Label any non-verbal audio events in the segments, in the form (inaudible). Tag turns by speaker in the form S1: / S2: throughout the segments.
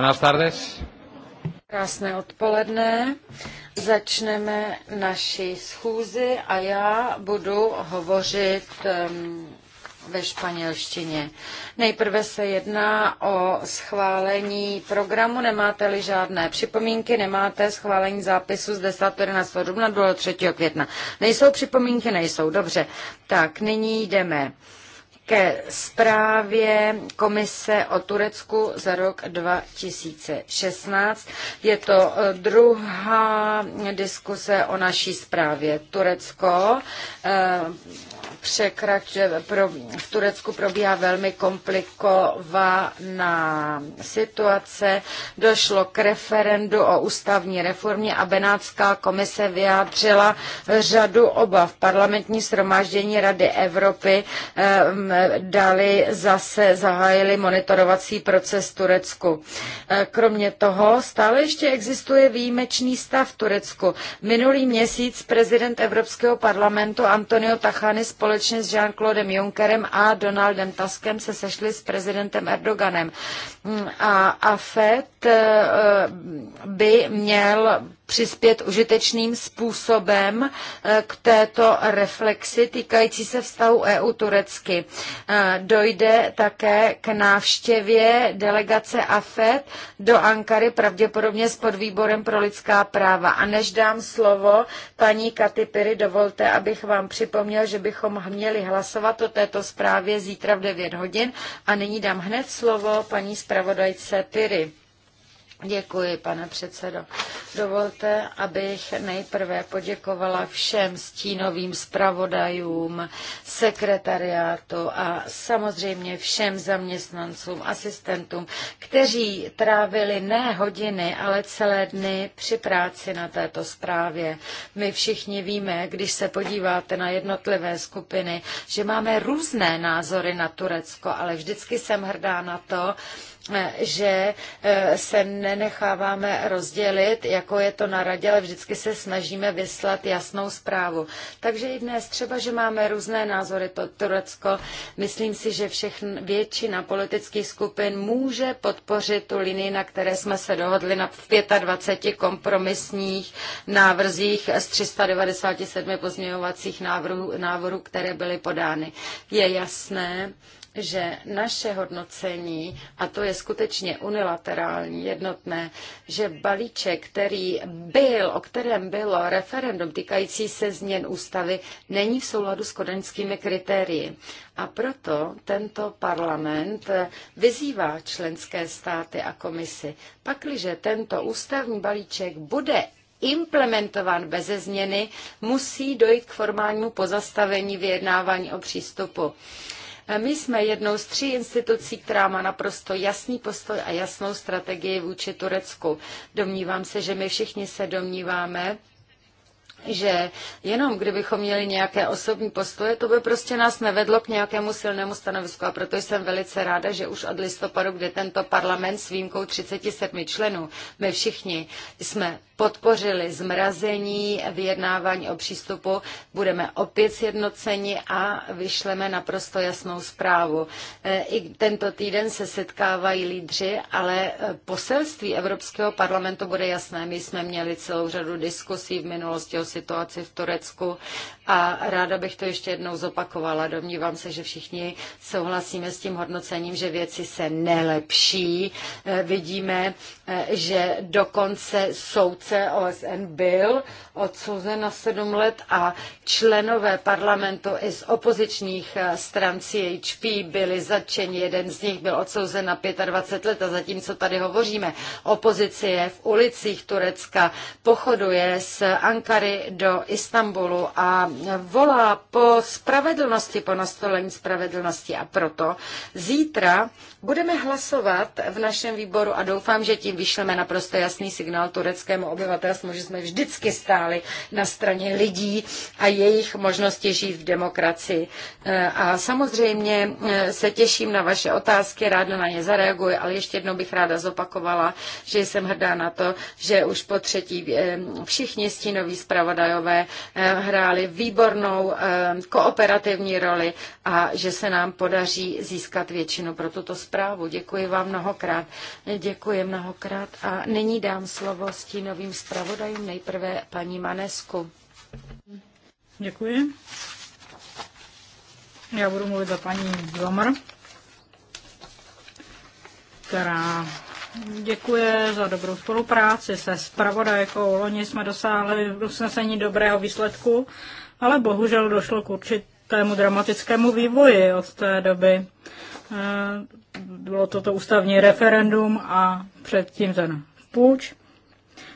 S1: Buenas tardes.
S2: Krásné odpoledne. Začneme naši schůzi a já budu hovořit um, ve španělštině. Nejprve se jedná o schválení programu. Nemáte-li žádné připomínky, nemáte schválení zápisu z 10. 11. dubna do 3. května. Nejsou připomínky, nejsou. Dobře. Tak, nyní jdeme ke zprávě Komise o Turecku za rok 2016. Je to eh, druhá diskuse o naší zprávě. Turecko eh, překračuje, v Turecku probíhá velmi komplikovaná situace. Došlo k referendu o ústavní reformě a Benátská komise vyjádřila řadu obav. Parlamentní shromáždění Rady Evropy eh, dali zase, zahájili monitorovací proces Turecku. E, kromě toho stále ještě existuje výjimečný stav v Turecku. Minulý měsíc prezident Evropského parlamentu Antonio Tachany společně s jean claude Junckerem a Donaldem Tuskem se sešli s prezidentem Erdoganem. Mm, a AFET e, e, by měl přispět užitečným způsobem eh, k této reflexi týkající se vztahu EU-Turecky. Eh, dojde také k návštěvě delegace AFED do Ankary, pravděpodobně s podvýborem pro lidská práva. A než dám slovo paní Katy Piry, dovolte, abych vám připomněl, že bychom měli hlasovat o této zprávě zítra v 9 hodin. A nyní dám hned slovo paní zpravodajce Piry. Děkuji, pane předsedo. Dovolte, abych nejprve poděkovala všem stínovým zpravodajům, sekretariátu a samozřejmě všem zaměstnancům, asistentům, kteří trávili ne hodiny, ale celé dny při práci na této zprávě. My všichni víme, když se podíváte na jednotlivé skupiny, že máme různé názory na Turecko, ale vždycky jsem hrdá na to, že eh, se nenecháváme rozdělit, jako je to na radě, ale vždycky se snažíme vyslat jasnou zprávu. Takže i dnes třeba, že máme různé názory, to Turecko, myslím si, že všechn, většina politických skupin může podpořit tu linii, na které jsme se dohodli na 25 kompromisních návrzích z 397 pozměňovacích návrhů, návrhů které byly podány. Je jasné, že naše hodnocení, a to je skutečně unilaterální, jednotné, že balíček, který byl, o kterém bylo referendum týkající se změn ústavy, není v souladu s kodaňskými kritérii. A proto tento parlament vyzývá členské státy a komisi, pakliže tento ústavní balíček bude implementován beze změny, musí dojít k formálnímu pozastavení vyjednávání o přístupu. My jsme jednou z tří institucí, která má naprosto jasný postoj a jasnou strategii vůči Turecku. Domnívám se, že my všichni se domníváme, že jenom kdybychom měli nějaké osobní postoje, to by prostě nás nevedlo k nějakému silnému stanovisku. A proto jsem velice ráda, že už od listopadu, kde tento parlament s výjimkou 37 členů, my všichni jsme podpořili zmrazení vyjednávání o přístupu, budeme opět sjednoceni a vyšleme naprosto jasnou zprávu. E, I tento týden se setkávají lídři, ale e, poselství Evropského parlamentu bude jasné. My jsme měli celou řadu diskusí v minulosti o situaci v Turecku a ráda bych to ještě jednou zopakovala. Domnívám se, že všichni souhlasíme s tím hodnocením, že věci se nelepší. E, vidíme, že dokonce soudce zástupce OSN byl odsouzen na sedm let a členové parlamentu i z opozičních eh, stran CHP byli zatčeni. Jeden z nich byl odsouzen na 25 let a zatímco tady hovoříme, opozice je v ulicích Turecka, pochoduje z Ankary do Istanbulu a volá po spravedlnosti, po nastolení spravedlnosti a proto zítra budeme hlasovat v našem výboru a doufám, že tím vyšleme naprosto jasný signál tureckému obyvatelstvu obyvatelstvo, že jsme vždycky stáli na straně lidí a jejich možnosti žít v demokracii. E, a samozřejmě e, se těším na vaše otázky, ráda na ně zareaguji, ale ještě jednou bych ráda zopakovala, že jsem hrdá na to, že už po třetí e, všichni stínoví zpravodajové hráli výbornou kooperativní roli a že se nám podaří získat většinu pro tuto zprávu. Děkuji vám mnohokrát. Děkuji mnohokrát a nyní dám slovo stínovým stínovým zpravodajům. Nejprve paní Manesku.
S3: Děkuji. Já budu mluvit za paní Zomr, která děkuje za dobrou spolupráci se spravodajkou. Loni jsme dosáhli v usnesení dobrého výsledku, ale bohužel došlo k určitému dramatickému vývoji od té doby. Eh, bylo toto ústavní referendum a předtím ten půjč.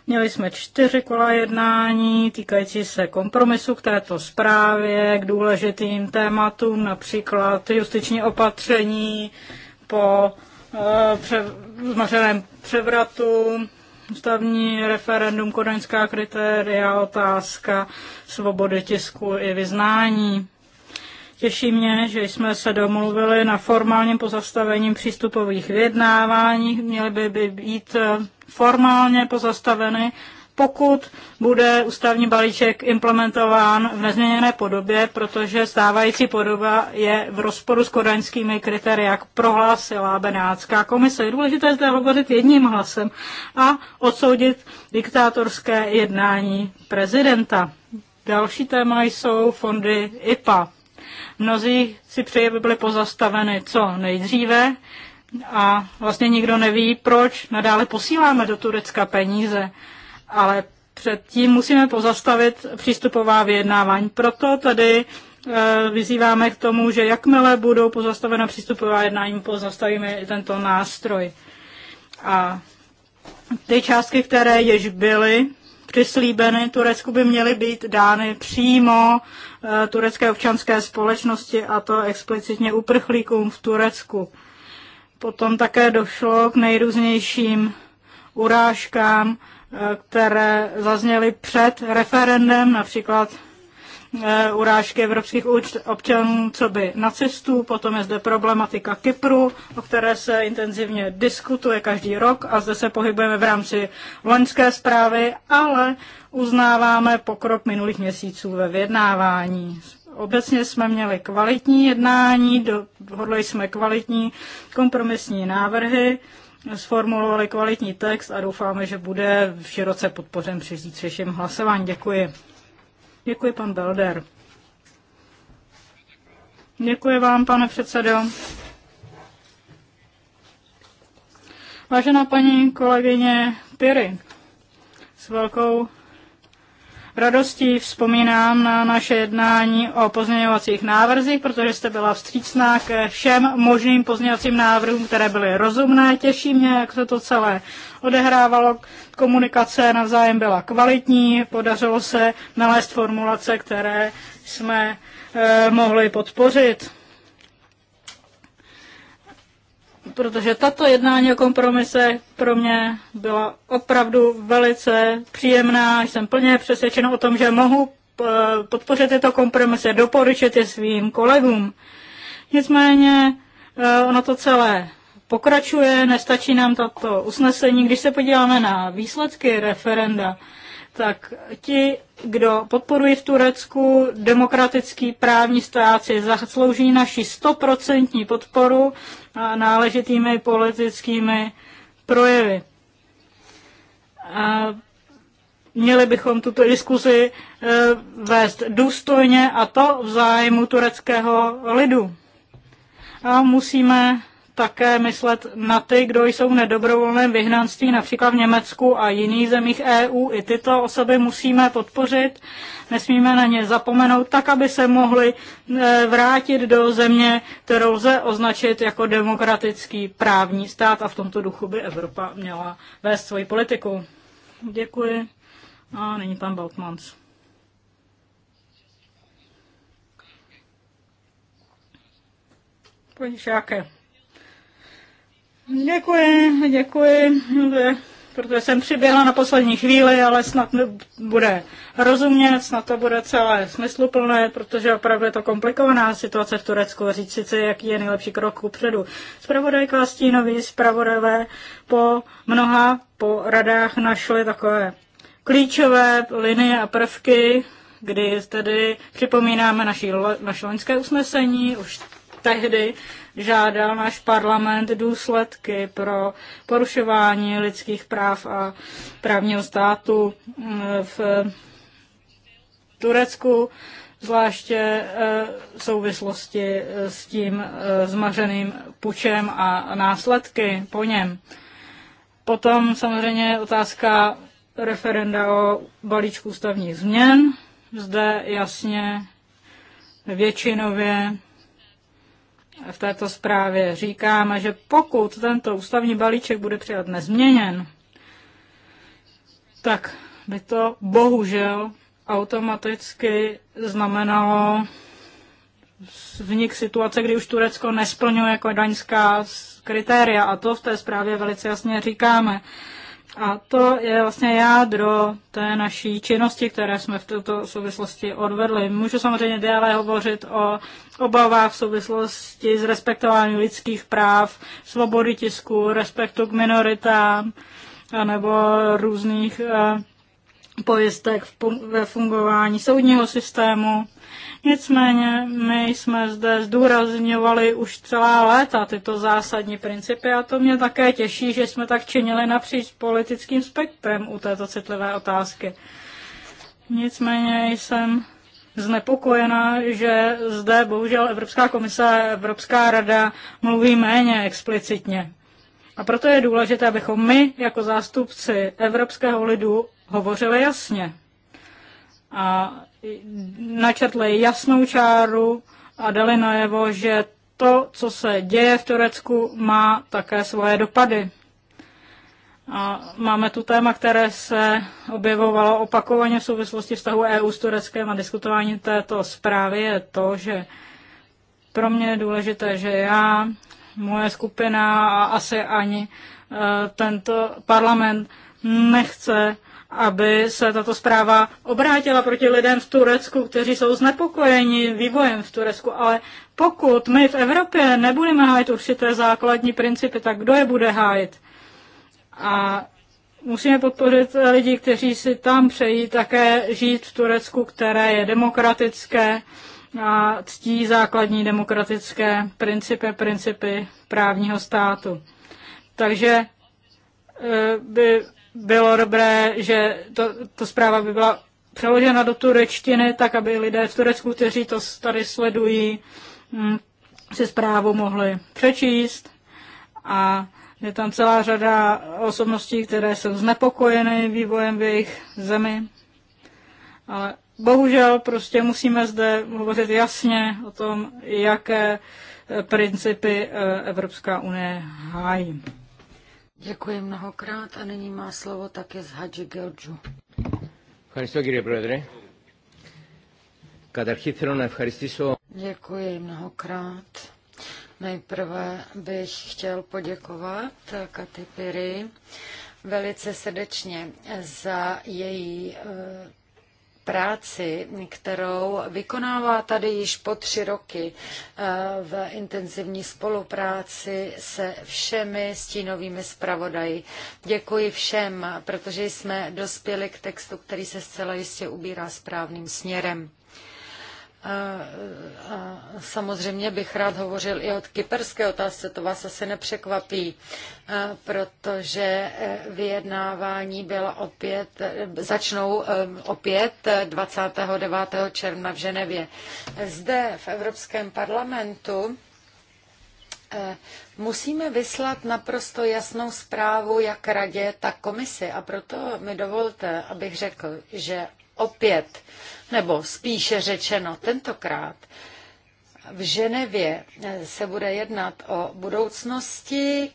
S3: Měli jsme čtyři kola jednání týkající se kompromisu k této zprávě, k důležitým tématům, například justiční opatření po eh, zmařeném převratu, ústavní referendum, kodaňská kritéria, otázka svobody tisku i vyznání. Těší mě, že jsme se domluvili na formálním pozastavení přístupových vyjednávání. Měly by být eh, formálně pozastaveny, pokud bude ústavní balíček implementován v nezměněné podobě, protože stávající podoba je v rozporu s kodaňskými kritérii, jak prohlásila Benátská komise. Je důležité zde hovořit jedním hlasem a odsoudit diktátorské jednání prezidenta. Další téma jsou fondy IPA. Mnozí si přeje, aby byly pozastaveny co nejdříve a vlastně nikdo neví, proč nadále posíláme do Turecka peníze, ale předtím musíme pozastavit přístupová vyjednávání. Proto tady eh, vyzýváme k tomu, že jakmile budou pozastavena přístupová jednání, pozastavíme tento nástroj. A ty částky, které již byly přislíbeny Turecku, by měly být dány přímo eh, turecké občanské společnosti a to explicitně uprchlíkům v Turecku. Potom také došlo k nejrůznějším urážkám, eh, které zazněly před referendem, například Eh, urážky evropských občanů, co by nacistů, potom je zde problematika Kypru, o které se intenzivně diskutuje každý rok a zde se pohybujeme v rámci loňské zprávy, ale uznáváme pokrok minulých měsíců ve vyjednávání. Obecně jsme měli kvalitní jednání, dohodli jsme kvalitní kompromisní návrhy, sformulovali kvalitní text a doufáme, že bude v široce podpořen při zítřejším hlasování. Děkuji. Děkuji, pan Belder. Děkuji vám, pane předsedo. Vážená paní kolegyně Piry, s velkou radostí vzpomínám na naše jednání o pozměňovacích návrzích, protože jste byla vstřícná ke všem možným pozměňovacím návrhům, které byly rozumné. Těší mě, jak se to celé odehrávalo. Komunikace navzájem byla kvalitní, podařilo se nalézt formulace, které jsme eh, mohli podpořit. protože tato jednání o kompromise pro mě byla opravdu velice příjemná. Jsem plně přesvědčena o tom, že mohu eh, podpořit tyto kompromise, doporučit je svým kolegům. Nicméně eh, ono to celé pokračuje, nestačí nám tato usnesení. Když se podíváme na výsledky referenda, tak ti kdo podporuje v Turecku demokratický právní stojáci, zaslouží naši stoprocentní podporu a náležitými politickými projevy. A měli bychom tuto diskuzi e, vést důstojně a to v zájmu tureckého lidu. A musíme také myslet na ty, kdo jsou v nedobrovolném vyhnanství, například v Německu a jiných zemích EU. I tyto osoby musíme podpořit, nesmíme na ně zapomenout, tak, aby se mohli e, vrátit do země, kterou lze označit jako demokratický právní stát a v tomto duchu by Evropa měla vést svoji politiku. Děkuji. A není pan Baltmans. Paní Šáke, Děkuji, děkuji, protože jsem přiběhla na poslední chvíli, ale snad bude rozumět, snad to bude celé smysluplné, protože opravdu je to komplikovaná situace v Turecku, říct sice, jaký je nejlepší krok kupředu. Spravodajka Stínový, spravodajové po mnoha po radách našli takové klíčové linie a prvky, kdy tedy připomínáme naši, naše loňské usnesení, už tehdy žádal náš parlament důsledky pro porušování lidských práv a právního státu mm, v Turecku, zvláště eh, v souvislosti eh, s tím eh, zmařeným pučem a následky po něm. Potom samozřejmě otázka referenda o balíčku ústavních změn. Zde jasně většinově v této zprávě říkáme, že pokud tento ústavní balíček bude přijat nezměněn, tak by to bohužel automaticky znamenalo vznik situace, kdy už Turecko nesplňuje jako daňská kritéria. A to v té zprávě velice jasně říkáme. A to je vlastně jádro té naší činnosti, které jsme v této souvislosti odvedli. Můžu samozřejmě déle hovořit o obavách v souvislosti s respektováním lidských práv, svobody tisku, respektu k minoritám nebo různých eh, pojistek ve fungování soudního systému Nicméně my jsme zde zdůrazňovali už celá léta tyto zásadní principy a to mě také těší, že jsme tak činili napříč politickým spektrem u této citlivé otázky. Nicméně jsem znepokojená, že zde bohužel Evropská komise a Evropská rada mluví méně explicitně. A proto je důležité, abychom my jako zástupci evropského lidu hovořili jasně. A načrtli jasnou čáru a dali najevo, že to, co se děje v Turecku, má také svoje dopady. A máme tu téma, které se objevovalo opakovaně v souvislosti vztahu EU s Tureckem a diskutování této zprávy je to, že pro mě je důležité, že já, moje skupina a asi ani eh, tento parlament nechce aby se tato zpráva obrátila proti lidem v Turecku, kteří jsou znepokojeni vývojem v Turecku. Ale pokud my v Evropě nebudeme hájit určité základní principy, tak kdo je bude hájit? A musíme podpořit lidi, kteří si tam přejí také žít v Turecku, které je demokratické a ctí základní demokratické principy, principy právního státu. Takže eh, by bylo dobré, že to, to zpráva by byla přeložena do turečtiny, tak aby lidé v Turecku, kteří to tady sledují, mm, si zprávu mohli přečíst. A je tam celá řada osobností, které jsou znepokojeny vývojem v jejich zemi. Ale bohužel prostě musíme zde hovořit jasně o tom, jaké eh, principy eh, Evropská unie hájí. Děkuji mnohokrát a nyní má slovo také z Hadži Georgiou.
S2: Děkuji mnohokrát. Nejprve bych chtěl poděkovat Katy Piri velice srdečně za její eh, práci, kterou vykonává tady již po tři roky eh, v intenzivní spolupráci se všemi stínovými zpravodaji. Děkuji všem, protože jsme dospěli k textu, který se zcela jistě ubírá správným směrem. A samozřejmě bych rád hovořil i o kyperské otázce, to vás asi nepřekvapí, protože e, vyjednávání byla opět, e, začnou e, opět 29. června v Ženevě. Zde v Evropském parlamentu musíme vyslat naprosto jasnou zprávu jak radě, tak komisi. A proto mi dovolte, abych řekl, že opět, nebo spíše řečeno tentokrát, v Ženevě se bude jednat o budoucnosti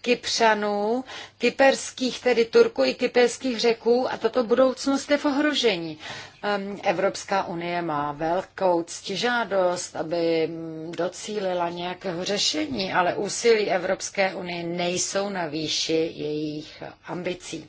S2: Kypřanů, kyperských, tedy Turků i kyperských řeků a tato budoucnost je v ohrožení. Ehm, Evropská unie má velkou ctižádost, aby mm, docílila nějakého řešení, ale úsilí Evropské unie nejsou na výši jejich ambicí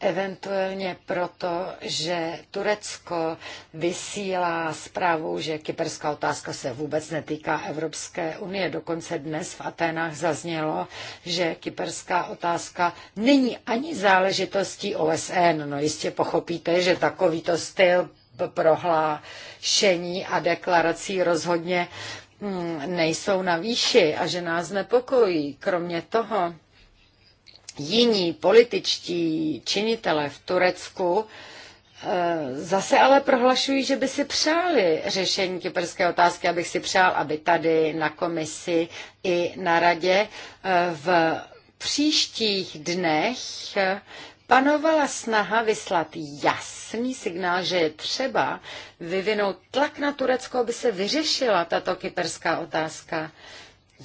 S2: eventuálně proto, že Turecko vysílá zprávu, že kyperská otázka se vůbec netýká Evropské unie. Dokonce dnes v Aténách zaznělo, že kyperská otázka není ani záležitostí OSN. No jistě pochopíte, že takovýto styl prohlášení a deklarací rozhodně mm, nejsou na výši a že nás nepokojí. Kromě toho, jiní političtí činitelé v Turecku eh, zase ale prohlašují, že by si přáli řešení kyperské otázky, abych si přál, aby tady na komisi i na radě eh, v příštích dnech eh, panovala snaha vyslat jasný signál, že je třeba vyvinout tlak na Turecko, aby se vyřešila tato kyperská otázka.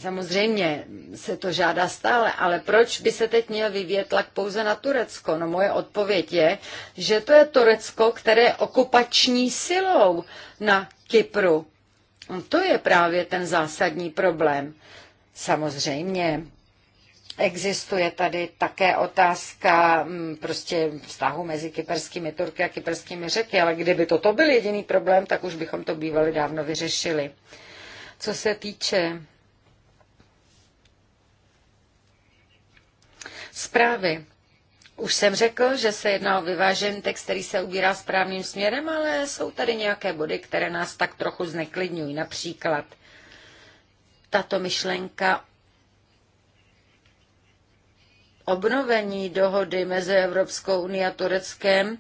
S2: Samozřejmě se to žádá stále, ale proč by se teď měl vyvíjet tlak pouze na Turecko? No moje odpověď je, že to je Turecko, které je okupační silou na Kypru. No, to je právě ten zásadní problém. Samozřejmě existuje tady také otázka mm, prostě vztahu mezi kyperskými Turky a kyperskými řeky, ale kdyby toto byl jediný problém, tak už bychom to bývali dávno vyřešili. Co se týče zprávy. Už jsem řekl, že se jedná o vyvážený text, který se ubírá správným směrem, ale jsou tady nějaké body, které nás tak trochu zneklidňují. Například tato myšlenka obnovení dohody mezi Evropskou unii a Tureckem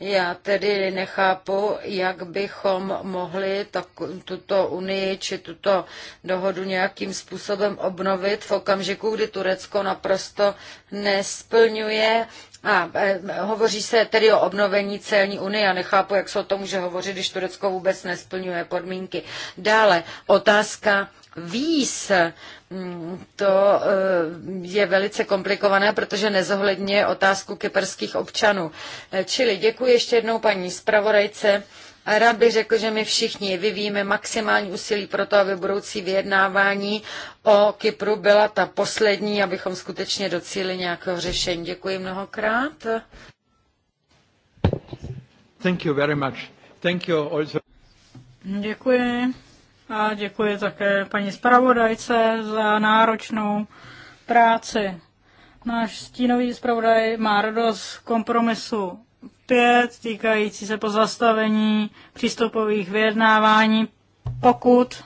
S2: já tedy nechápu, jak bychom mohli tak, tuto unii či tuto dohodu nějakým způsobem obnovit v okamžiku, kdy Turecko naprosto nesplňuje a e, hovoří se tedy o obnovení celní unie a nechápu, jak se o tom může hovořit, když Turecko vůbec nesplňuje podmínky. Dále otázka víz to eh, je velice komplikované, protože nezohledňuje otázku kyperských občanů. Eh, čili děkuji ještě jednou paní zpravodajce. A rád bych řekl, že my všichni vyvíjíme maximální úsilí pro to, aby budoucí vyjednávání o Kypru byla ta poslední, abychom skutečně docíli nějakého
S3: řešení. Děkuji mnohokrát.
S4: Thank you very much. Thank you also.
S3: Děkuji a děkuji také paní zpravodajce za náročnou práci. Náš stínový zpravodaj má radost kompromisu 5 týkající se pozastavení přístupových vyjednávání, pokud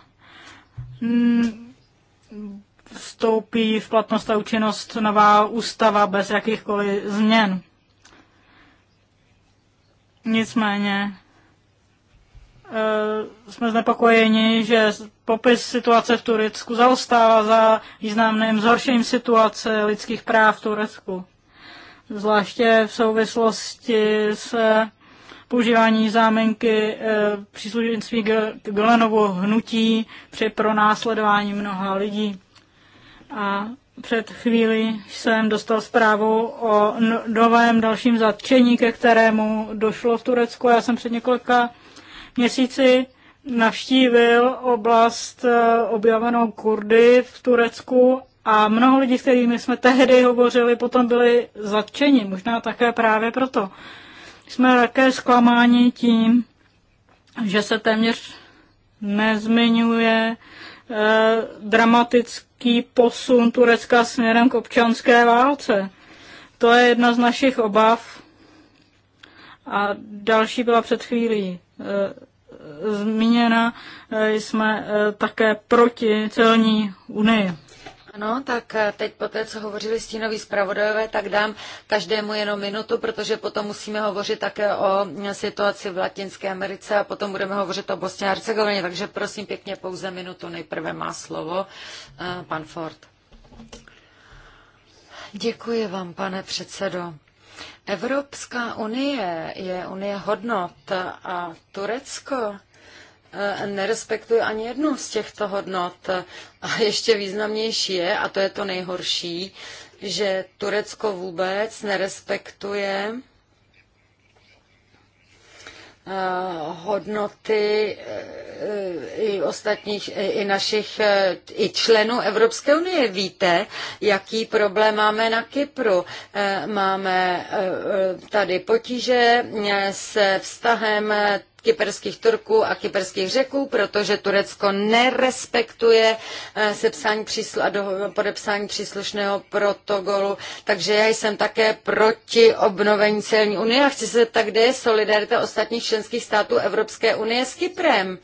S3: vstoupí v platnost a účinnost nová ústava bez jakýchkoliv změn. Nicméně Eh, jsme znepokojeni, že popis situace v Turecku zaostává za významným zhoršením situace lidských práv v Turecku. Zvláště v souvislosti s používání záminky eh, příslušenství k Golenovo hnutí při pronásledování mnoha lidí. A před chvílí jsem dostal zprávu o novém dalším zatčení, ke kterému došlo v Turecku. Já jsem před několika měsíci navštívil oblast eh, objavenou Kurdy v Turecku a mnoho lidí, s kterými jsme tehdy hovořili, potom byli zatčeni, možná také právě proto. Jsme také zklamáni tím, že se téměř nezmiňuje eh, dramatický posun Turecka směrem k občanské válce. To je jedna z našich obav. A další byla před chvílí Eh, zmíněna, eh, jsme eh, také proti celní unii.
S2: Ano, tak teď po té, co hovořili stínoví zpravodajové, tak dám každému jenom minutu, protože potom musíme hovořit také o mm, situaci v Latinské Americe a potom budeme hovořit o Bosně a Hercegovině, takže prosím pěkně pouze minutu. Nejprve má slovo pan Ford. Děkuji vám, pane předsedo. Evropská unie je unie hodnot a Turecko eh, nerespektuje ani jednu z těchto hodnot. A ještě významnější je, a to je to nejhorší, že Turecko vůbec nerespektuje Eh, hodnoty eh, i ostatních, i našich, eh, i členů Evropské unie. Víte, jaký problém máme na Kypru. Máme tady potíže se vztahem kyperských Turků a kyperských řeků, protože Turecko nerespektuje eh, sepsání přísl a do, podepsání příslušného protokolu. Takže já jsem také proti obnovení celní unie a chci se zeptat, kde je solidarita ostatních členských států Evropské unie s Kyprem.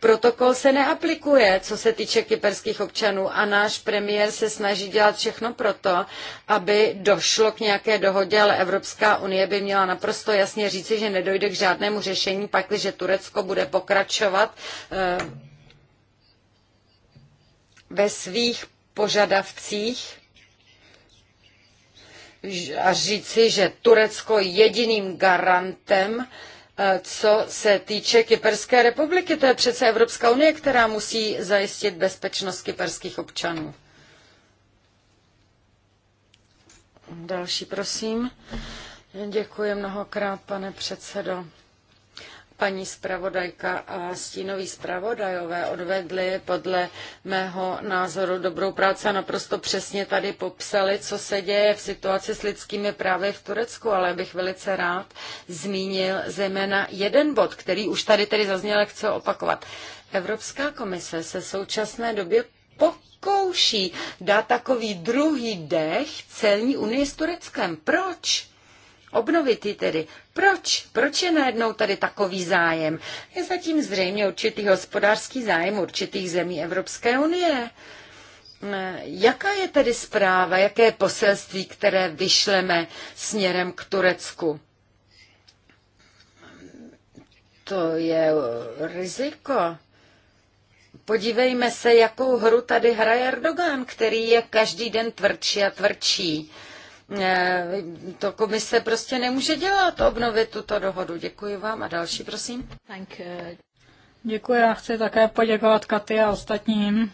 S2: Protokol se neaplikuje, co se týče kyperských občanů a náš premiér se snaží dělat všechno proto, aby došlo k nějaké dohodě, ale Evropská unie by měla naprosto jasně říci, že nedojde k žádnému řešení, pak že Turecko bude pokračovat eh, ve svých požadavcích a říci, že Turecko je jediným garantem, eh, co se týče Kyperské republiky. To je přece Evropská unie, která musí zajistit bezpečnost kyperských občanů. Další, prosím. Děkuji mnohokrát, pane předsedo paní zpravodajka a stínoví zpravodajové odvedli podle mého názoru dobrou práci a naprosto přesně tady popsali, co se děje v situaci s lidskými právy v Turecku, ale bych velice rád zmínil zejména jeden bod, který už tady tedy zazněl, ale chci opakovat. Evropská komise se v současné době pokouší dát takový druhý dech celní unii s Tureckem. Proč? obnovit ji tedy. Proč? Proč je najednou tady takový zájem? Je zatím zřejmě určitý hospodářský zájem určitých zemí Evropské unie. Jaká je tedy zpráva, jaké je poselství, které vyšleme směrem k Turecku? To je riziko. Podívejme se, jakou hru tady hraje Erdogan, který je každý den tvrdší a tvrdší. Eh, to komise prostě nemůže dělat, obnovit tuto dohodu. Děkuji vám a další, prosím.
S3: Thank Děkuji, a chci také poděkovat Katy a ostatním,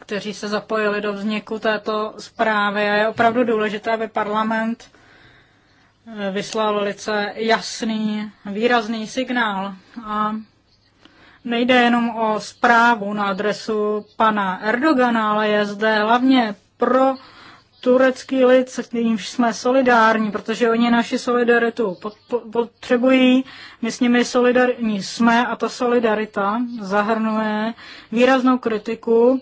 S3: kteří se zapojili do vzniku této zprávy. A je opravdu důležité, aby parlament eh, vyslal velice jasný, výrazný signál. A nejde jenom o zprávu na adresu pana Erdogana, ale je zde hlavně pro turecký lid, se kterým jsme solidární, protože oni naši solidaritu potřebují, my s nimi solidární jsme a ta solidarita zahrnuje výraznou kritiku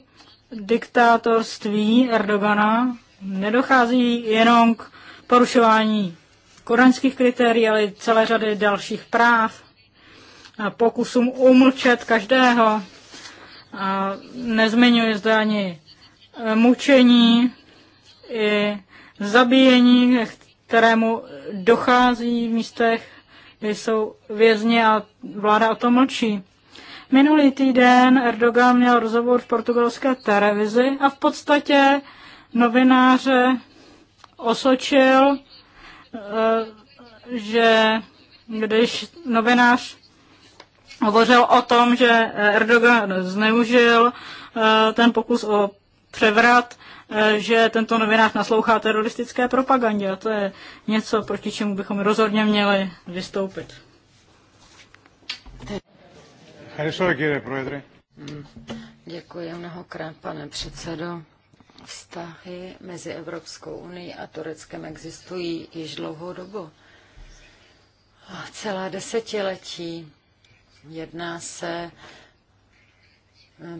S3: diktátorství Erdogana. Nedochází jenom k porušování koranských kritérií, ale i celé řady dalších práv, a pokusům umlčet každého. A nezmiňuji zde ani mučení, i zabíjení, kterému dochází v místech, kde jsou vězni a vláda o tom mlčí. Minulý týden Erdogan měl rozhovor v portugalské televizi a v podstatě novináře osočil, eh, že když novinář hovořil o tom, že Erdogan zneužil eh, ten pokus o převrat, eh, že tento novinář naslouchá teroristické propagandě a to je něco, proti čemu bychom rozhodně měli vystoupit.
S1: Mm.
S2: Děkuji mnohokrát, pane předsedo. Vztahy mezi Evropskou unii a Tureckem existují již dlouhou dobu. Celá desetiletí jedná se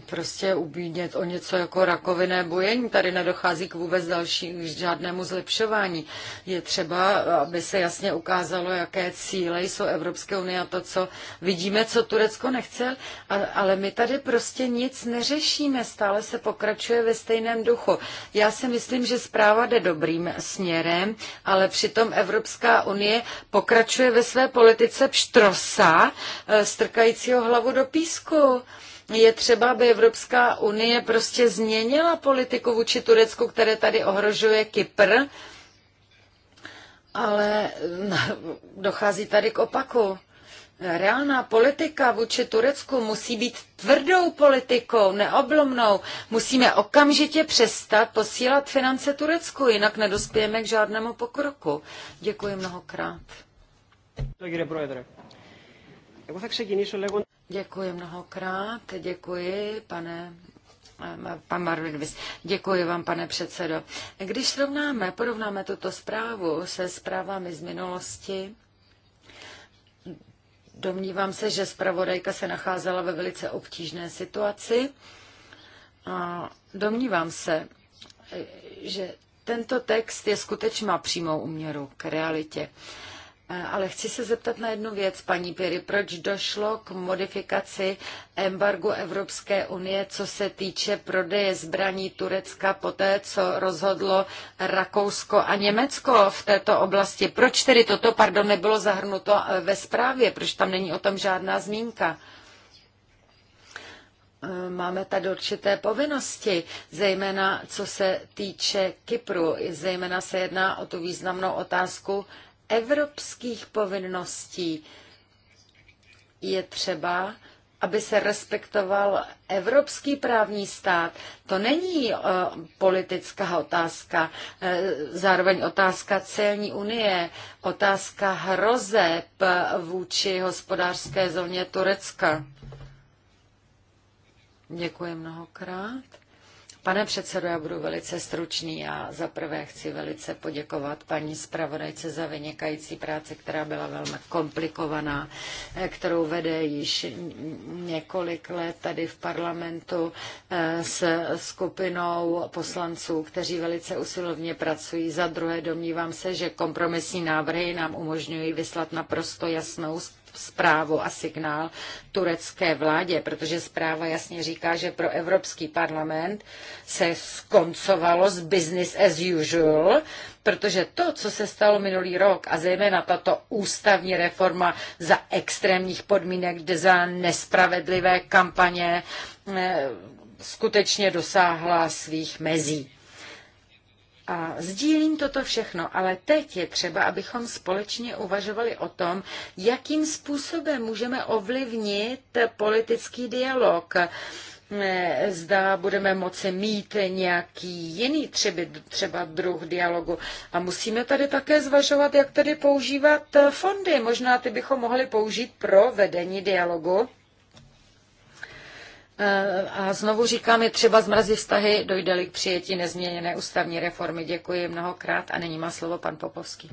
S2: prostě ubídnět o něco jako rakoviné bojení. Tady nedochází k vůbec další, k žádnému zlepšování. Je třeba, aby se jasně ukázalo, jaké cíle jsou Evropské unie a to, co vidíme, co Turecko nechce, ale my tady prostě nic neřešíme. Stále se pokračuje ve stejném duchu. Já si myslím, že zpráva jde dobrým směrem, ale přitom Evropská unie pokračuje ve své politice pštrosa, eh, strkajícího hlavu do písku je třeba, aby Evropská unie prostě změnila politiku vůči Turecku, které tady ohrožuje Kypr, ale eh, dochází tady k opaku. Reálná politika vůči Turecku musí být tvrdou politikou, neoblomnou. Musíme okamžitě přestat posílat finance Turecku, jinak nedospějeme k žádnému pokroku. Děkuji mnohokrát. Děkuji mnohokrát, děkuji, pane eh, pan Marvidvis. Děkuji vám, pane předsedo. Když srovnáme, porovnáme tuto zprávu se zprávami z minulosti, domnívám se, že zpravodajka se nacházela ve velice obtížné situaci. A domnívám se, eh, že tento text je skutečně má přímou úměru k realitě. Eh, ale chci se zeptat na jednu věc, paní Pěry. Proč došlo k modifikaci embargu Evropské unie, co se týče prodeje zbraní Turecka po té, co rozhodlo Rakousko a Německo v této oblasti? Proč tedy toto, pardon, nebylo zahrnuto eh, ve zprávě? Proč tam není o tom žádná zmínka? Eh, máme tady určité povinnosti, zejména co se týče Kypru, zejména se jedná o tu významnou otázku evropských povinností. Je třeba, aby se respektoval evropský právní stát. To není e, politická otázka, e, zároveň otázka celní unie, otázka hrozeb vůči hospodářské zóně Turecka. Děkuji mnohokrát. Pane předsedo, já budu velice stručný. Já zaprvé chci velice poděkovat paní zpravodajce za vynikající práci, která byla velmi komplikovaná, eh, kterou vede již několik let tady v parlamentu eh, s skupinou poslanců, kteří velice usilovně pracují. Za druhé domnívám se, že kompromisní návrhy nám umožňují vyslat naprosto jasnou zprávu a signál turecké vládě, protože zpráva jasně říká, že pro Evropský parlament se skoncovalo s business as usual, protože to, co se stalo minulý rok a zejména tato ústavní reforma za extrémních podmínek, kde za nespravedlivé kampaně eh, skutečně dosáhla svých mezí. A sdílím toto všechno, ale teď je třeba, abychom společně uvažovali o tom, jakým způsobem můžeme ovlivnit politický dialog zda budeme moci mít nějaký jiný třeba, třeba druh dialogu. A musíme tady také zvažovat, jak tady používat fondy. Možná ty bychom mohli použít pro vedení dialogu Eh, a znovu říkám, je třeba zmrazit vztahy, dojde-li k přijetí nezměněné ústavní reformy. Děkuji mnohokrát
S3: a nyní má slovo pan Popovský.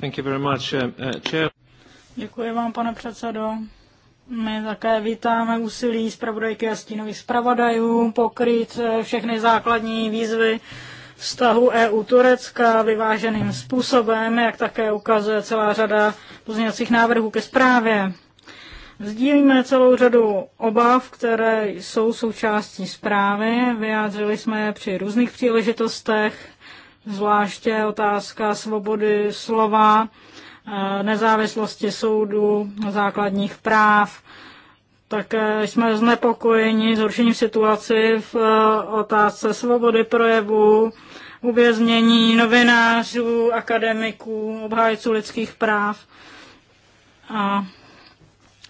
S4: Thank you very much, uh, chair.
S3: Děkuji vám, pane předsedo. My také vítáme úsilí zpravodajky a stínových zpravodajů pokryt všechny základní výzvy vztahu EU-Turecka vyváženým způsobem, jak také ukazuje celá řada pozměňovacích návrhů ke zprávě. Sdílíme celou řadu obav, které jsou součástí zprávy. Vyjádřili jsme je při různých příležitostech, zvláště otázka svobody slova, eh, nezávislosti soudu, základních práv. Také jsme znepokojeni zhoršením situaci v eh, otázce svobody projevu, uvěznění novinářů, akademiků, obhájců lidských práv. A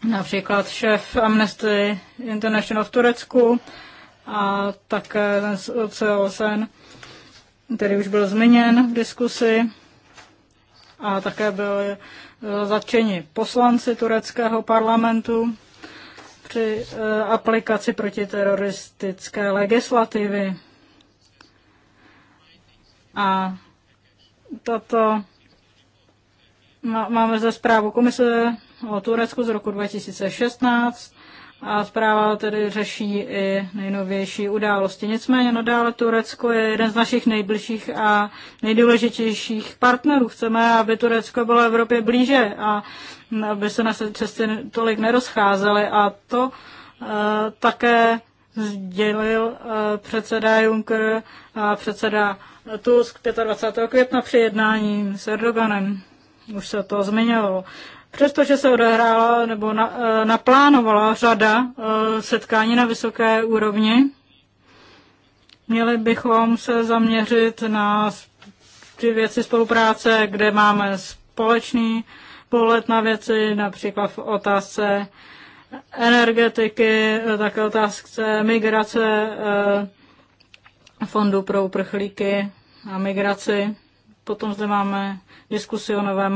S3: například šéf Amnesty International v Turecku a také ten z který už byl zmíněn v diskusi a také byli eh, zatčeni poslanci tureckého parlamentu při eh, aplikaci protiteroristické legislativy. A tato máme ze zprávu komise o Turecku z roku 2016 a zpráva tedy řeší i nejnovější události. Nicméně nadále no Turecko je jeden z našich nejbližších a nejdůležitějších partnerů. Chceme, aby Turecko bylo Evropě blíže a aby se naše cesty tolik nerozcházely. A to e, také sdělil e, předseda Juncker a předseda Tusk 25. května při jednání s Erdoganem. Už se to zmiňovalo. Přestože se odehrála nebo na, eh, naplánovala řada eh, setkání na vysoké úrovni, měli bychom se zaměřit na ty věci spolupráce, kde máme společný pohled na věci, například v otázce energetiky, eh, také otázce migrace, fondu pro uprchlíky a migraci. Potom zde máme diskusi o novém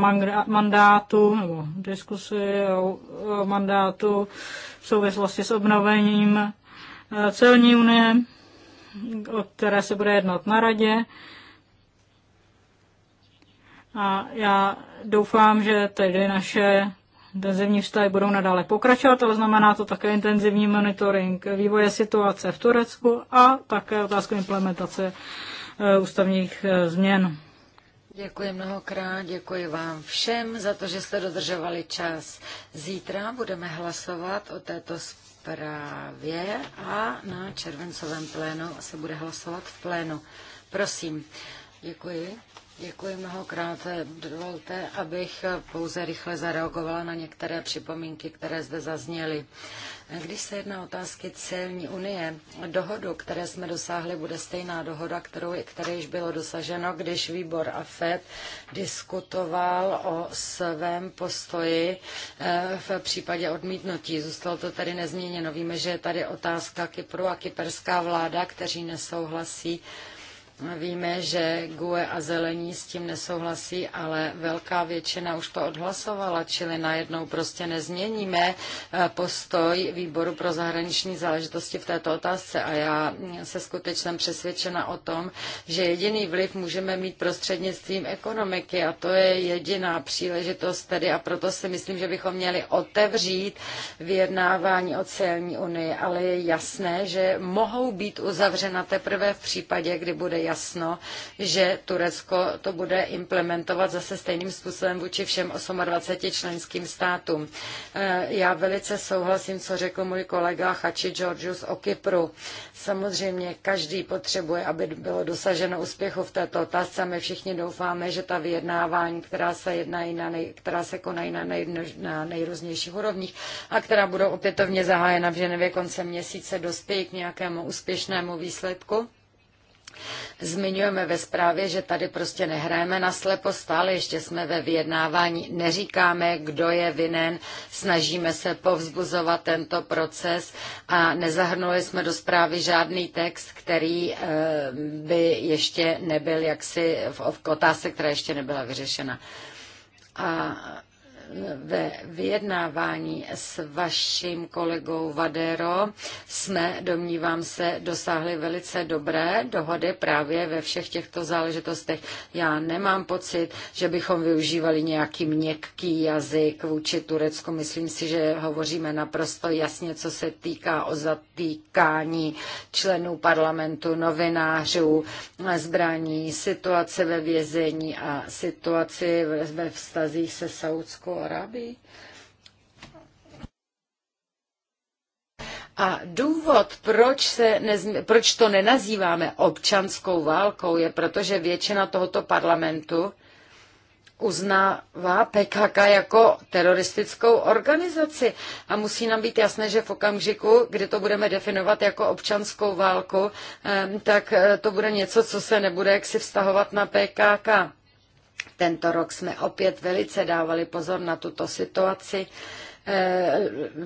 S3: mandátu, nebo diskusi o, o mandátu v souvislosti s obnovením e, celní unie, o které se bude jednat na radě. A já doufám, že tedy naše intenzivní vztahy budou nadále pokračovat, ale znamená to také intenzivní monitoring vývoje situace v Turecku a také otázku implementace e, ústavních e, změn.
S2: Děkuji mnohokrát, děkuji vám všem za to, že jste dodržovali čas. Zítra budeme hlasovat o této zprávě a na červencovém plénu se bude hlasovat v plénu. Prosím, děkuji. Děkuji mnohokrát. Dovolte, abych pouze rychle zareagovala na některé připomínky, které zde zazněly. Když se jedná o otázky celní unie, dohodu, které jsme dosáhli, bude stejná dohoda, kterou, které již bylo dosaženo, když výbor Afet diskutoval o svém postoji eh, v případě odmítnutí. Zůstalo to tady nezměněno. Víme, že je tady otázka Kypru a kyperská vláda, kteří nesouhlasí Víme, že GUE a zelení s tím nesouhlasí, ale velká většina už to odhlasovala, čili najednou prostě nezměníme eh, postoj výboru pro zahraniční záležitosti v této otázce. A já se skutečně jsem přesvědčena o tom, že jediný vliv můžeme mít prostřednictvím ekonomiky a to je jediná příležitost tedy a proto si myslím, že bychom měli otevřít vyjednávání o celní unii, ale je jasné, že mohou být uzavřena teprve v případě, kdy bude jasno, že Turecko to bude implementovat zase stejným způsobem vůči všem 28 členským státům. E, já velice souhlasím, co řekl můj kolega Hači Georgius o Kypru. Samozřejmě každý potřebuje, aby bylo dosaženo úspěchu v této otázce. My všichni doufáme, že ta vyjednávání, která se, jednají na nej, která se konají na, nej, na nejrůznějších úrovních a která budou opětovně zahájena v Ženevě koncem měsíce, dospějí k nějakému úspěšnému výsledku. Zmiňujeme ve zprávě, že tady prostě nehrajeme na slepo, stále ještě jsme ve vyjednávání, neříkáme, kdo je vinen, snažíme se povzbuzovat tento proces a nezahrnuli jsme do zprávy žádný text, který eh, by ještě nebyl jaksi v otázce, která ještě nebyla vyřešena. A ve vyjednávání s vaším kolegou Vadero jsme, domnívám se, dosáhli velice dobré dohody právě ve všech těchto záležitostech. Já nemám pocit, že bychom využívali nějaký měkký jazyk vůči Turecku. Myslím si, že hovoříme naprosto jasně, co se týká o zatýkání členů parlamentu, novinářů, zbraní, situace ve vězení a situaci ve vztazích se Saudskou Rabi. A důvod, proč, se nezmi, proč to nenazýváme občanskou válkou, je proto, že většina tohoto parlamentu uznává PKK jako teroristickou organizaci. A musí nám být jasné, že v okamžiku, kdy to budeme definovat jako občanskou válku, tak eh, to bude něco, co se nebude jaksi vztahovat na PKK. Tento rok jsme opět velice dávali pozor na tuto situaci Eh,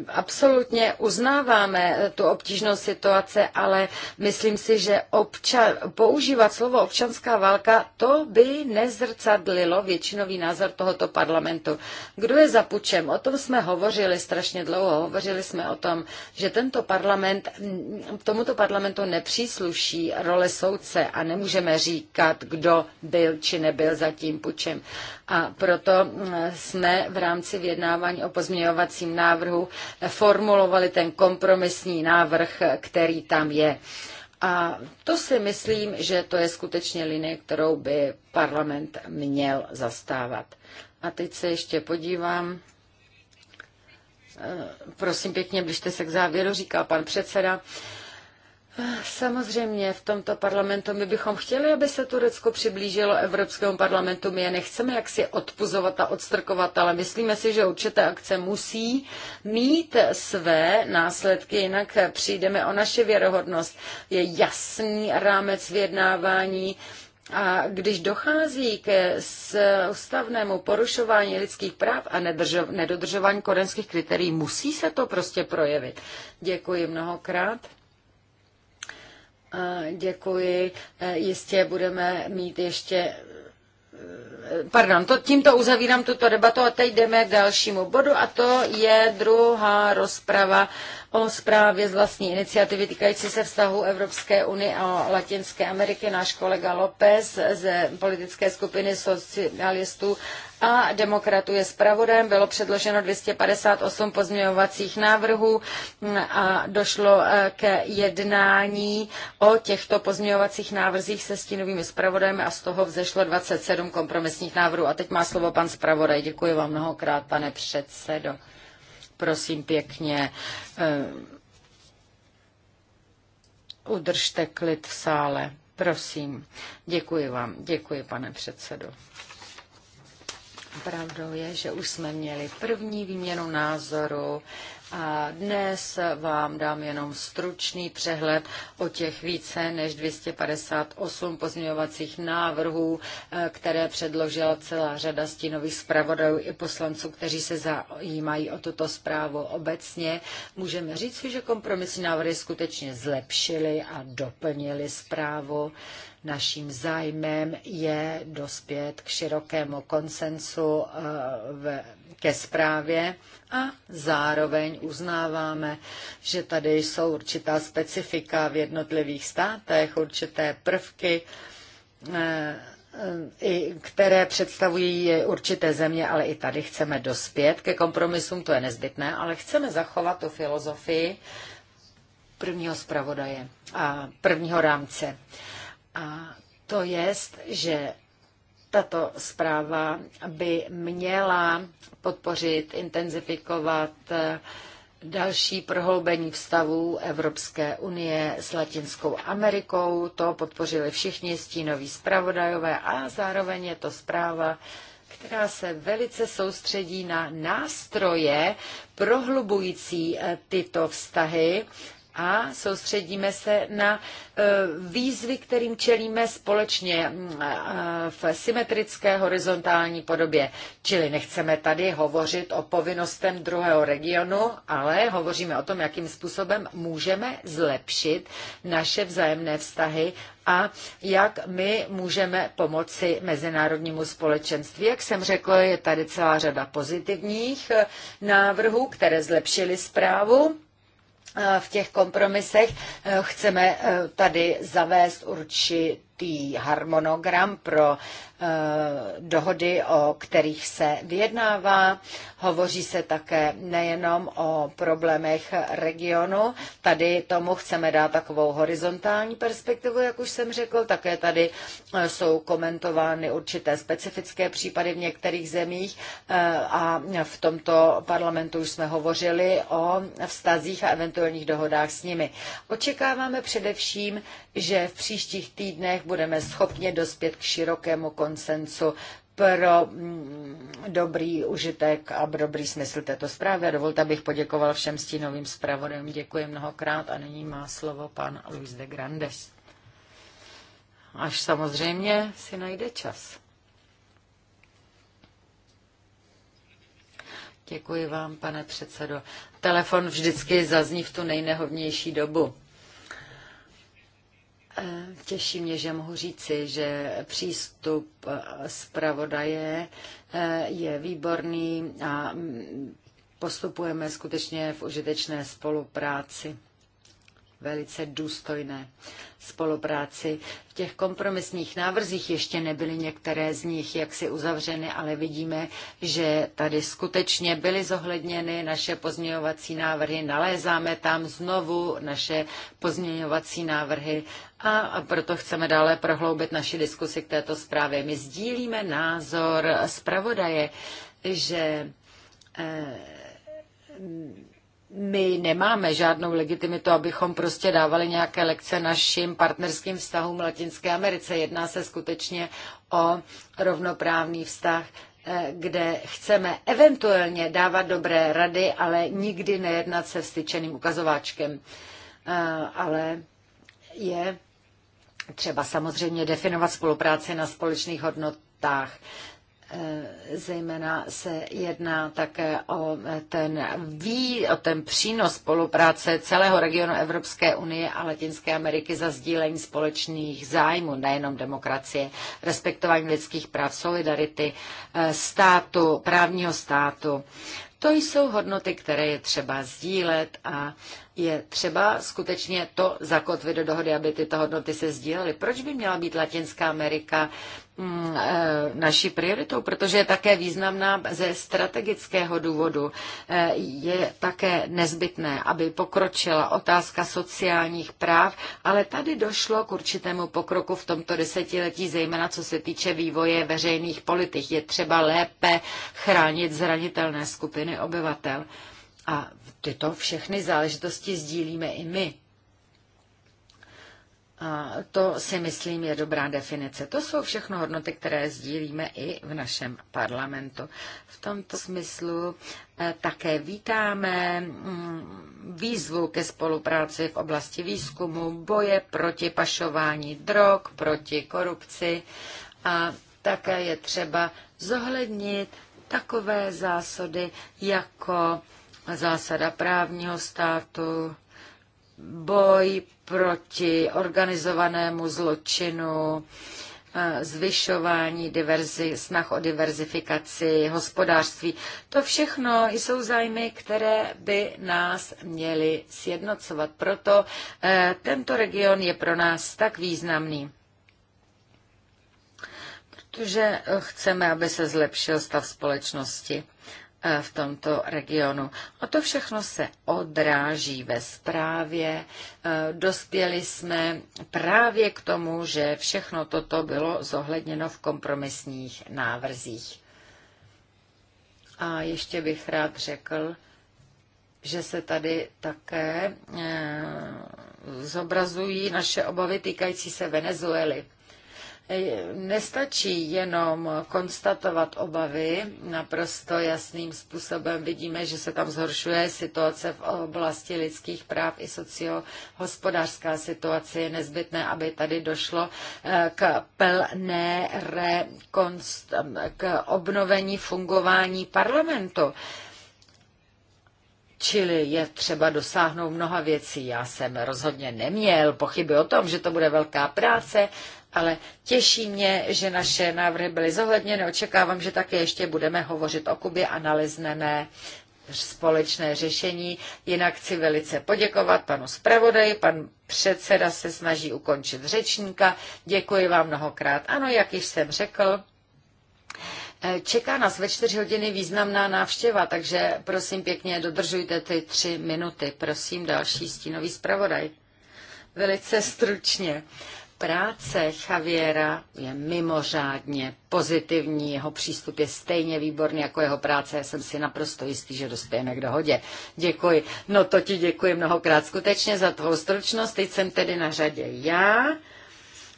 S2: absolutně uznáváme eh, tu obtížnost situace, ale myslím si, že obča- používat slovo občanská válka, to by nezrcadlilo většinový názor tohoto parlamentu. Kdo je za pučem? O tom jsme hovořili strašně dlouho. Hovořili jsme o tom, že tento parlament, mm, tomuto parlamentu nepřísluší role soudce a nemůžeme říkat, kdo byl či nebyl za tím pučem. A proto mm, jsme v rámci vyjednávání o pozměňovat pozměňovacím návrhu formulovali ten kompromisní návrh, který tam je. A to si myslím, že to je skutečně linie, kterou by parlament měl zastávat. A teď se ještě podívám. Eh, prosím pěkně, blížte se k závěru, říká pan předseda. Samozřejmě v tomto parlamentu my bychom chtěli, aby se Turecko přiblížilo Evropskému parlamentu. My je nechceme jaksi odpuzovat a odstrkovat, ale myslíme si, že určité akce musí mít své následky, jinak přijdeme o naše věrohodnost. Je jasný rámec vyjednávání, a když dochází ke ústavnému porušování lidských práv a nedodržování korenských kritérií, musí se to prostě projevit. Děkuji mnohokrát. Děkuji. E, jistě budeme mít ještě e, pardon, to, tímto uzavírám tuto debatu a teď jdeme k dalšímu bodu a to je druhá rozprava o zprávě z vlastní iniciativy týkající se vztahu Evropské unie a Latinské Ameriky. Náš kolega López ze politické skupiny socialistů a demokratů je zpravodajem. Bylo předloženo 258 pozměňovacích návrhů a došlo eh, ke jednání o těchto pozměňovacích návrzích se stínovými zpravodajem a z toho vzešlo 27 kompromisních návrhů. A teď má slovo pan zpravodaj. Děkuji vám mnohokrát, pane předsedo. Prosím pěkně, eh, udržte klid v sále. Prosím, děkuji vám, děkuji pane předsedo. Pravdou je, že už jsme měli první výměnu názoru a dnes vám dám jenom stručný přehled o těch více než 258 pozměňovacích návrhů, eh, které předložila celá řada stínových zpravodajů i poslanců, kteří se zajímají o tuto zprávu obecně. Můžeme říct, že kompromisní návrhy skutečně zlepšily a doplnily zprávu. Naším zájmem je dospět k širokému konsensu eh, ve ke zprávě a zároveň uznáváme, že tady jsou určitá specifika v jednotlivých státech, určité prvky, eh, které představují určité země, ale i tady chceme dospět ke kompromisům, to je nezbytné, ale chceme zachovat tu filozofii prvního zpravodaje a prvního rámce. A to jest, že tato zpráva by měla podpořit, intenzifikovat eh, další prohloubení vztavů Evropské unie s Latinskou Amerikou. To podpořili všichni stínoví zpravodajové a zároveň je to zpráva, která se velice soustředí na nástroje prohlubující eh, tyto vztahy a soustředíme se na e, výzvy, kterým čelíme společně v symetrické horizontální podobě. Čili nechceme tady hovořit o povinnostem druhého regionu, ale hovoříme o tom, jakým způsobem můžeme zlepšit naše vzájemné vztahy a jak my můžeme pomoci mezinárodnímu společenství. Jak jsem řekla, je tady celá řada pozitivních e, návrhů, které zlepšily zprávu v těch kompromisech eh, chceme eh, tady zavést určit určitý harmonogram pro eh, dohody, o kterých se vyjednává. Hovoří se také nejenom o problémech regionu. Tady tomu chceme dát takovou horizontální perspektivu, jak už jsem řekl. Také tady eh, jsou komentovány určité specifické případy v některých zemích eh, a v tomto parlamentu už jsme hovořili o vztazích a eventuálních dohodách s nimi. Očekáváme především, že v příštích týdnech budeme schopni dospět k širokému konsensu pro mm, dobrý užitek a dobrý smysl této zprávy. A dovolte, abych poděkoval všem stínovým zpravodajům. Děkuji mnohokrát a nyní má slovo pan Luis de Grandes. Až samozřejmě si najde čas. Děkuji vám, pane předsedo. Telefon vždycky zazní v tu nejnehodnější dobu. Eh, těší mě, že mohu říci, že přístup eh, zpravodaje eh, je výborný a mm, postupujeme skutečně v užitečné spolupráci velice důstojné spolupráci. V těch kompromisních návrzích ještě nebyly některé z nich jaksi uzavřeny, ale vidíme, že tady skutečně byly zohledněny naše pozměňovací návrhy. Nalézáme tam znovu naše pozměňovací návrhy a proto chceme dále prohloubit naši diskusi k této zprávě. My sdílíme názor zpravodaje, že eh, my nemáme žádnou legitimitu, abychom prostě dávali nějaké lekce našim partnerským vztahům Latinské Americe. Jedná se skutečně o rovnoprávný vztah eh, kde chceme eventuálně dávat dobré rady, ale nikdy nejednat se vstyčeným ukazováčkem. Eh, ale je Třeba samozřejmě definovat spolupráci na společných hodnotách. Eh, zejména se jedná také o ten, ví, o ten přínos spolupráce celého regionu Evropské unie a Latinské Ameriky za sdílení společných zájmů, nejenom demokracie, respektování lidských práv, solidarity, eh, státu, právního státu. To jsou hodnoty, které je třeba sdílet a je třeba skutečně to zakotvit do dohody, aby tyto hodnoty se sdílely. Proč by měla být Latinská Amerika mm, e, naší prioritou, protože je také významná ze strategického důvodu. E, je také nezbytné, aby pokročila otázka sociálních práv, ale tady došlo k určitému pokroku v tomto desetiletí, zejména co se týče vývoje veřejných politik. Je třeba lépe chránit zranitelné skupiny obyvatel. A tyto všechny záležitosti sdílíme i my. A to si myslím je dobrá definice. To jsou všechno hodnoty, které sdílíme i v našem parlamentu. V tomto smyslu eh, také vítáme mm, výzvu ke spolupráci v oblasti výzkumu, boje proti pašování drog, proti korupci a také je třeba zohlednit takové zásady jako zásada právního státu, boj proti organizovanému zločinu, eh, zvyšování diverzi, snah o diverzifikaci hospodářství. To všechno jsou zájmy, které by nás měly sjednocovat. Proto eh, tento region je pro nás tak významný. Protože eh, chceme, aby se zlepšil stav společnosti. Eh, v tomto regionu. A to všechno se odráží ve zprávě. Eh, dospěli jsme právě k tomu, že všechno toto bylo zohledněno v kompromisních návrzích. A ještě bych rád řekl, že se tady také eh, zobrazují naše obavy týkající se Venezuely. Eh, nestačí jenom konstatovat obavy, naprosto jasným způsobem vidíme, že se tam zhoršuje situace v oblasti lidských práv i sociohospodářská situace. Je nezbytné, aby tady došlo eh, k plné rekonst, k obnovení fungování parlamentu. Čili je třeba dosáhnout mnoha věcí. Já jsem rozhodně neměl pochyby o tom, že to bude velká práce, ale těší mě, že naše návrhy byly zohledněny. Očekávám, že také ještě budeme hovořit o Kubě a nalezneme společné řešení. Jinak chci velice poděkovat panu zpravodaji, pan předseda se snaží ukončit řečníka. Děkuji vám mnohokrát. Ano, jak již jsem řekl, eh, Čeká nás ve čtyři hodiny významná návštěva, takže prosím pěkně dodržujte ty tři minuty. Prosím další stínový zpravodaj. Velice stručně. Práce Javiera je mimořádně pozitivní, jeho přístup je stejně výborný jako jeho práce. Já jsem si naprosto jistý, že dospějeme k dohodě. Děkuji. No to ti děkuji mnohokrát skutečně za tvou stručnost. Teď jsem tedy na řadě já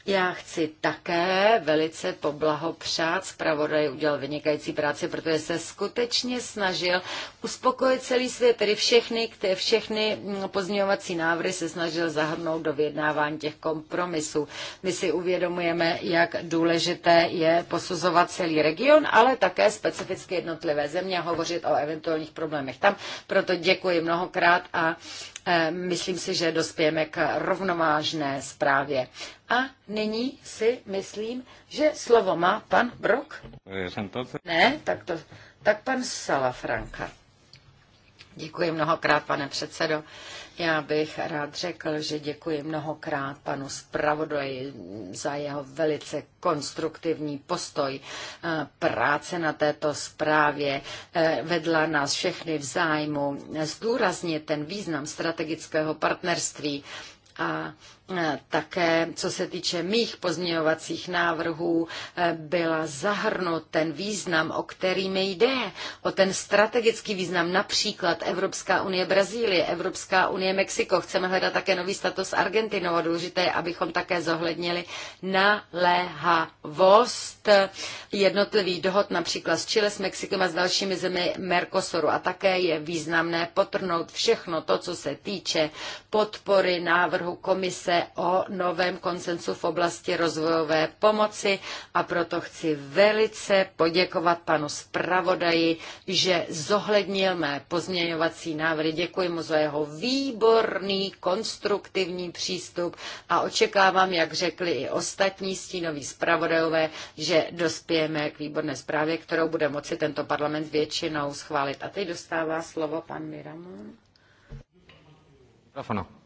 S2: já chci také velice poblahopřát. Zpravodaj udělal vynikající práci, protože se skutečně snažil uspokojit celý svět, tedy všechny, které všechny mm, pozměňovací návrhy se snažil zahrnout do vyjednávání těch kompromisů. My si uvědomujeme, jak důležité je posuzovat celý region, ale také specificky jednotlivé země a hovořit o eventuálních problémech tam. Proto děkuji mnohokrát a Eh, myslím si, že dospějeme k rovnovážné zprávě. A nyní si myslím, že slovo má pan Brok. Ne, tak, to, tak pan Salafranka. Děkuji mnohokrát, pane předsedo. Já bych rád řekl, že děkuji mnohokrát panu zpravodaji za jeho velice konstruktivní postoj. Eh, práce na této zprávě eh, vedla nás všechny v zájmu zdůraznit ten význam strategického partnerství a Eh, také, co se týče mých pozměňovacích návrhů, eh, byla zahrnut ten význam, o který mi jde, o ten strategický význam, například Evropská unie Brazílie, Evropská unie Mexiko. Chceme hledat také nový status Argentinou a důležité abychom také zohlednili naléhavost jednotlivých dohod, například s Chile, s Mexikem a s dalšími zemi Mercosuru. A také je významné potrhnout všechno to, co se týče podpory návrhu komise o novém koncensu v oblasti rozvojové pomoci a proto chci velice poděkovat panu zpravodaji, že zohlednil mé pozměňovací návrhy. Děkuji mu za jeho výborný, konstruktivní přístup a očekávám, jak řekli i ostatní stínoví zpravodajové, že dospějeme k výborné zprávě, kterou bude moci tento parlament většinou schválit. A teď dostává slovo pan Miramon.
S5: Mikrofonu.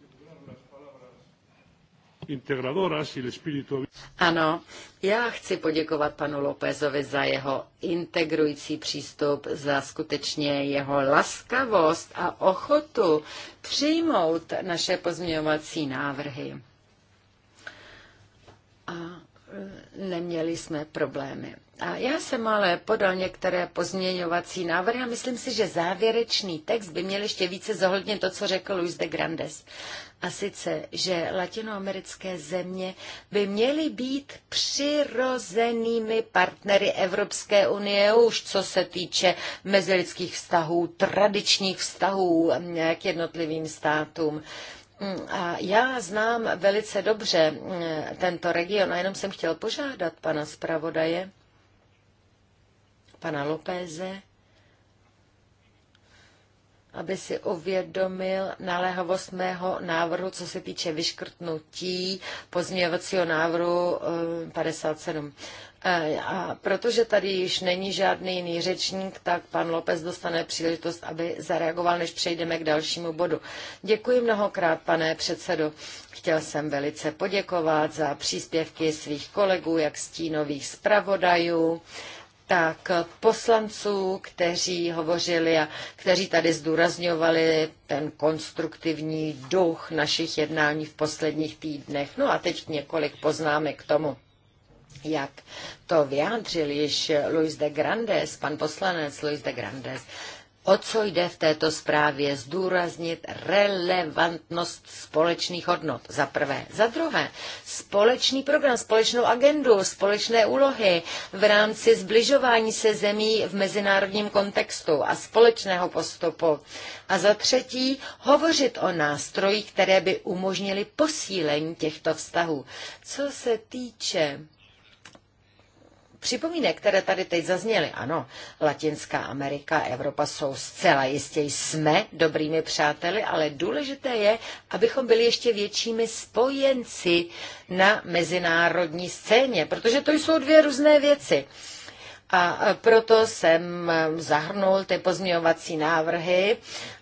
S5: Ano,
S2: já chci poděkovat panu Lópezovi za jeho integrující přístup, za skutečně jeho laskavost a ochotu přijmout naše pozměňovací návrhy. A e, neměli jsme problémy. A já jsem ale podal některé pozměňovací návrhy a myslím si, že závěrečný text by měl ještě více zohlednit to, co řekl Luis de Grandes a sice, že latinoamerické země by měly být přirozenými partnery Evropské unie, už co se týče mezilidských vztahů, tradičních vztahů mm, k jednotlivým státům. Mm, a já znám velice dobře mm, tento region a jenom jsem chtěl požádat pana zpravodaje, pana Lopéze, aby si uvědomil naléhavost mého návrhu, co se týče vyškrtnutí pozměňovacího návrhu 57. Eh, eh, a protože tady již není žádný jiný řečník, tak pan López dostane příležitost, aby zareagoval, než přejdeme k dalšímu bodu. Děkuji mnohokrát, pane předsedo. Chtěl jsem velice poděkovat za příspěvky svých kolegů, jak stínových zpravodajů, tak poslanců, kteří hovořili a kteří tady zdůrazňovali ten konstruktivní duch našich jednání v posledních týdnech. No a teď několik poznámek k tomu jak to vyjádřil již Luis de Grandes, pan poslanec Luis de Grandes, o co jde v této zprávě zdůraznit relevantnost společných hodnot. Za prvé. Za druhé, společný program, společnou agendu, společné úlohy v rámci zbližování se zemí v mezinárodním kontextu a společného postupu. A za třetí, hovořit o nástrojích, které by umožnily posílení těchto vztahů. Co se týče připomínek, které tady teď zazněly, ano, Latinská Amerika, Evropa jsou zcela jistě jsme dobrými přáteli, ale důležité je, abychom byli ještě většími spojenci na mezinárodní scéně, protože to jsou dvě různé věci. A proto jsem zahrnul ty pozměňovací návrhy,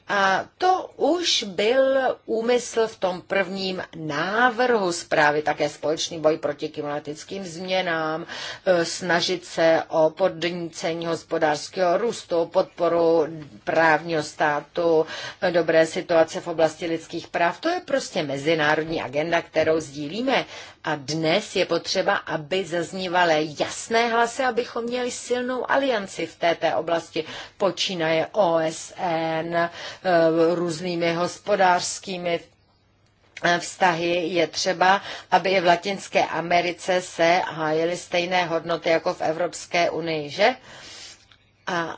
S2: a to už byl úmysl v tom prvním návrhu zprávy, také společný boj proti klimatickým změnám, e, snažit se o podnícení hospodářského růstu, podporu právního státu, e, dobré situace v oblasti lidských práv. To je prostě mezinárodní agenda, kterou sdílíme. A dnes je potřeba, aby zaznívaly jasné hlasy, abychom měli silnou alianci v této oblasti. Počínaje OSN, eh, různými hospodářskými vztahy je třeba, aby v Latinské Americe se hájily stejné hodnoty jako v Evropské unii, že? A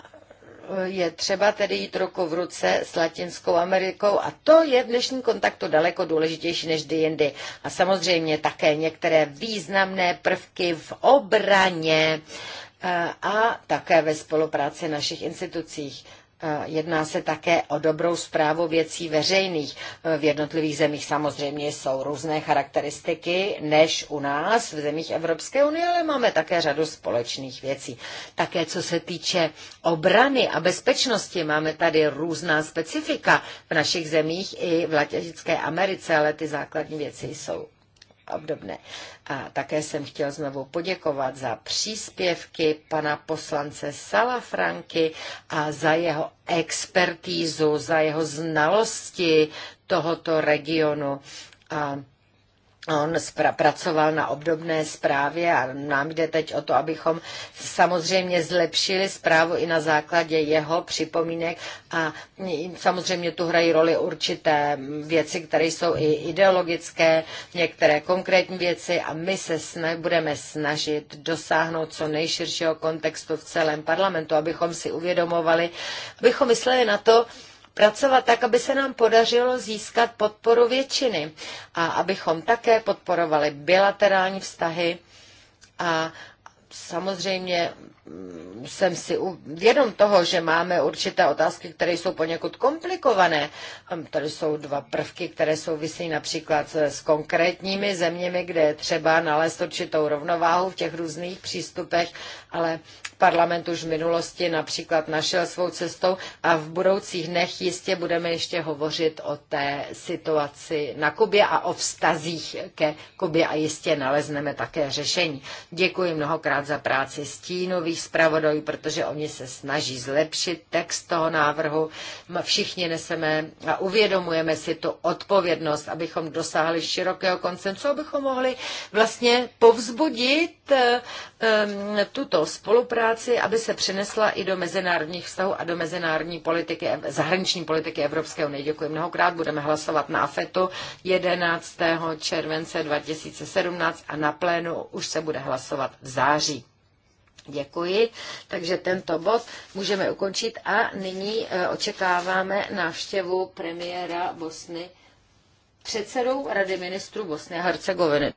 S2: je třeba tedy jít roku v ruce s Latinskou Amerikou a to je v dnešním kontaktu daleko důležitější než kdy jindy. A samozřejmě také některé významné prvky v obraně eh, a také ve spolupráci našich institucích. Jedná se také o dobrou zprávu věcí veřejných. E, v jednotlivých zemích samozřejmě jsou různé charakteristiky než u nás v zemích Evropské unie, ale máme také řadu společných věcí. Také co se týče obrany a bezpečnosti, máme tady různá specifika v našich zemích i v Latinské Americe, ale ty základní věci jsou obdobné. A také jsem chtěl znovu poděkovat za příspěvky pana poslance Salafranky a za jeho expertízu, za jeho znalosti tohoto regionu. A On pracoval na obdobné zprávě a nám jde teď o to, abychom samozřejmě zlepšili zprávu i na základě jeho připomínek a samozřejmě tu hrají roli určité věci, které jsou i ideologické, některé konkrétní věci a my se sna- budeme snažit dosáhnout co nejširšího kontextu v celém parlamentu, abychom si uvědomovali, abychom mysleli na to, pracovat tak, aby se nám podařilo získat podporu většiny a abychom také podporovali bilaterální vztahy a samozřejmě jsem si vědom toho, že máme určité otázky, které jsou poněkud komplikované. Ehm, tady jsou dva prvky, které souvisí například s konkrétními zeměmi, kde je třeba nalézt určitou rovnováhu v těch různých přístupech, ale parlament už v minulosti například našel svou cestou a v budoucích dnech jistě budeme ještě hovořit o té situaci na Kubě a o vztazích ke Kubě a jistě nalezneme také řešení. Děkuji mnohokrát za práci stínových stínových zpravodajů, protože oni se snaží zlepšit text toho návrhu. Všichni neseme a uvědomujeme si tu odpovědnost, abychom dosáhli širokého koncensu, abychom mohli vlastně povzbudit eh, tuto spolupráci, aby se přinesla i do mezinárodních vztahů a do mezinárodní politiky, zahraniční politiky Evropské unie. Děkuji mnohokrát, budeme hlasovat na AFETu 11. července 2017 a na plénu už se bude hlasovat v září. Děkuji. Takže tento bod můžeme ukončit a nyní eh, očekáváme návštěvu premiéra Bosny předsedou Rady ministrů Bosny a Hercegoviny.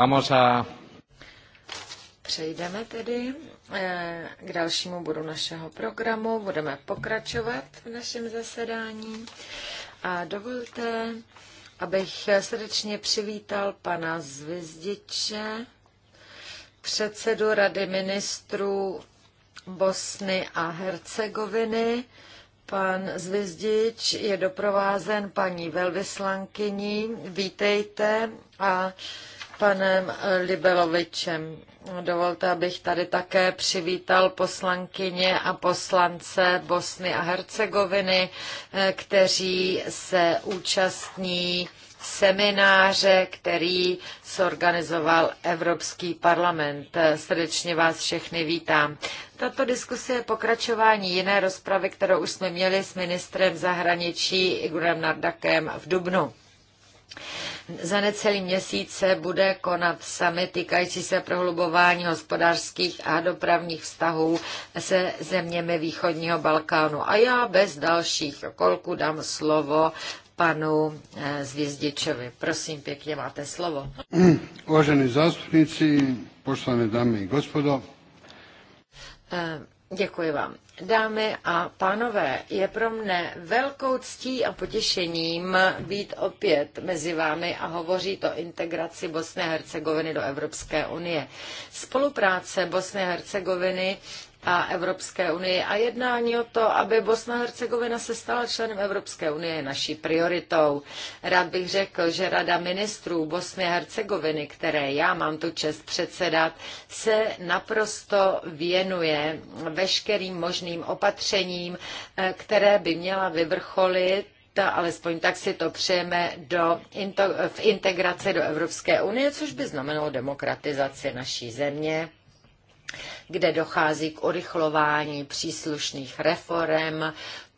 S1: Vamos a...
S2: Přejdeme tedy eh, k dalšímu bodu našeho programu. Budeme pokračovat
S1: v našem zasedání.
S2: A dovolte, abych srdečně přivítal pana Zvězdiče, předsedu Rady ministrů Bosny a Hercegoviny. Pan Zvězdič je doprovázen paní velvyslankyní. Vítejte a panem eh, Libelovičem. Dovolte, abych tady také přivítal poslankyně a poslance Bosny a Hercegoviny, eh, kteří se účastní semináře, který sorganizoval Evropský parlament. Eh, srdečně vás všechny vítám. Tato diskuse je pokračování jiné rozpravy, kterou už jsme měli s ministrem zahraničí Igorem Nardakem v Dubnu za necelý měsíc se bude konat summit týkající se prohlubování hospodářských a dopravních vztahů se zeměmi východního Balkánu. A já bez dalších okolků dám slovo panu eh, Zvězdičovi. Prosím, pěkně máte slovo.
S5: Hmm, vážení zástupníci, poštované dámy i gospodo.
S2: Eh, Děkuji vám. Dámy a pánové, je pro mne velkou ctí a potěšením být opět mezi vámi a hovoří to integraci Bosny a Hercegoviny do Evropské unie. Spolupráce Bosny a Hercegoviny a Evropské unii a jednání o to, aby Bosna a Hercegovina se stala členem Evropské unie je naší prioritou. Rád bych řekl, že Rada ministrů Bosny a Hercegoviny, které já mám tu čest předsedat, se naprosto věnuje veškerým možným opatřením, eh, které by měla vyvrcholit alespoň tak si to přejeme do, v do Evropské unie, což by znamenalo demokratizaci naší země kde dochází k urychlování příslušných reform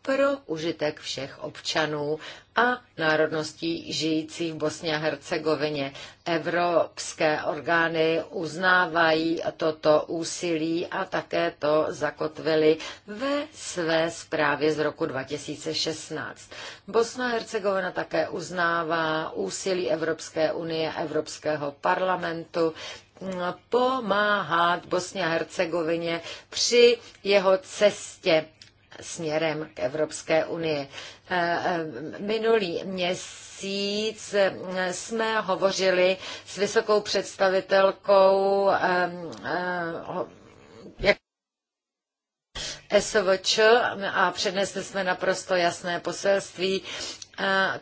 S2: pro užitek všech občanů a národností žijících v Bosně a Hercegovině. Evropské orgány uznávají toto úsilí a také to zakotvili ve své zprávě z roku 2016. Bosna a Hercegovina také uznává úsilí Evropské unie, Evropského parlamentu pomáhat Bosně a Hercegovině při jeho cestě směrem k Evropské unii. Eh, eh, minulý měsíc eh, jsme hovořili s vysokou představitelkou SVČ a přednesli jsme naprosto jasné poselství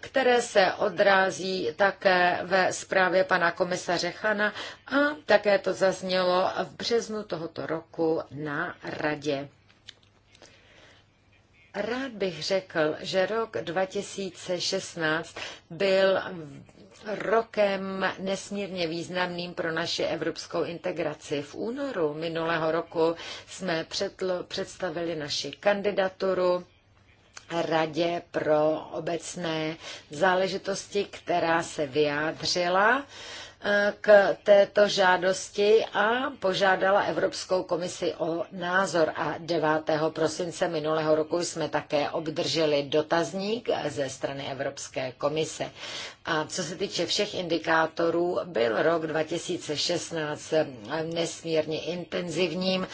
S2: které se odrází také ve zprávě pana komisaře Chana a také to zaznělo v březnu tohoto roku na radě. Rád bych řekl, že rok 2016 byl rokem nesmírně významným pro naši evropskou integraci. V únoru minulého roku jsme představili naši kandidaturu Radě pro obecné záležitosti, která se vyjádřila k této žádosti a požádala Evropskou komisi o názor. A 9. prosince minulého roku jsme také obdrželi dotazník ze strany Evropské komise. A co se týče všech indikátorů, byl rok 2016 nesmírně intenzivním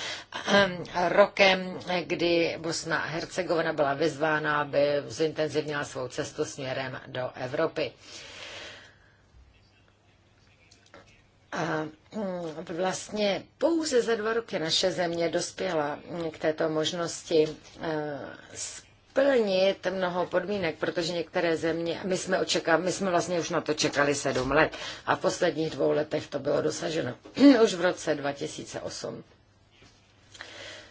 S2: ehm, rokem, kdy Bosna a Hercegovina byla vyzvána, aby zintenzivnila svou cestu směrem do Evropy. A mm, vlastně pouze za dva roky naše země dospěla mm, k této možnosti e, splnit mnoho podmínek, protože některé země, my jsme, očeká, my jsme vlastně už na to čekali sedm let a v posledních dvou letech to bylo dosaženo. (clears throat) už v roce 2008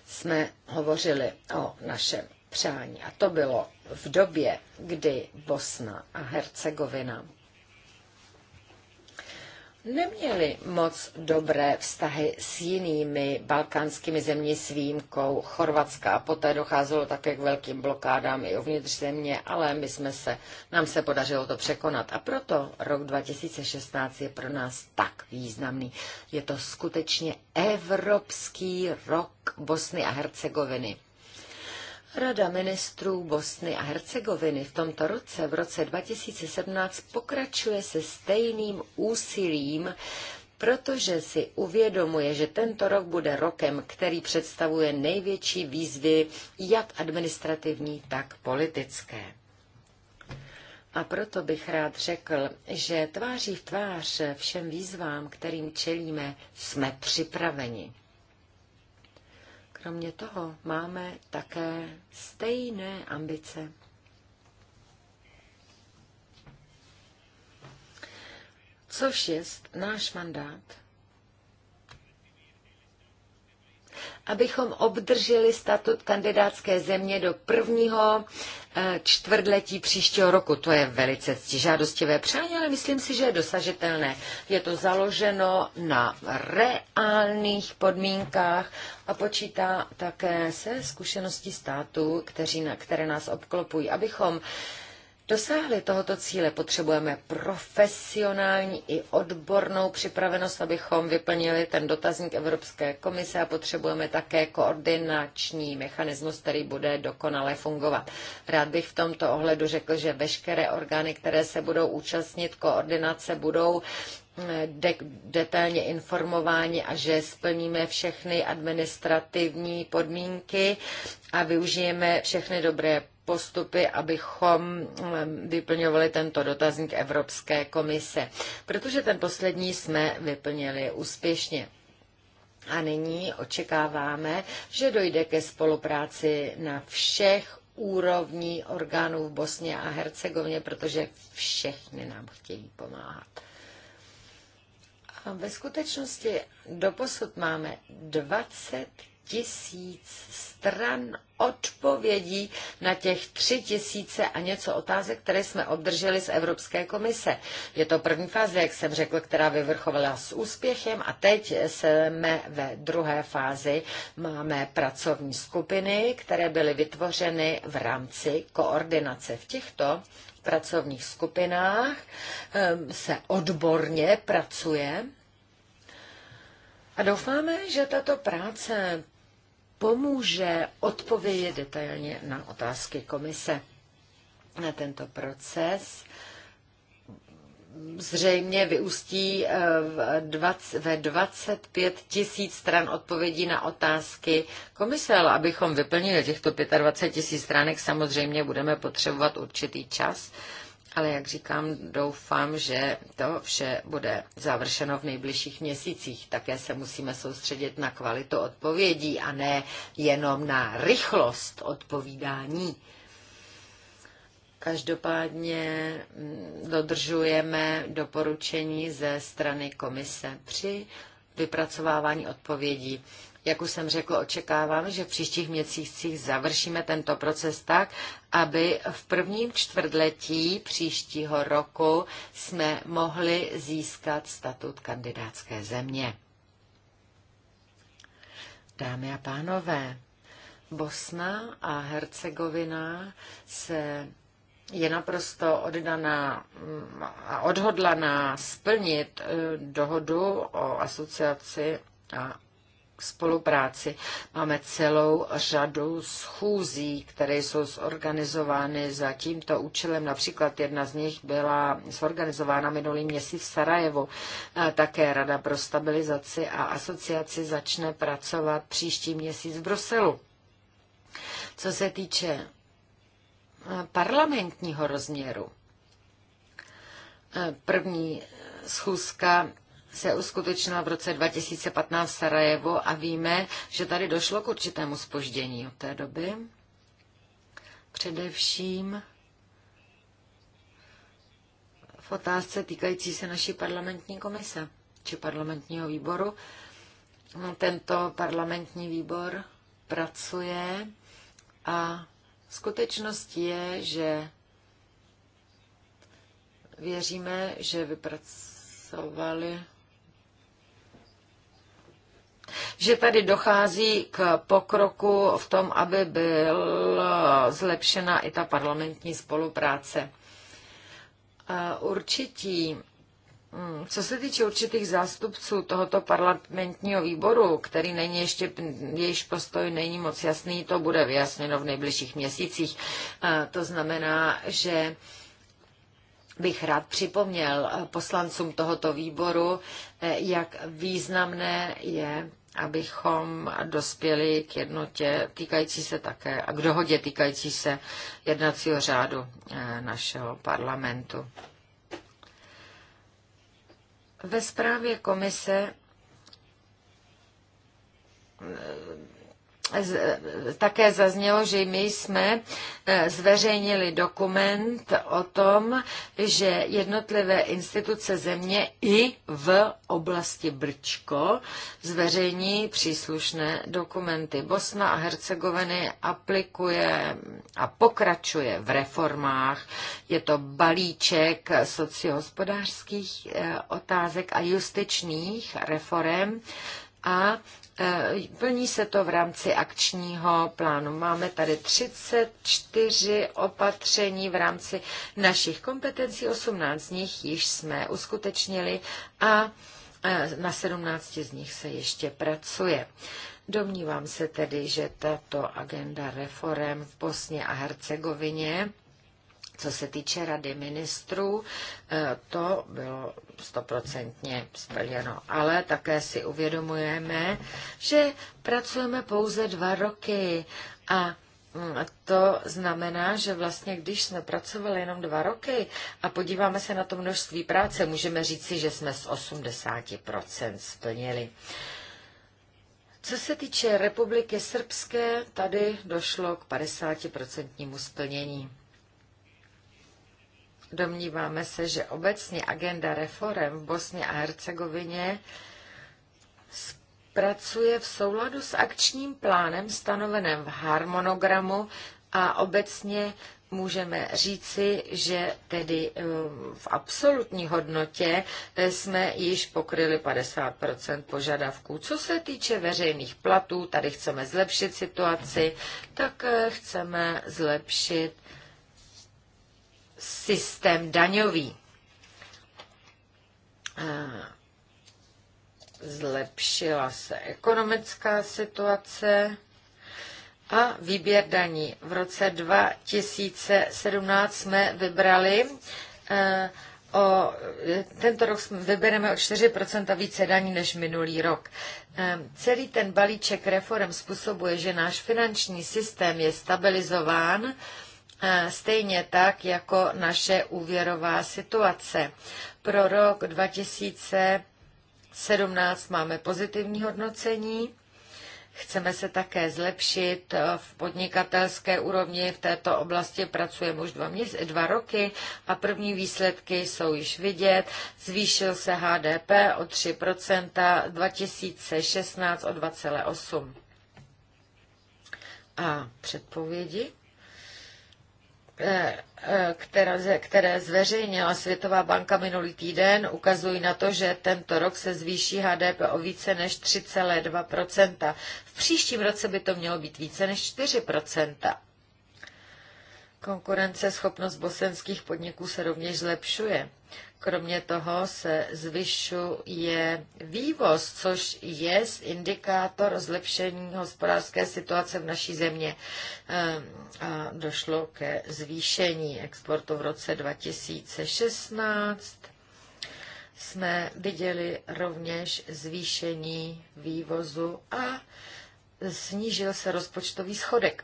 S2: jsme hovořili o našem přání a to bylo v době, kdy Bosna a Hercegovina neměli moc dobré vztahy s jinými balkánskými zeměmi s výjimkou Chorvatska a poté docházelo také k velkým blokádám i uvnitř země, ale my jsme se, nám se podařilo to překonat a proto rok 2016 je pro nás tak významný. Je to skutečně Evropský rok Bosny a Hercegoviny. Rada ministrů Bosny a Hercegoviny v tomto roce, v roce 2017, pokračuje se stejným úsilím, protože si uvědomuje, že tento rok bude rokem, který představuje největší výzvy jak administrativní, tak politické. A proto bych rád řekl, že tváří v tvář všem výzvám, kterým čelíme, jsme připraveni. Kromě toho máme také stejné ambice. Což je náš mandát abychom obdrželi statut kandidátské země do prvního eh, čtvrtletí příštího roku. To je velice ctižádostivé přání, ale myslím si, že je dosažitelné. Je to založeno na reálných podmínkách a počítá také se zkušeností států, které nás obklopují, abychom dosáhli tohoto cíle, potřebujeme profesionální i odbornou připravenost, abychom vyplnili ten dotazník Evropské komise a potřebujeme také koordinační mechanismus, který bude dokonale fungovat. Rád bych v tomto ohledu řekl, že veškeré orgány, které se budou účastnit koordinace, budou mm, de- detailně informováni a že splníme všechny administrativní podmínky a využijeme všechny dobré postupy, abychom eh, vyplňovali tento dotazník Evropské komise, protože ten poslední jsme vyplnili úspěšně. A nyní očekáváme, že dojde ke spolupráci na všech úrovní orgánů v Bosně a Hercegovině, protože všechny nám chtějí pomáhat. A ve skutečnosti doposud máme 20 tisíc stran odpovědí na těch tři tisíce a něco otázek, které jsme obdrželi z Evropské komise. Je to první fáze, jak jsem řekl, která vyvrcholila s úspěchem a teď jsme ve druhé fázi. Máme pracovní skupiny, které byly vytvořeny v rámci koordinace v těchto pracovních skupinách ehm, se odborně pracuje a doufáme, že tato práce pomůže odpovědět detailně na otázky komise. Na tento proces zřejmě vyústí eh, ve 25 tisíc stran odpovědí na otázky komise, ale abychom vyplnili těchto 25 tisíc stránek, samozřejmě budeme potřebovat určitý čas ale jak říkám, doufám, že to vše bude završeno v nejbližších měsících. Také se musíme soustředit na kvalitu odpovědí a ne jenom na rychlost odpovídání. Každopádně mm, dodržujeme doporučení ze strany komise při vypracovávání odpovědí. Jak už jsem řekl, očekávám, že v příštích měsících završíme tento proces tak, aby v prvním čtvrtletí příštího roku jsme mohli získat statut kandidátské země. Dámy a pánové, Bosna a Hercegovina se je naprosto oddaná mm, a odhodlaná splnit eh, dohodu o asociaci a k spolupráci. Máme celou řadu schůzí, které jsou zorganizovány za tímto účelem. Například jedna z nich byla zorganizována minulý měsíc v Sarajevu. Také Rada pro stabilizaci a asociaci začne pracovat příští měsíc v Bruselu. Co se týče eh, parlamentního rozměru, eh, první schůzka se uskutečnila v roce 2015 v Sarajevo a víme, že tady došlo k určitému spoždění od té doby. Především v otázce týkající se naší parlamentní komise či parlamentního výboru. No, tento parlamentní výbor pracuje a skutečnost je, že věříme, že vypracovali že tady dochází k pokroku v tom, aby byla zlepšena i ta parlamentní spolupráce. Určití hm, co se týče určitých zástupců tohoto parlamentního výboru, který není ještě, jejíž postoj není moc jasný, to bude vyjasněno v nejbližších měsících. To znamená, že bych rád připomněl eh, poslancům tohoto výboru, eh, jak významné je, abychom dospěli k jednotě týkající se také a k dohodě týkající se jednacího řádu eh, našeho parlamentu. Ve zprávě komise také zaznělo, že my jsme eh, zveřejnili dokument o tom, že jednotlivé instituce země i v oblasti Brčko zveřejní příslušné dokumenty. Bosna a Hercegoviny aplikuje a pokračuje v reformách. Je to balíček sociohospodářských eh, otázek a justičních reform a e, plní se to v rámci akčního plánu. Máme tady 34 opatření v rámci našich kompetencí, 18 z nich již jsme uskutečnili a e, na 17 z nich se ještě pracuje. Domnívám se tedy, že tato agenda reform v Bosně a Hercegovině co se týče rady ministrů, eh, to bylo stoprocentně splněno. Ale také si uvědomujeme, že pracujeme pouze dva roky a mm, to znamená, že vlastně, když jsme pracovali jenom dva roky a podíváme se na to množství práce, můžeme říci, že jsme z 80% splnili. Co se týče Republiky Srbské, tady došlo k 50% splnění. Domníváme se, že obecně agenda reform v Bosně a Hercegovině pracuje v souladu s akčním plánem stanoveném v harmonogramu a obecně můžeme říci, že tedy eh, v absolutní hodnotě eh, jsme již pokryli 50 požadavků. Co se týče veřejných platů, tady chceme zlepšit situaci, tak eh, chceme zlepšit systém daňový eh, zlepšila se ekonomická situace a výběr daní. V roce 2017 jsme vybrali eh, o, tento rok vybereme o 4% více daní než minulý rok. Eh, celý ten balíček reform způsobuje, že náš finanční systém je stabilizován E, stejně tak jako naše úvěrová situace. Pro rok 2017 máme pozitivní hodnocení. Chceme se také zlepšit v podnikatelské úrovni. V této oblasti pracujeme už dva, měs- dva roky a první výsledky jsou již vidět. Zvýšil se HDP o 3%, 2016 o 2,8%. A předpovědi? Eh, eh, které, které zveřejnila Světová banka minulý týden, ukazují na to, že tento rok se zvýší HDP o více než 3,2 V příštím roce by to mělo být více než 4 Konkurenceschopnost bosenských podniků se rovněž zlepšuje. Kromě toho se zvyšuje vývoz, což je indikátor zlepšení hospodářské situace v naší země. Ehm, a došlo ke zvýšení exportu v roce 2016. Jsme viděli rovněž zvýšení vývozu a snížil se rozpočtový schodek.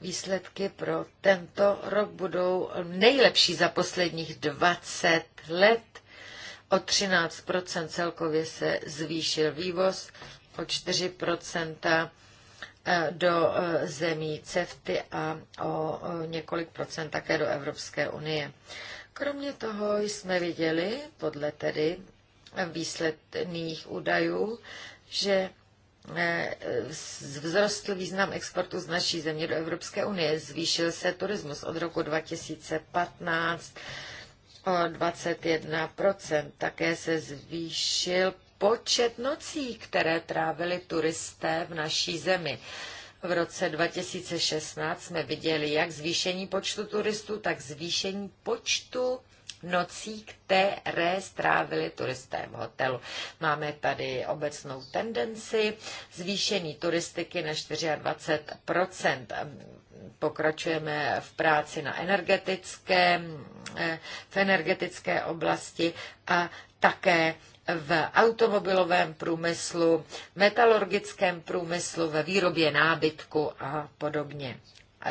S2: Výsledky pro tento rok budou nejlepší za posledních 20 let. O 13 celkově se zvýšil vývoz, o 4 eh, do eh, zemí CEFTY a o eh, několik procent také do Evropské unie. Kromě toho jsme viděli, podle tedy výsledných údajů, že Eh, vzrostl význam exportu z naší země do Evropské unie. Zvýšil se turismus od roku 2015 o 21%. Také se zvýšil počet nocí, které trávili turisté v naší zemi. V roce 2016 jsme viděli jak zvýšení počtu turistů, tak zvýšení počtu nocí, které strávili turisté v hotelu. Máme tady obecnou tendenci zvýšení turistiky na 24 Pokračujeme v práci na energetické, eh, v energetické oblasti a také v automobilovém průmyslu, metalurgickém průmyslu, ve výrobě nábytku a podobně.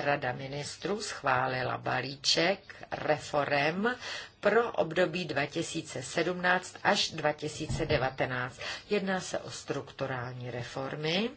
S2: Rada ministrů schválila balíček reform pro období 2017 až 2019. Jedná se o strukturální reformy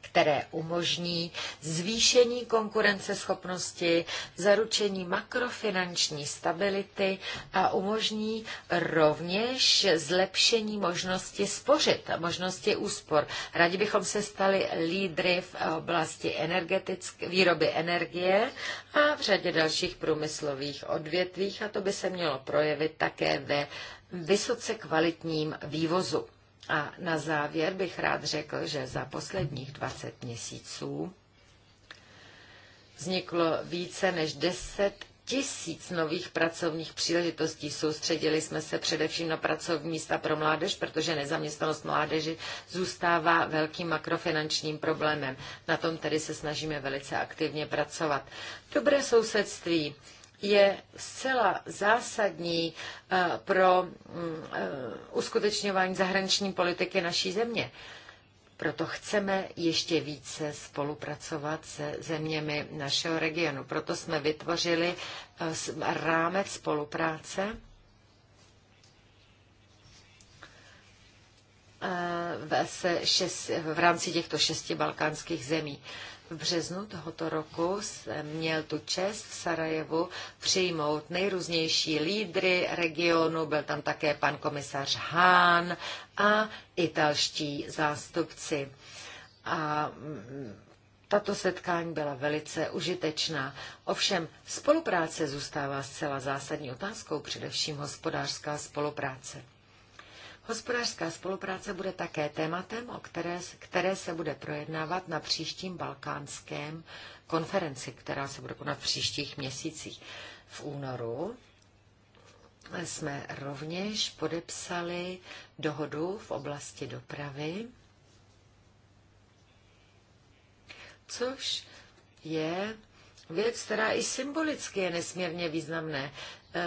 S2: které umožní zvýšení konkurenceschopnosti, zaručení makrofinanční stability a umožní rovněž zlepšení možnosti spořit, možnosti úspor. Rádi bychom se stali lídry v oblasti energetické, výroby energie a v řadě dalších průmyslových odvětvích a to by se mělo projevit také ve vysoce kvalitním vývozu. A na závěr bych rád řekl, že za posledních 20 měsíců vzniklo více než 10 tisíc nových pracovních příležitostí. Soustředili jsme se především na pracovní místa pro mládež, protože nezaměstnanost mládeže zůstává velkým makrofinančním problémem. Na tom tedy se snažíme velice aktivně pracovat. Dobré sousedství je zcela zásadní eh, pro mm, eh, uskutečňování zahraniční politiky naší země. Proto chceme ještě více spolupracovat se zeměmi našeho regionu. Proto jsme vytvořili eh, rámec spolupráce v, šest, v rámci těchto šesti balkánských zemí. V březnu tohoto roku jsem měl tu čest v Sarajevu přijmout nejrůznější lídry regionu, byl tam také pan komisař Hán a italští zástupci. A mm, tato setkání byla velice užitečná. Ovšem spolupráce zůstává zcela zásadní otázkou, především hospodářská spolupráce. Hospodářská spolupráce bude také tématem, o které, které se bude projednávat na příštím balkánském konferenci, která se bude konat v příštích měsících. V únoru jsme rovněž podepsali dohodu v oblasti dopravy, což je věc, která i symbolicky je nesmírně významné eh,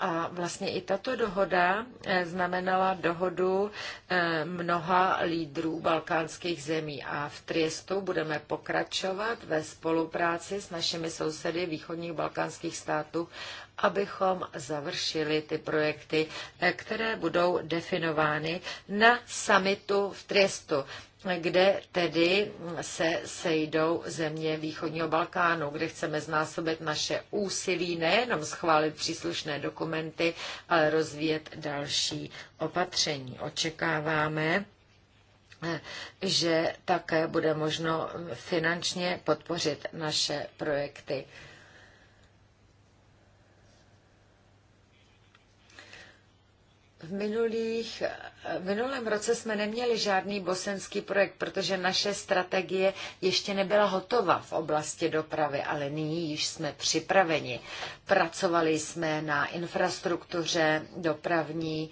S2: a vlastně i tato dohoda eh, znamenala dohodu eh, mnoha lídrů balkánských zemí. A v Triestu budeme pokračovat ve spolupráci s našimi sousedy východních balkánských států, abychom završili ty projekty, eh, které budou definovány na samitu v Triestu kde tedy se sejdou země východního Balkánu, kde chceme znásobit naše úsilí nejenom schválit příslušné dokumenty, ale rozvíjet další opatření. Očekáváme, že také bude možno finančně podpořit naše projekty. V, minulých, v minulém roce jsme neměli žádný bosenský projekt, protože naše strategie ještě nebyla hotova v oblasti dopravy, ale nyní již jsme připraveni. Pracovali jsme na infrastruktuře dopravní,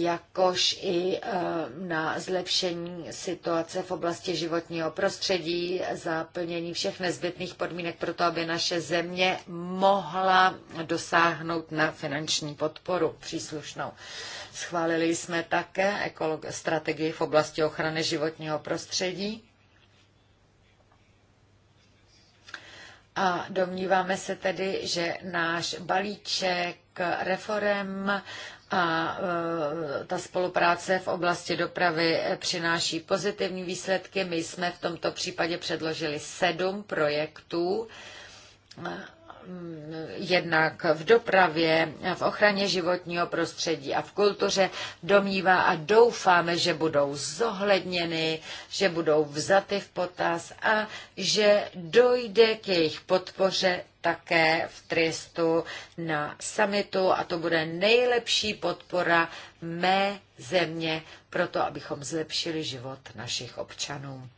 S2: jakož i eh, na zlepšení situace v oblasti životního prostředí za plnění všech nezbytných podmínek pro to, aby naše země mohla dosáhnout na finanční podporu příslušnou. Schválili jsme také strategii v oblasti ochrany životního prostředí. A domníváme se tedy, že náš balíček reform a e, ta spolupráce v oblasti dopravy e, přináší pozitivní výsledky. My jsme v tomto případě předložili sedm projektů Mm, jednak v dopravě, v ochraně životního prostředí a v kultuře domnívá a doufáme, že budou zohledněny, že budou vzaty v potaz a že dojde k jejich podpoře také v Tristu na summitu a to bude nejlepší podpora mé země to, abychom zlepšili život našich občanů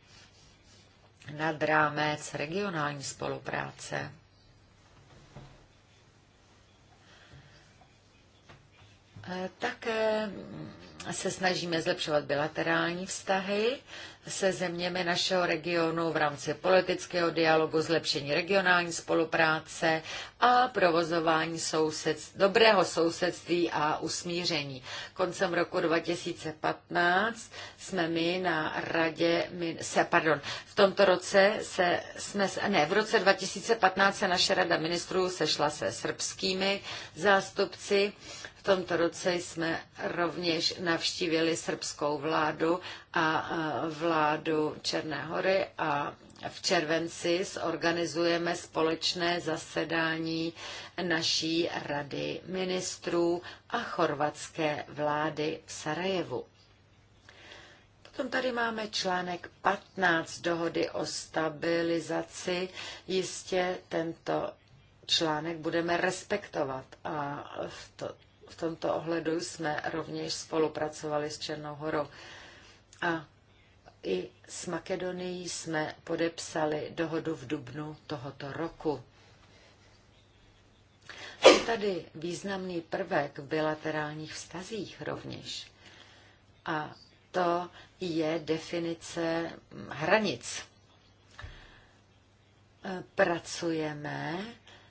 S2: nad rámec regionální spolupráce. Také se snažíme zlepšovat bilaterální vztahy se zeměmi našeho regionu v rámci politického dialogu, zlepšení regionální spolupráce a provozování sousedství, dobrého sousedství a usmíření. Koncem roku 2015 jsme my na radě, se, pardon, v tomto roce se, jsme, ne, v roce 2015 se naše rada ministrů sešla se srbskými zástupci tomto roce jsme rovněž navštívili srbskou vládu a vládu Černé hory a v červenci zorganizujeme společné zasedání naší rady ministrů a chorvatské vlády v Sarajevu. Potom tady máme článek 15 dohody o stabilizaci. Jistě tento článek budeme respektovat. A v to, v tomto ohledu jsme rovněž spolupracovali s Černou horou. A i s Makedonií jsme podepsali dohodu v dubnu tohoto roku. Je tady významný prvek v bilaterálních vztazích rovněž. A to je definice hranic. Pracujeme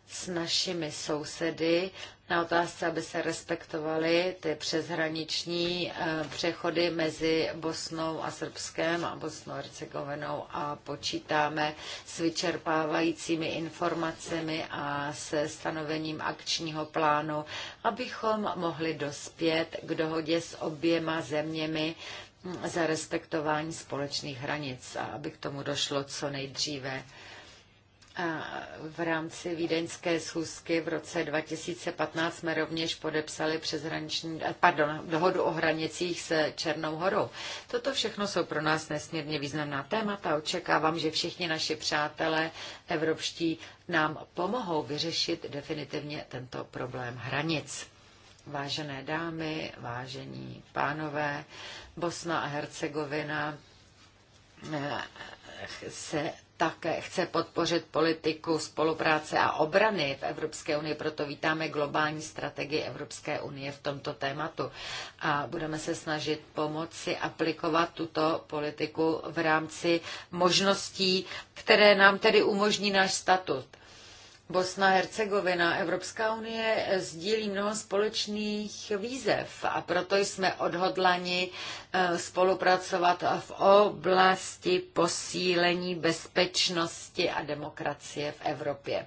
S2: s našimi sousedy na otázce, aby se respektovaly ty přeshraniční eh, přechody mezi Bosnou a Srbskem a Bosnou a Hercegovinou a počítáme s vyčerpávajícími informacemi a se stanovením akčního plánu, abychom mohli dospět k dohodě s oběma zeměmi hm, za respektování společných hranic a aby k tomu došlo co nejdříve v rámci vídeňské schůzky v roce 2015 jsme rovněž podepsali přeshraniční, eh, pardon, dohodu o hranicích s Černou horou. Toto všechno jsou pro nás nesmírně významná témata. Očekávám, že všichni naši přátelé evropští nám pomohou vyřešit definitivně tento problém hranic. Vážené dámy, vážení pánové, Bosna a Hercegovina eh, se také chce podpořit politiku spolupráce a obrany v Evropské unii, proto vítáme globální strategii Evropské unie v tomto tématu a budeme se snažit pomoci aplikovat tuto politiku v rámci možností, které nám tedy umožní náš statut Bosna Hercegovina, Evropská unie sdílí mnoho společných výzev a proto jsme odhodlani eh, spolupracovat v oblasti posílení bezpečnosti a demokracie v Evropě.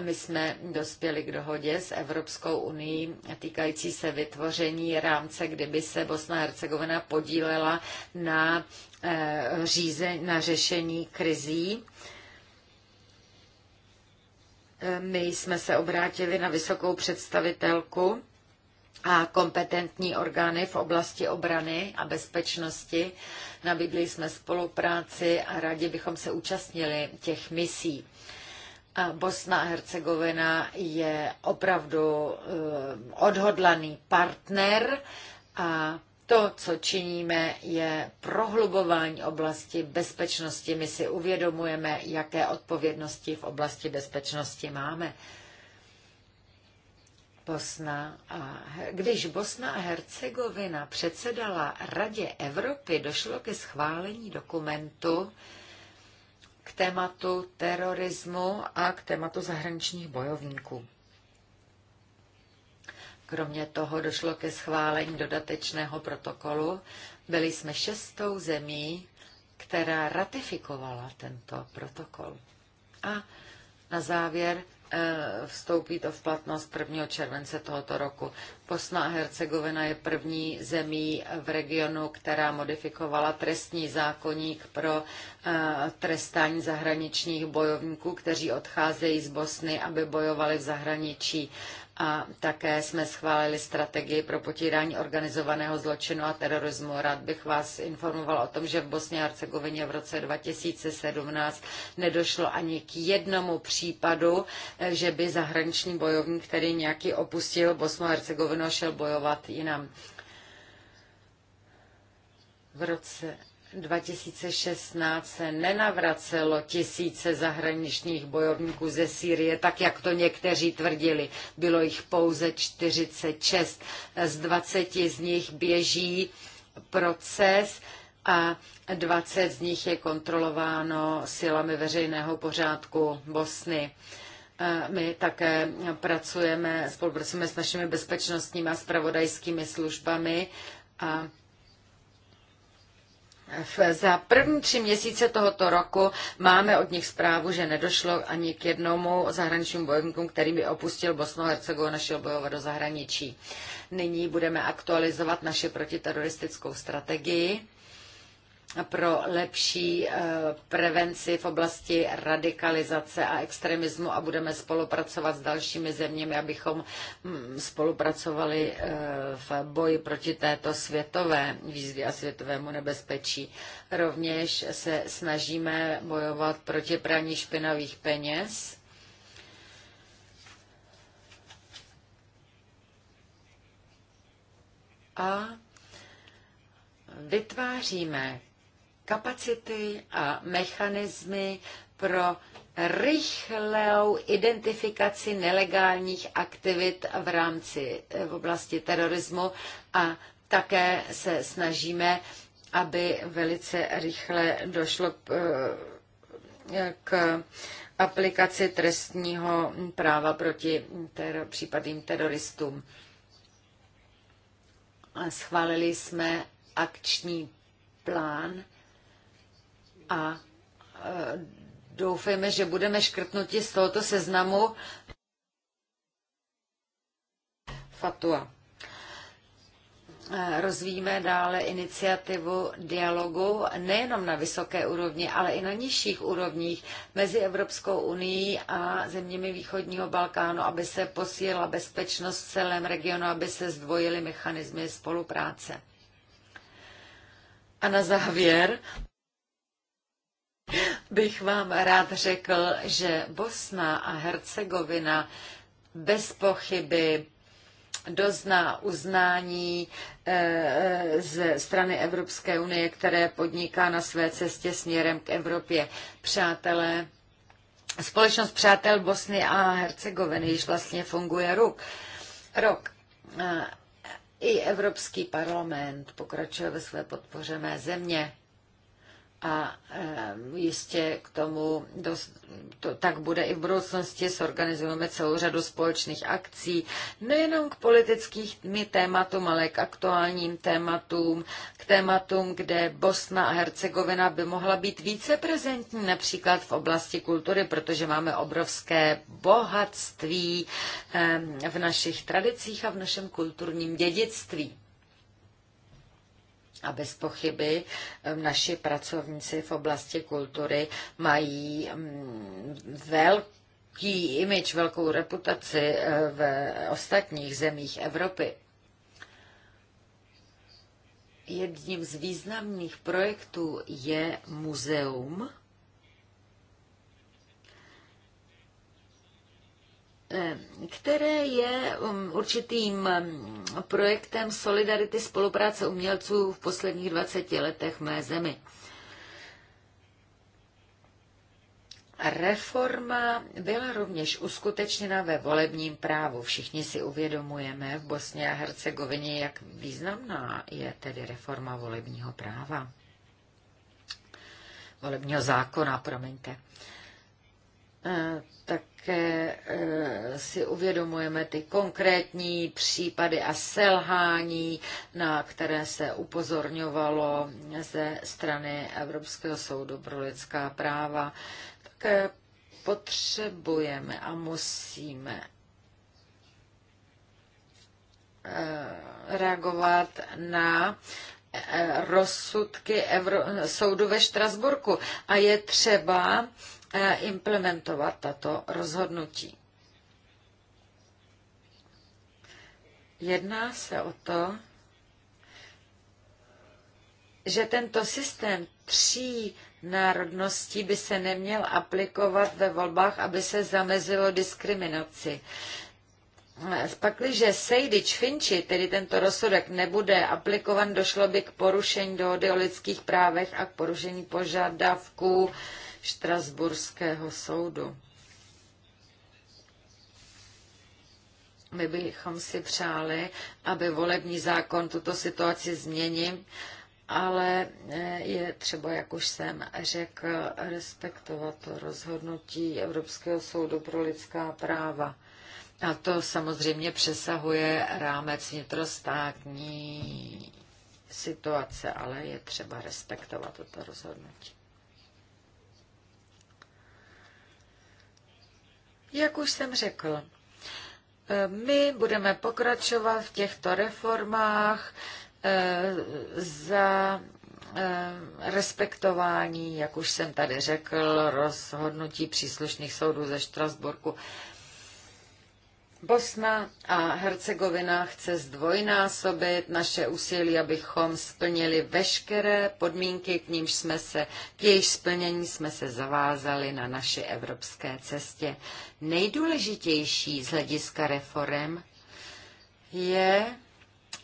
S2: My jsme dospěli k dohodě s Evropskou unii týkající se vytvoření rámce, kdyby se Bosna a Hercegovina podílela na, eh, řízení, na řešení krizí my jsme se obrátili na vysokou představitelku a kompetentní orgány v oblasti obrany a bezpečnosti. Nabídli jsme spolupráci a rádi bychom se účastnili těch misí. Bosna a Hercegovina je opravdu eh, odhodlaný partner a to, co činíme, je prohlubování oblasti bezpečnosti. My si uvědomujeme, jaké odpovědnosti v oblasti bezpečnosti máme. Bosna a, když Bosna a Hercegovina předsedala Radě Evropy, došlo ke schválení dokumentu k tématu terorismu a k tématu zahraničních bojovníků. Kromě toho došlo ke schválení dodatečného protokolu. Byli jsme šestou zemí, která ratifikovala tento protokol. A na závěr eh, vstoupí to v platnost 1. července tohoto roku. Bosna a Hercegovina je první zemí v regionu, která modifikovala trestní zákoník pro eh, trestání zahraničních bojovníků, kteří odcházejí z Bosny, aby bojovali v zahraničí. A také jsme schválili strategii pro potírání organizovaného zločinu a terorismu. Rád bych vás informoval o tom, že v Bosně a Hercegovině v roce 2017 nedošlo ani k jednomu případu, eh, že by zahraniční bojovník, který nějaký opustil Bosnu a Hercegovinu, rovnou šel bojovat jinam. V roce 2016 se nenavracelo tisíce zahraničních bojovníků ze Sýrie, tak jak to někteří tvrdili. Bylo jich pouze 46. Z 20 z nich běží proces a 20 z nich je kontrolováno silami veřejného pořádku Bosny. My také pracujeme, spolupracujeme s našimi bezpečnostními a spravodajskými službami a za první tři měsíce tohoto roku máme od nich zprávu, že nedošlo ani k jednomu zahraničnímu bojovníku, který by opustil Bosnu a Hercegovinu našeho bojova do zahraničí. Nyní budeme aktualizovat naše protiteroristickou strategii pro lepší eh, prevenci v oblasti radikalizace a extremismu a budeme spolupracovat s dalšími zeměmi, abychom mm, spolupracovali eh, v boji proti této světové výzvě a světovému nebezpečí. Rovněž se snažíme bojovat proti praní špinavých peněz. A vytváříme kapacity a mechanismy pro rychlou identifikaci nelegálních aktivit v rámci eh, v oblasti terorismu a také se snažíme, aby velice rychle došlo k eh, aplikaci trestního práva proti ter- případným teroristům. schválili jsme akční plán a e, doufejme, že budeme škrtnuti z tohoto seznamu Fatua. E, rozvíjíme dále iniciativu dialogu nejenom na vysoké úrovni, ale i na nižších úrovních mezi Evropskou unii a zeměmi východního Balkánu, aby se posílila bezpečnost v celém regionu, aby se zdvojily mechanismy spolupráce. A na závěr bych vám rád řekl, že Bosna a Hercegovina bez pochyby dozná uznání eh, eh, ze strany Evropské unie, které podniká na své cestě směrem k Evropě. Přátelé, společnost Přátel Bosny a Hercegoviny již vlastně funguje rok. rok. Eh, I Evropský parlament pokračuje ve své podpoře mé země a eh, jistě k tomu dost, to tak bude i v budoucnosti. organizujeme celou řadu společných akcí, nejenom k politickým tématům, ale k aktuálním tématům, k tématům, kde Bosna a Hercegovina by mohla být více prezentní, například v oblasti kultury, protože máme obrovské bohatství eh, v našich tradicích a v našem kulturním dědictví. A bez pochyby naši pracovníci v oblasti kultury mají velký imič, velkou reputaci eh, v ostatních zemích Evropy. Jedním z významných projektů je muzeum, které je um, určitým um, projektem solidarity spolupráce umělců v posledních 20 letech mé zemi. Reforma byla rovněž uskutečněna ve volebním právu. Všichni si uvědomujeme v Bosně a Hercegovině, jak významná je tedy reforma volebního práva. Volebního zákona, promiňte také e, si uvědomujeme ty konkrétní případy a selhání, na které se upozorňovalo ze strany Evropského soudu pro lidská práva. Také potřebujeme a musíme e, reagovat na e, rozsudky Evro- soudu ve Štrasburku. A je třeba Eh, implementovat tato rozhodnutí. Jedná se o to, že tento systém tří národností by se neměl aplikovat ve volbách, aby se zamezilo diskriminaci. Eh, pakliže Sejdič Finči, tedy tento rozsudek, nebude aplikovan, došlo by k porušení dohody o lidských právech a k porušení požadavků eh, Štrasburského soudu. My bychom si přáli, aby volební zákon tuto situaci změnil, ale eh, je třeba, jak už jsem řekl, respektovat rozhodnutí Evropského soudu pro lidská práva. A to samozřejmě přesahuje rámec vnitrostátní situace, ale je třeba respektovat toto rozhodnutí. Jak už jsem řekl, e, my budeme pokračovat v těchto reformách e, za e, respektování, jak už jsem tady řekl, rozhodnutí příslušných soudů ze Štrasburku. Bosna a Hercegovina chce zdvojnásobit naše úsilí, abychom splnili veškeré podmínky, k nímž jsme se, k jejich splnění jsme se zavázali na naší evropské cestě. Nejdůležitější z hlediska reform je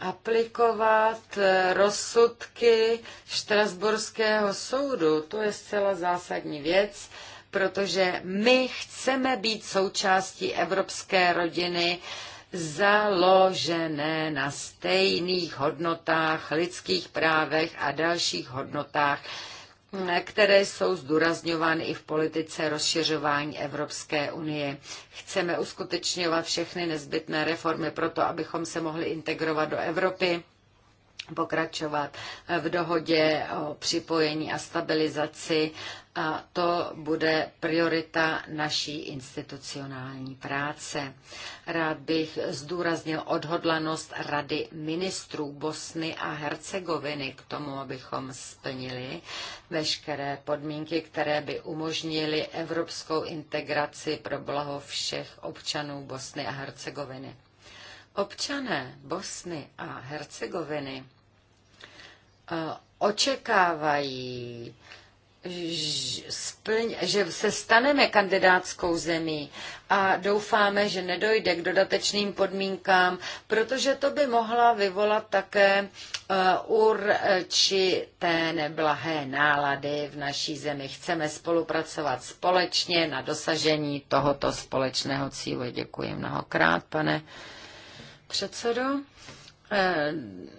S2: aplikovat eh, rozsudky Štrasburského soudu. To je zcela zásadní věc protože my chceme být součástí evropské rodiny, založené na stejných hodnotách, lidských právech a dalších hodnotách, které jsou zdůrazňovány i v politice rozšiřování Evropské unie. Chceme uskutečňovat všechny nezbytné reformy proto, abychom se mohli integrovat do Evropy pokračovat v dohodě o připojení a stabilizaci a to bude priorita naší institucionální práce. Rád bych zdůraznil odhodlanost Rady ministrů Bosny a Hercegoviny k tomu, abychom splnili veškeré podmínky, které by umožnily evropskou integraci pro blaho všech občanů Bosny a Hercegoviny. Občané Bosny a Hercegoviny Eh, očekávají, že se staneme kandidátskou zemí a doufáme, že nedojde k dodatečným podmínkám, protože to by mohla vyvolat také eh, určité neblahé nálady v naší zemi. Chceme spolupracovat společně na dosažení tohoto společného cíle. Děkuji mnohokrát, pane předsedo. Eh,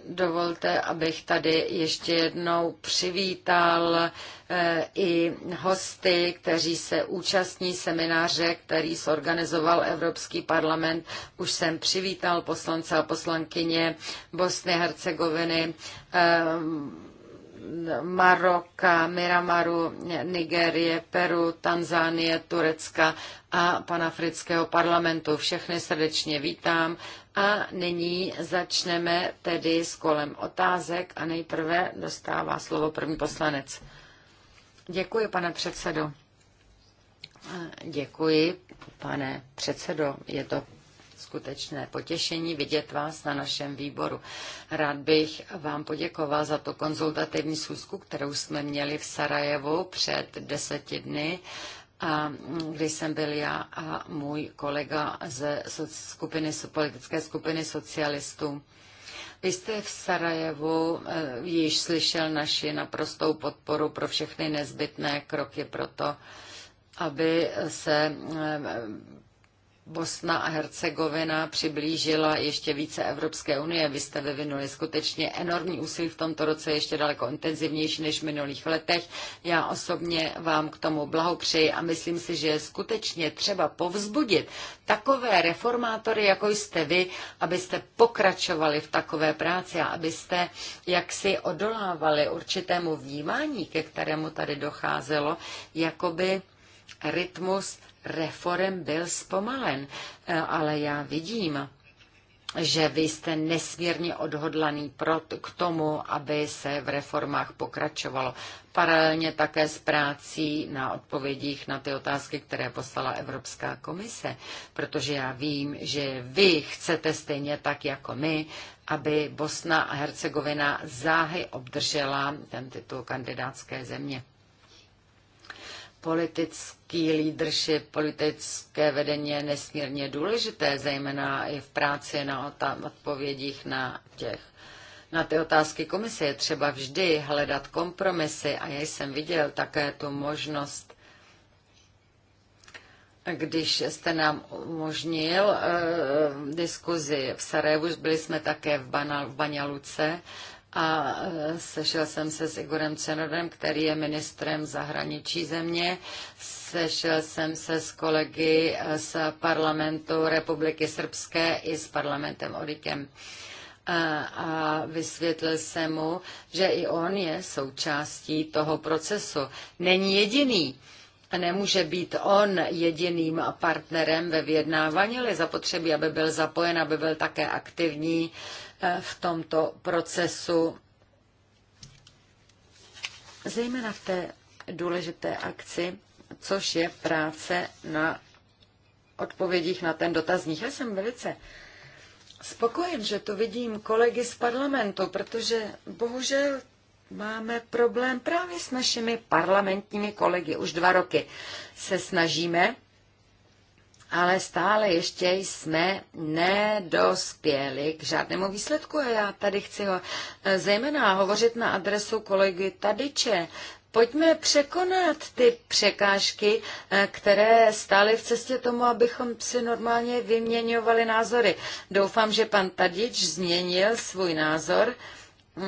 S2: dovolte, abych tady ještě jednou přivítal eh, i hosty, kteří se účastní semináře, který zorganizoval Evropský parlament. Už jsem přivítal poslance a poslankyně Bosny, Hercegoviny, eh, Maroka, Miramaru, Nigérie, Peru, Tanzánie, Turecka a panafrického parlamentu. Všechny srdečně vítám a nyní začneme tedy s kolem otázek a nejprve dostává slovo první poslanec. Děkuji, pane předsedo. Děkuji, pane předsedo. Je to skutečné potěšení vidět vás na našem výboru. Rád bych vám poděkoval za to konzultativní schůzku, kterou jsme měli v Sarajevu před deseti dny a když jsem byl já a můj kolega ze skupiny, politické skupiny socialistů. Vy jste v Sarajevu eh, již slyšel naši naprostou podporu pro všechny nezbytné kroky pro to, aby se eh, Bosna a Hercegovina přiblížila ještě více Evropské unie. Vy jste vyvinuli skutečně enormní úsilí v tomto roce, ještě daleko intenzivnější než v minulých letech. Já osobně vám k tomu blahopřeji a myslím si, že je skutečně třeba povzbudit takové reformátory, jako jste vy, abyste pokračovali v takové práci a abyste jaksi odolávali určitému vnímání, ke kterému tady docházelo, jakoby rytmus reform byl zpomalen, e, ale já vidím, že vy jste nesmírně odhodlaný k tomu, aby se v reformách pokračovalo. Paralelně také s prácí na odpovědích na ty otázky, které poslala Evropská komise, protože já vím, že vy chcete stejně tak jako my, aby Bosna a Hercegovina záhy obdržela ten titul kandidátské země. Politický leadership, politické vedení je nesmírně důležité, zejména i v práci na odpovědích na těch na ty otázky komise je třeba vždy hledat kompromisy a já jsem viděl také tu možnost, když jste nám umožnil uh, e, diskuzi v Sarajevu, byli jsme také v, Banal, v Banjaluce a e, sešel jsem se s Igorem Cenovem, který je ministrem zahraničí země. Sešel jsem se s kolegy e, z parlamentu Republiky Srbské i s parlamentem Orikem A, e, a vysvětlil jsem mu, že i on je součástí toho procesu. Není jediný. Nemůže být on jediným partnerem ve vyjednávání, ale zapotřebí, aby byl zapojen, aby byl také aktivní uh, v tomto procesu, zejména v té důležité akci, což je práce na odpovědích na ten dotazník. Já jsem velice spokojen, že tu vidím kolegy z parlamentu, protože bohužel máme problém právě s našimi parlamentními kolegy. Už dva roky se snažíme ale stále ještě jsme nedospěli k žádnému výsledku a já tady chci ho eh, zejména hovořit na adresu kolegy Tadyče. Pojďme překonat ty překážky, eh, které stály v cestě tomu, abychom si normálně vyměňovali názory. Doufám, že pan Tadič změnil svůj názor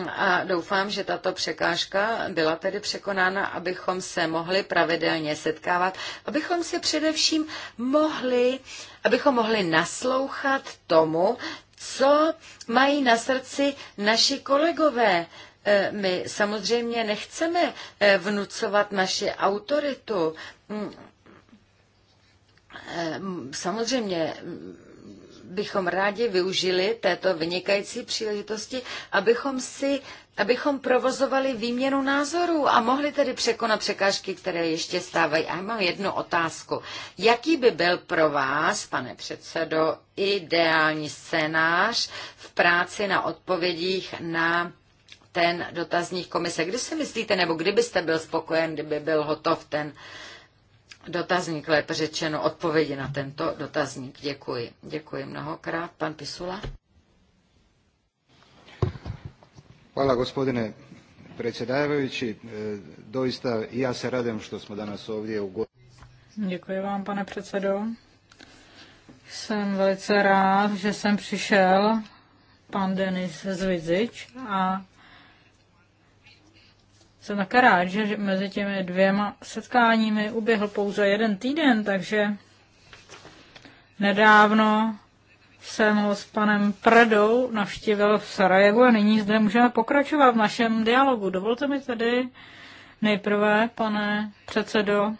S2: a doufám, že tato překážka byla tedy překonána, abychom se mohli pravidelně setkávat, abychom se především mohli, abychom mohli naslouchat tomu, co mají na srdci naši kolegové. E, my samozřejmě nechceme e, vnucovat naši autoritu. Mm, e, samozřejmě bychom rádi využili této vynikající příležitosti, abychom si abychom provozovali výměnu názorů a mohli tedy překonat překážky, které ještě stávají. A já mám jednu otázku. Jaký by byl pro vás, pane předsedo, ideální scénář v práci na odpovědích na ten dotazník komise? Kdy si myslíte, nebo kdybyste byl spokojen, kdyby byl hotov ten uh, dotazník, lépe řečeno odpovědi na tento dotazník. Děkuji. Děkuji mnohokrát. Pan Pisula.
S5: Hvala gospodine predsjedavajući. E, doista i ja se radim što smo danas ovdje u
S3: Děkuji vám, pane předsedo. Jsem velice rád, že jsem přišel pan Denis Zvizič a jsem také rád, že mezi těmi dvěma setkáními uběhl pouze jeden týden, takže nedávno jsem ho s panem Predou navštívil v Sarajevu a nyní zde můžeme pokračovat v našem dialogu. Dovolte mi tedy nejprve, pane předsedo,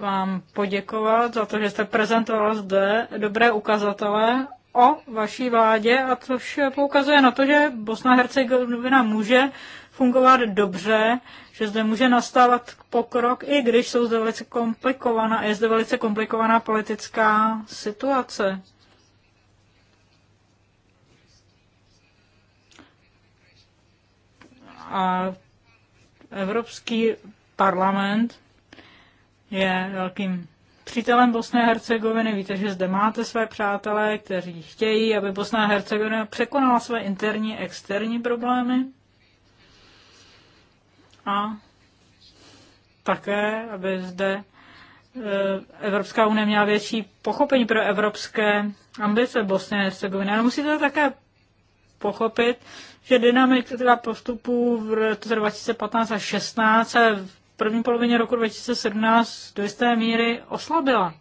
S3: vám poděkovat za to, že jste prezentoval zde dobré ukazatele o vaší vládě, a což poukazuje na to, že Bosna Hercegovina může fungovat dobře, že zde může nastávat pokrok, i když jsou zde velice komplikovaná, je zde velice komplikovaná politická situace. A Evropský parlament je velkým přítelem bosné a Hercegoviny. Víte, že zde máte své přátelé, kteří chtějí, aby Bosna a Hercegovina překonala své interní a externí problémy. A také, aby zde e, Evropská unie měla větší pochopení pro evropské ambice Bosny a Hercegoviny. Ale musíte také pochopit, že dynamika postupů v roce 2015 a 16 se první polovině roku 2017 do jisté míry oslabila.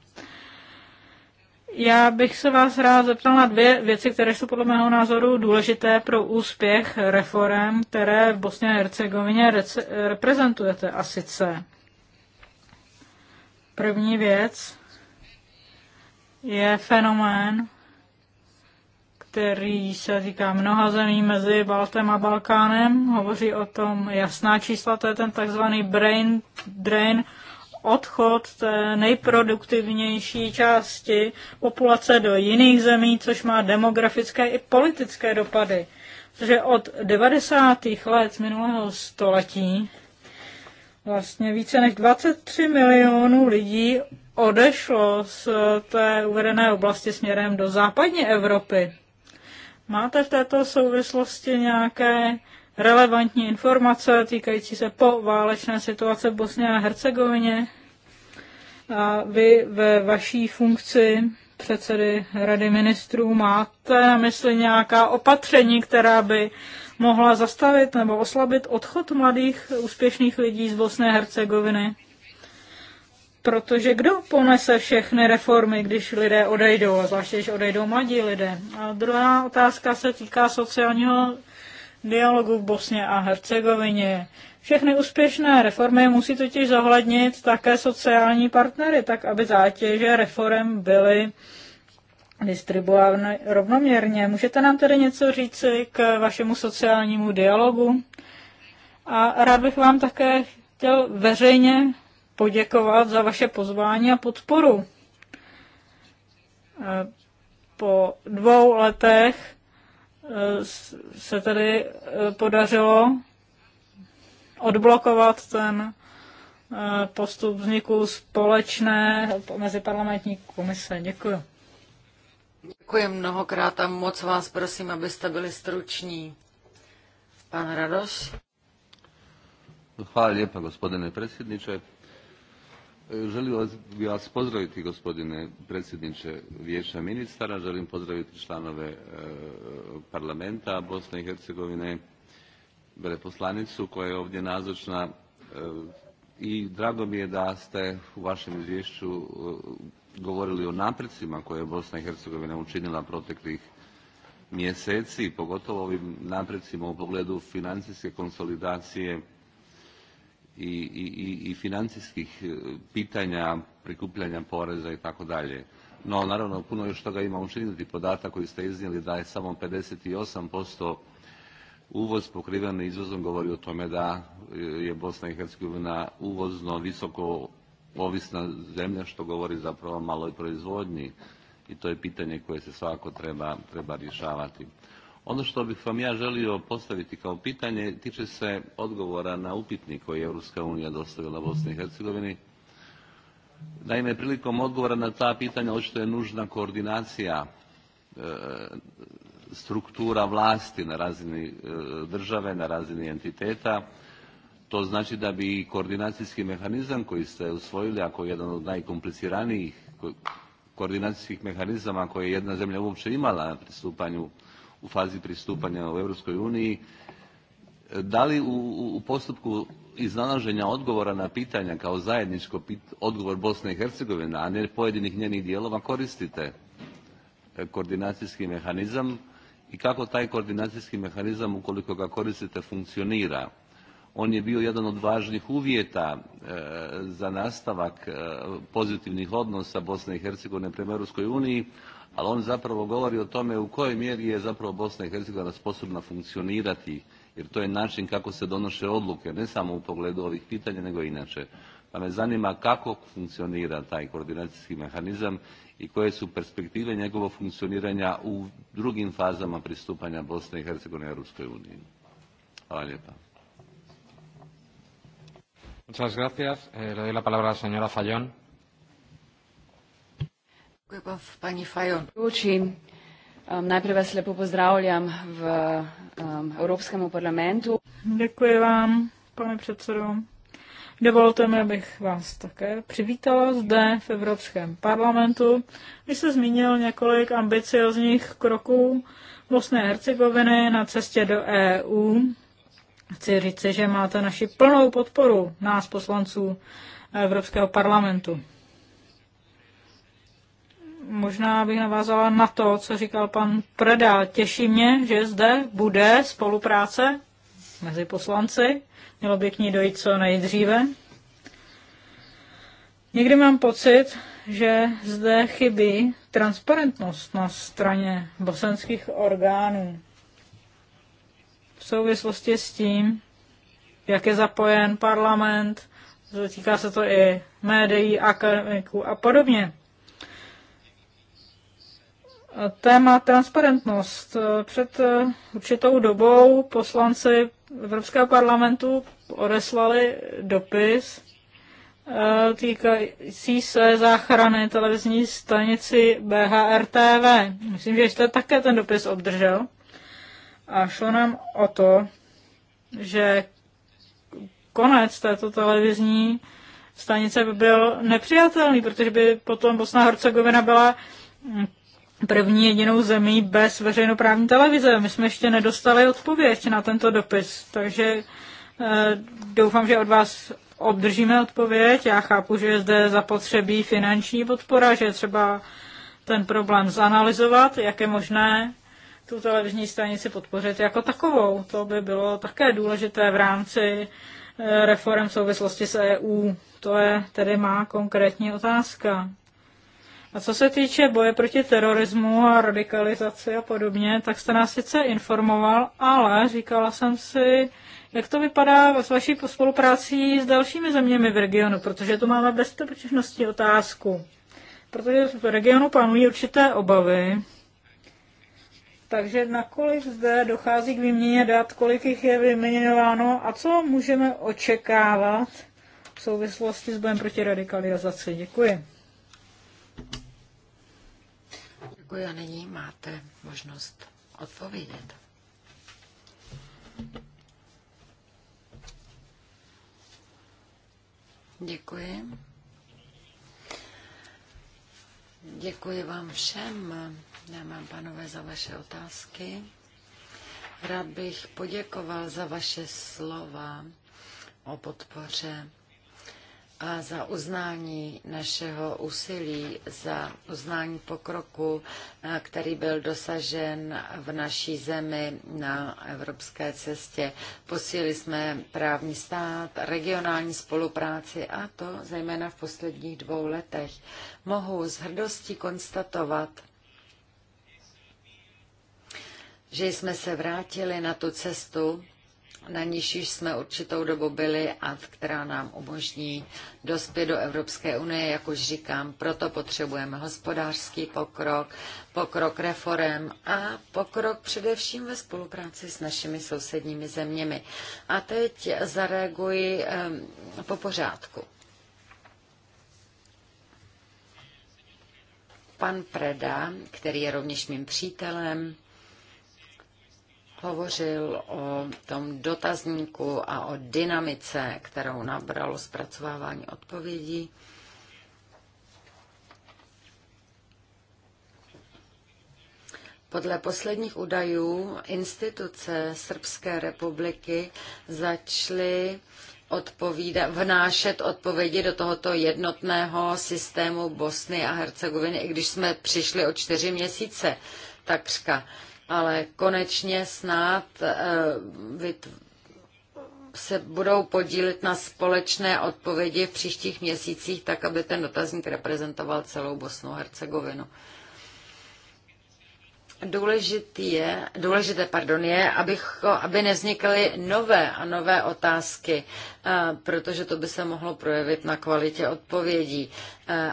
S3: Já bych se vás rád zeptal na dvě věci, které jsou podle mého názoru důležité pro úspěch reform, které v Bosně a Hercegovině reprezentujete. A sice první věc je fenomén který se týká mnoha zemí mezi Baltem a Balkánem. Hovoří o tom jasná čísla, to je ten takzvaný brain drain, odchod té nejproduktivnější části populace do jiných zemí, což má demografické i politické dopady. Protože od 90. let minulého století vlastně více než 23 milionů lidí odešlo z té uvedené oblasti směrem do západní Evropy. Máte v této souvislosti nějaké relevantní informace týkající se po válečné situace v Bosně a Hercegovině? A vy ve vaší funkci předsedy Rady ministrů máte na mysli nějaká opatření, která by mohla zastavit nebo oslabit odchod mladých úspěšných lidí z Bosné a Hercegoviny? Protože kdo ponese všechny reformy, když lidé odejdou, a zvláště když odejdou mladí lidé? A druhá otázka se týká sociálního dialogu v Bosně a Hercegovině. Všechny úspěšné reformy musí totiž zohlednit také sociální partnery, tak aby zátěže reform byly distribuovány rovnoměrně. Můžete nám tedy něco říci k vašemu sociálnímu dialogu? A rád bych vám také chtěl veřejně poděkovat za vaše pozvání a podporu. E, po dvou letech e, se tedy e, podařilo odblokovat ten postup vzniku společné meziparlamentní komise. Děkuji.
S2: Děkuji mnohokrát a moc vás prosím, abyste byli struční. Pan Radoš.
S5: Hvala lijepa, gospodine predsjedniče. Želim vás bi vas pozdraviti, gospodine predsjedniče Vijeća ministara, želim pozdraviti članove e, parlamenta Bosne i Hercegovine, veleposlanicu koja je ovdje nazočna e, i drago mi je da ste u vašem izvješću e, govorili o napredcima koje je Bosna i Hercegovina učinila proteklih mjeseci, pogotovo ovim napredcima u pogledu financijske konsolidacije i, i, i financijskih e, pitanja, prikupljanja poreza i tako dalje. No, naravno, puno još toga ima učiniti podatak koji ste iznijeli da je samo 58% uvoz pokriven izvozom govori o tome da e, je Bosna i Hercegovina uvozno visoko ovisna zemlja, što govori zapravo o maloj proizvodnji i to je pitanje koje se svakako treba, treba rješavati. Ono što bih vam ja želio postaviti kao pitanje tiče se odgovora na upitnik koji je Europska unija dostavila Bosni i Hercegovini. Naime, prilikom odgovora na ta pitanja očito je nužna koordinacija e, struktura vlasti na razini e, države, na razini entiteta. To znači da bi koordinacijski mehanizam koji ste usvojili, ako je jedan od najkompliciranijih koordinacijskih mehanizama koje je jedna zemlja uopće imala na pristupanju u fazi pristupanja u Europskoj uniji. E, da li u, u postupku iznalaženja odgovora na pitanja kao zajedničko pit, odgovor Bosne i Hercegovine, a ne pojedinih njenih dijelova, koristite e, koordinacijski mehanizam i kako taj koordinacijski mehanizam, ukoliko ga koristite, funkcionira? on je bio jedan od važnih uvjeta e, za nastavak e, pozitivnih odnosa Bosne i Hercegovine prema Europskoj uniji, ali on zapravo govori o tome u kojoj mjeri je zapravo Bosna i Hercegovina sposobna funkcionirati, jer to je način kako se donoše odluke, ne samo u pogledu ovih pitanja, nego i inače. Pa me zanima kako funkcionira taj koordinacijski mehanizam i koje su perspektive njegovog funkcioniranja u drugim fazama pristupanja Bosne i Hercegovine Europskoj uniji. Hvala lijepa. Muchas gracias.
S1: Eh, le doy la palabra a la señora Fallón.
S2: Paní
S3: Fajon. Um, Najprve vás lepo pozdravljam v um, Evropskému parlamentu. Děkuji vám, pane předsedo. Dovolte mi, abych vás také přivítala zde v Evropském parlamentu. Vy jste zmínil několik ambiciozních kroků Bosné a Hercegoviny na cestě do EU. Chci říci, že máte naši plnou podporu nás poslanců Evropského parlamentu. Možná bych navázala na to, co říkal pan Preda. Těší mě, že zde bude spolupráce mezi poslanci. Mělo by k ní dojít co nejdříve. Někdy mám pocit, že zde chybí transparentnost na straně bosenských orgánů. V souvislosti s tím, jak je zapojen parlament, týká se to i médií, akademiků a podobně. Téma transparentnost. Před eh, určitou dobou poslanci Evropského parlamentu odeslali dopis eh, týkající se záchrany televizní stanici BHRTV. Myslím, že jste také ten dopis obdržel. A šlo nám o to, že konec této televizní stanice by byl nepřijatelný, protože by potom Bosna Hercegovina byla první jedinou zemí bez veřejnoprávní televize. My jsme ještě nedostali odpověď na tento dopis, takže eh, doufám, že od vás obdržíme odpověď. Já chápu, že je zde zapotřebí finanční podpora, že je třeba ten problém zanalizovat, jak je možné tu televizní stanici podpořit jako takovou. To by bylo také důležité v rámci eh, reform v souvislosti s EU. To je tedy má konkrétní otázka. A co se týče boje proti terorismu a radikalizaci a podobně, tak jste nás sice informoval, ale říkala jsem si, jak to vypadá s vaší spoluprácí s dalšími zeměmi v regionu, protože tu máme bezpečnostní otázku. Protože v regionu panují určité obavy, takže nakolik zde dochází k výměně dat, kolik jich je vyměňováno a co můžeme očekávat v souvislosti s bojem proti radikalizaci? Děkuji. Děkuji a nyní
S2: máte možnost
S3: odpovědět.
S2: Děkuji. Děkuji vám všem, dámy a pánové, za vaše otázky. Rád bych poděkoval za vaše slova o podpoře a za uznání našeho úsilí, za uznání pokroku, eh, který byl dosažen v naší zemi na evropské cestě. Posílili jsme právní stát, regionální spolupráci a to zejména v posledních dvou letech. Mohu s hrdostí konstatovat, že jsme se vrátili na tu cestu, na níž jsme určitou dobu byli a která nám umožní dospět do Evropské unie, jak už říkám. Proto potřebujeme hospodářský pokrok, pokrok reform a pokrok především ve spolupráci s našimi sousedními zeměmi. A teď zareaguji po pořádku. Pan Preda, který je rovněž mým přítelem, hovořil o tom dotazníku a o dynamice, kterou nabralo zpracovávání odpovědí. Podle posledních údajů instituce Srbské republiky začaly odpovídat, vnášet odpovědi do tohoto jednotného systému Bosny a Hercegoviny, i když jsme přišli o čtyři měsíce takřka ale konečně snad eh, se budou podílet na společné odpovědi v příštích měsících, tak aby ten dotazník reprezentoval celou Bosnu a Hercegovinu. Důležitý je, důležité pardon, je, abych, aby nevznikly nové a nové otázky protože to by se mohlo projevit na kvalitě odpovědí,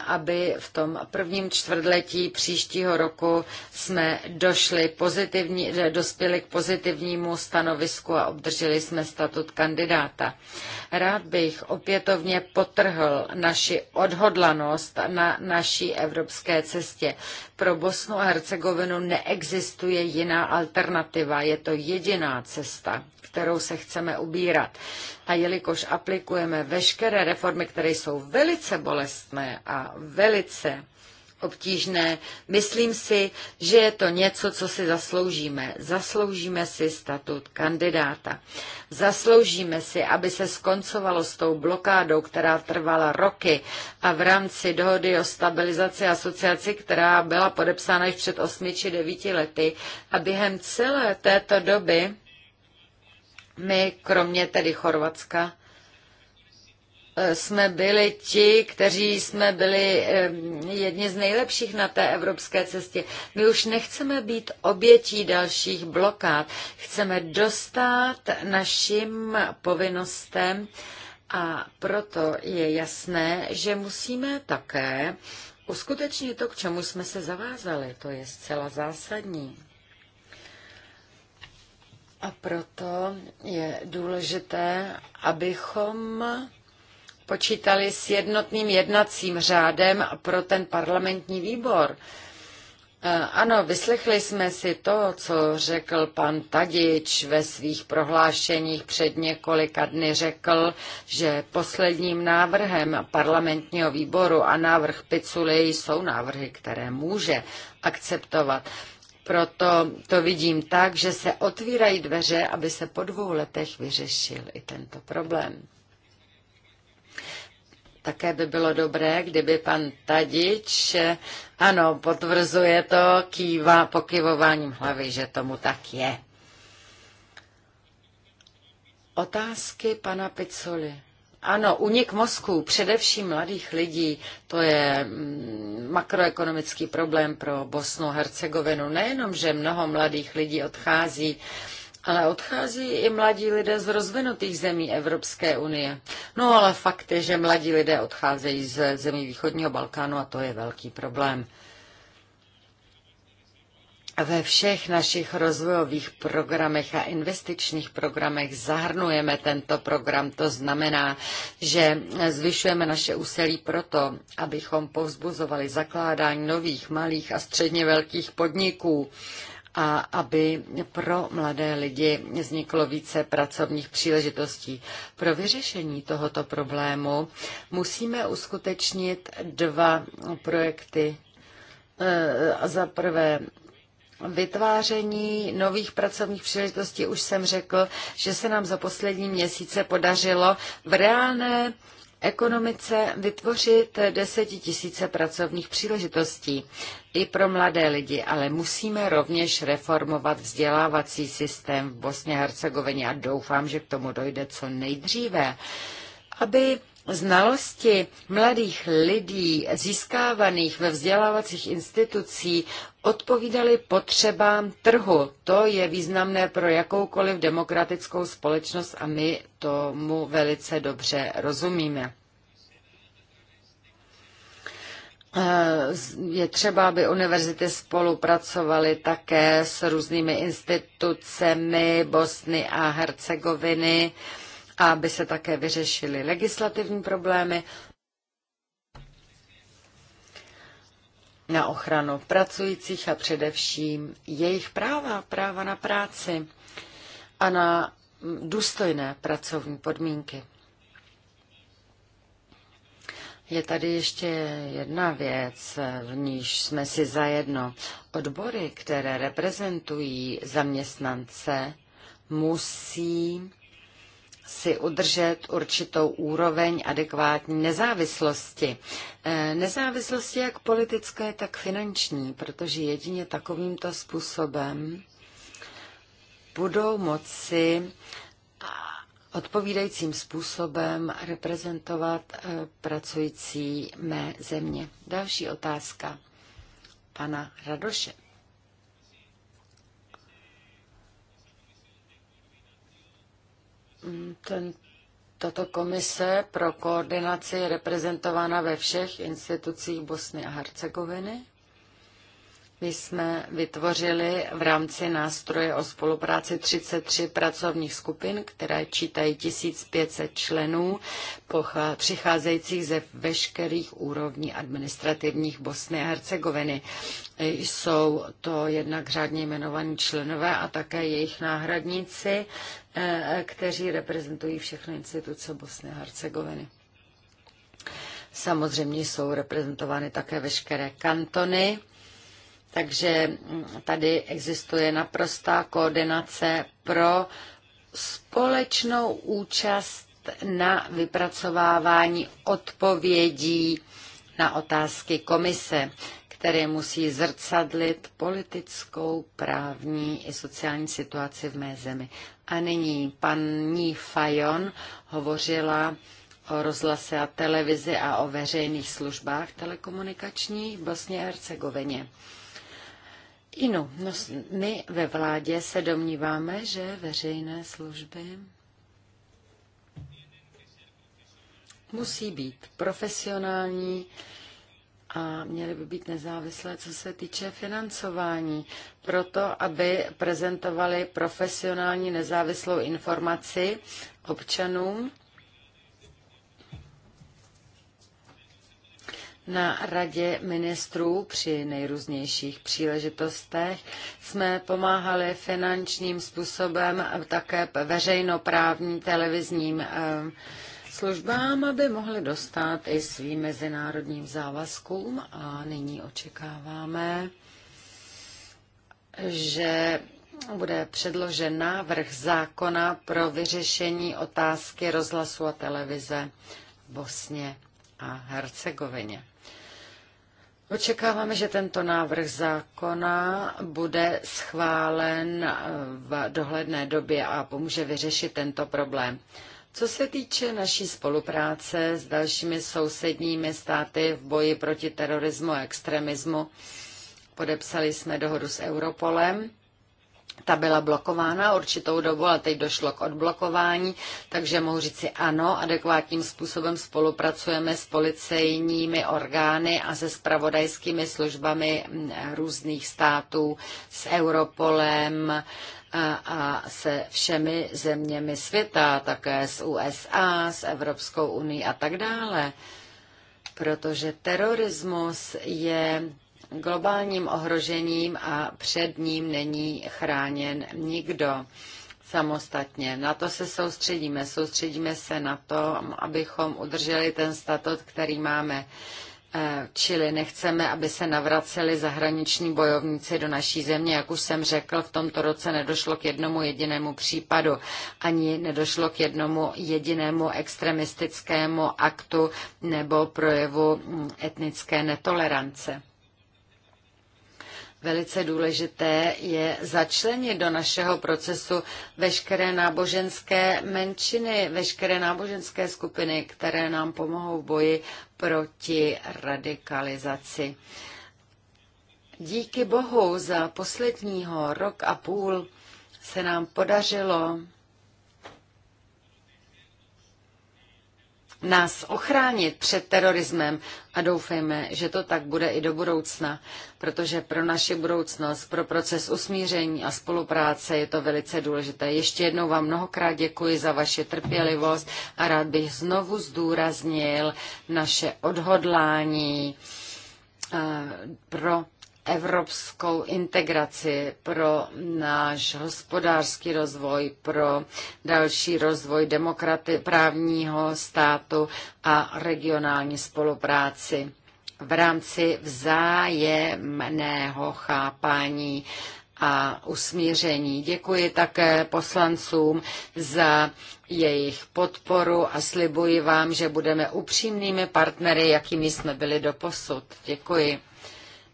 S2: aby v tom prvním čtvrtletí příštího roku jsme došli pozitivní, dospěli k pozitivnímu stanovisku a obdrželi jsme statut kandidáta. Rád bych opětovně potrhl naši odhodlanost na naší evropské cestě. Pro Bosnu a Hercegovinu neexistuje jiná alternativa, je to jediná cesta kterou se chceme ubírat. A jelikož aplikujeme veškeré reformy, které jsou velice bolestné a velice obtížné. Myslím si, že je to něco, co si zasloužíme. Zasloužíme si statut kandidáta. Zasloužíme si, aby se skoncovalo s tou blokádou, která trvala roky a v rámci dohody o stabilizaci asociaci, která byla podepsána již před 8 či 9 lety a během celé této doby my, kromě tedy Chorvatska, eh, jsme byli ti, kteří jsme byli eh, jedni z nejlepších na té evropské cestě. My už nechceme být obětí dalších blokád. Chceme dostat našim povinnostem a proto je jasné, že musíme také uskutečnit to, k čemu jsme se zavázali. To je zcela zásadní. A proto je důležité, abychom počítali s jednotným jednacím řádem pro ten parlamentní výbor. E, ano, vyslechli jsme si to, co řekl pan Tadič ve svých prohlášeních před několika dny. Řekl, že posledním návrhem parlamentního výboru a návrh Piculej jsou návrhy, které může akceptovat. Proto to vidím tak, že se otvírají dveře, aby se po dvou letech vyřešil i tento problém. Také by bylo dobré, kdyby pan Tadič, ano, potvrzuje to kýva, pokyvováním hlavy, že tomu tak je. Otázky pana Picoli. Ano, unik mozku, především mladých lidí, to je mm, makroekonomický problém pro Bosnu a Hercegovinu. Nejenom, že mnoho mladých lidí odchází, ale odchází i mladí lidé z rozvinutých zemí Evropské unie. No ale fakt je, že mladí lidé odcházejí z zemí východního Balkánu a to je velký problém ve všech našich rozvojových programech a investičních programech zahrnujeme tento program. To znamená, že zvyšujeme naše úsilí proto, abychom povzbuzovali zakládání nových malých a středně velkých podniků a aby pro mladé lidi vzniklo více pracovních příležitostí. Pro vyřešení tohoto problému musíme uskutečnit dva projekty. E, za prvé vytváření nových pracovních příležitostí už jsem řekl, že se nám za poslední měsíce podařilo v reálné ekonomice vytvořit desetitisíce pracovních příležitostí i pro mladé lidi, ale musíme rovněž reformovat vzdělávací systém v Bosně a Hercegovině a doufám, že k tomu dojde co nejdříve, aby Znalosti mladých lidí získávaných ve vzdělávacích institucí odpovídaly potřebám trhu. To je významné pro jakoukoliv demokratickou společnost a my tomu velice dobře rozumíme. Eh, je třeba, aby univerzity spolupracovaly také s různými institucemi Bosny a Hercegoviny, aby se také vyřešily legislativní problémy na ochranu pracujících a především jejich práva, práva na práci a na důstojné pracovní podmínky. Je tady ještě jedna věc, v níž jsme si zajedno. Odbory, které reprezentují zaměstnance, musí si udržet určitou úroveň adekvátní nezávislosti. Eh, nezávislosti jak politické, tak finanční, protože jedině takovýmto způsobem budou moci odpovídajícím způsobem reprezentovat eh, pracující mé země. Další otázka pana Radoše. Ten, tato komise pro koordinaci je reprezentována ve všech institucích Bosny a Hercegoviny. My jsme vytvořili v rámci nástroje o spolupráci 33 pracovních skupin, které čítají 1500 členů přicházejících ze veškerých úrovní administrativních Bosny a Hercegoviny. Jsou to jednak řádně jmenovaní členové a také jejich náhradníci, eh, kteří reprezentují všechny instituce Bosny a Hercegoviny. Samozřejmě jsou reprezentovány také veškeré kantony takže tady existuje naprostá koordinace pro společnou účast na vypracovávání odpovědí na otázky komise, které musí zrcadlit politickou, právní i sociální situaci v mé zemi. A nyní paní Fajon hovořila o rozhlase a televizi a o veřejných službách telekomunikačních v Bosně a Hercegovině. Inu, no, my ve vládě se domníváme, že veřejné služby musí být profesionální a měly by být nezávislé, co se týče financování, proto aby prezentovali profesionální nezávislou informaci občanům Na radě ministrů při nejrůznějších příležitostech jsme pomáhali finančním způsobem také veřejnoprávním televizním eh, službám, aby mohli dostat i svým mezinárodním závazkům a nyní očekáváme, že bude předložen návrh zákona pro vyřešení otázky rozhlasu a televize v Bosně a Hercegovině. Očekáváme, že tento návrh zákona bude schválen eh, v dohledné době a pomůže vyřešit tento problém. Co se týče naší spolupráce s dalšími sousedními státy v boji proti terorismu a extremismu, podepsali jsme dohodu s Europolem ta byla blokována určitou dobu, ale teď došlo k odblokování, takže mohu říci ano, adekvátním způsobem spolupracujeme s policejními orgány a se spravodajskými službami mm, různých států, s Europolem a, a se všemi zeměmi světa, také s USA, s Evropskou unii a tak dále. Protože terorismus je globálním ohrožením a před ním není chráněn nikdo samostatně. Na to se soustředíme. Soustředíme se na to, abychom udrželi ten statut, který máme. Eh, čili nechceme, aby se navraceli zahraniční bojovníci do naší země. Jak už jsem řekl, v tomto roce nedošlo k jednomu jedinému případu, ani nedošlo k jednomu jedinému extremistickému aktu nebo projevu mm, etnické netolerance. Velice důležité je začlenit do našeho procesu veškeré náboženské menšiny, veškeré náboženské skupiny, které nám pomohou v boji proti radikalizaci. Díky Bohu za posledního rok a půl se nám podařilo nás ochránit před terorismem a doufejme, že to tak bude i do budoucna, protože pro naši budoucnost, pro proces usmíření a spolupráce je to velice důležité. Ještě jednou vám mnohokrát děkuji za vaši trpělivost a rád bych znovu zdůraznil naše odhodlání eh, pro evropskou integraci, pro náš hospodářský rozvoj, pro další rozvoj demokraty, právního státu a regionální spolupráci v rámci vzájemného chápání a usmíření. Děkuji také poslancům za jejich podporu a slibuji vám, že budeme upřímnými partnery, jakými jsme byli do posud. Děkuji.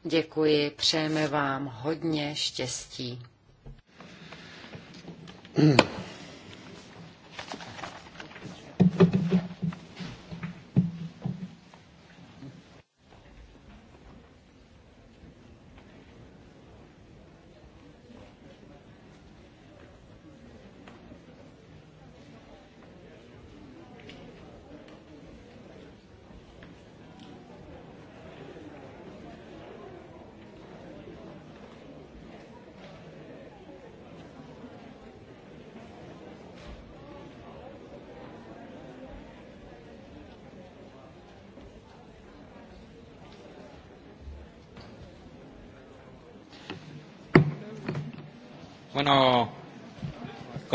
S2: Děkuji, přejeme vám hodně štěstí. (clears throat)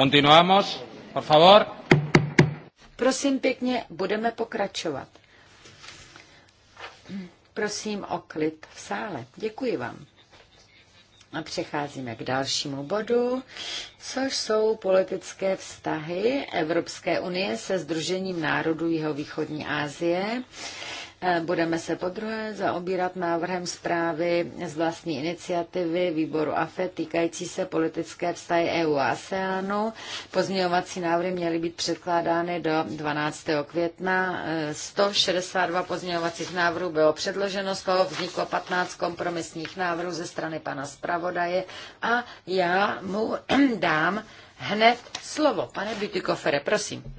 S1: Continuamos, por favor.
S2: Prosím pěkně, budeme pokračovat. Prosím o klid v sále. Děkuji vám. A přecházíme k dalšímu bodu, což jsou politické vztahy Evropské unie se Združením národů Jihovýchodní Asie. Eh, budeme se podruhé zaobírat návrhem zprávy z vlastní iniciativy výboru AFE týkající se politické vztahy EU a ASEANu. Pozměňovací návrhy měly být předkládány do 12. května. 162 eh, pozměňovacích návrhů bylo předloženo, z toho vzniklo 15 kompromisních návrhů ze strany pana zpravodaje a já mu (clears throat) dám hned slovo. Pane
S3: Bytikofere, prosím.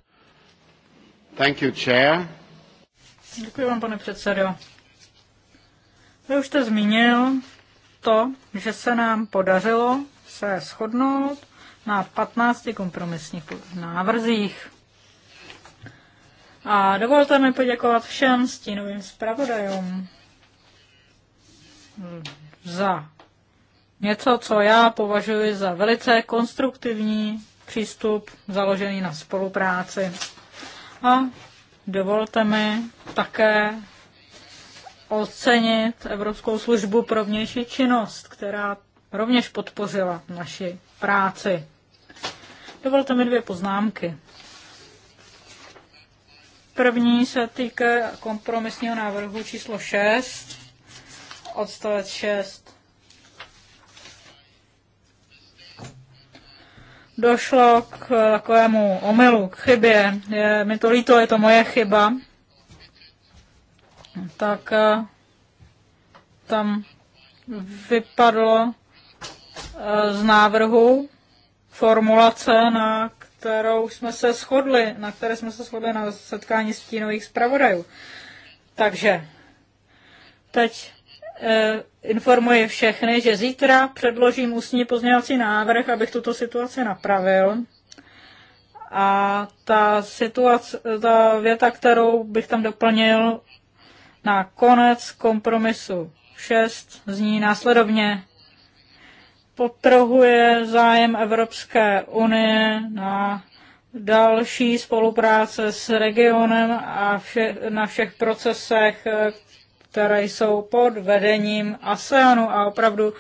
S1: Thank you, chair.
S3: Děkuji vám, pane předsedo. Vy už jste zmínil to, že se nám podařilo se shodnout na 15 kompromisních návrzích. A dovolte mi poděkovat všem stínovým zpravodajům za něco, co já považuji za velice konstruktivní přístup založený na spolupráci. A Dovolte mi také ocenit Evropskou službu pro vnější činnost, která rovněž podpořila naši práci. Dovolte mi dvě poznámky. První se týká kompromisního návrhu číslo 6, odstavec 6. došlo k eh, takovému omylu, k chybě. Je mi to líto, je to moje chyba. Tak eh, tam vypadlo eh, z návrhu formulace, na kterou jsme se shodli, na které jsme se shodli na setkání stínových zpravodajů. Takže teď Eh, informuji všechny, že zítra předložím ústní pozměňovací návrh, abych tuto situaci napravil. A ta situace, ta věta, kterou bych tam doplnil na konec kompromisu 6, zní následovně potrhuje zájem Evropské unie na další spolupráce s regionem a vše, na všech procesech, které jsou pod vedením ASEANu a opravdu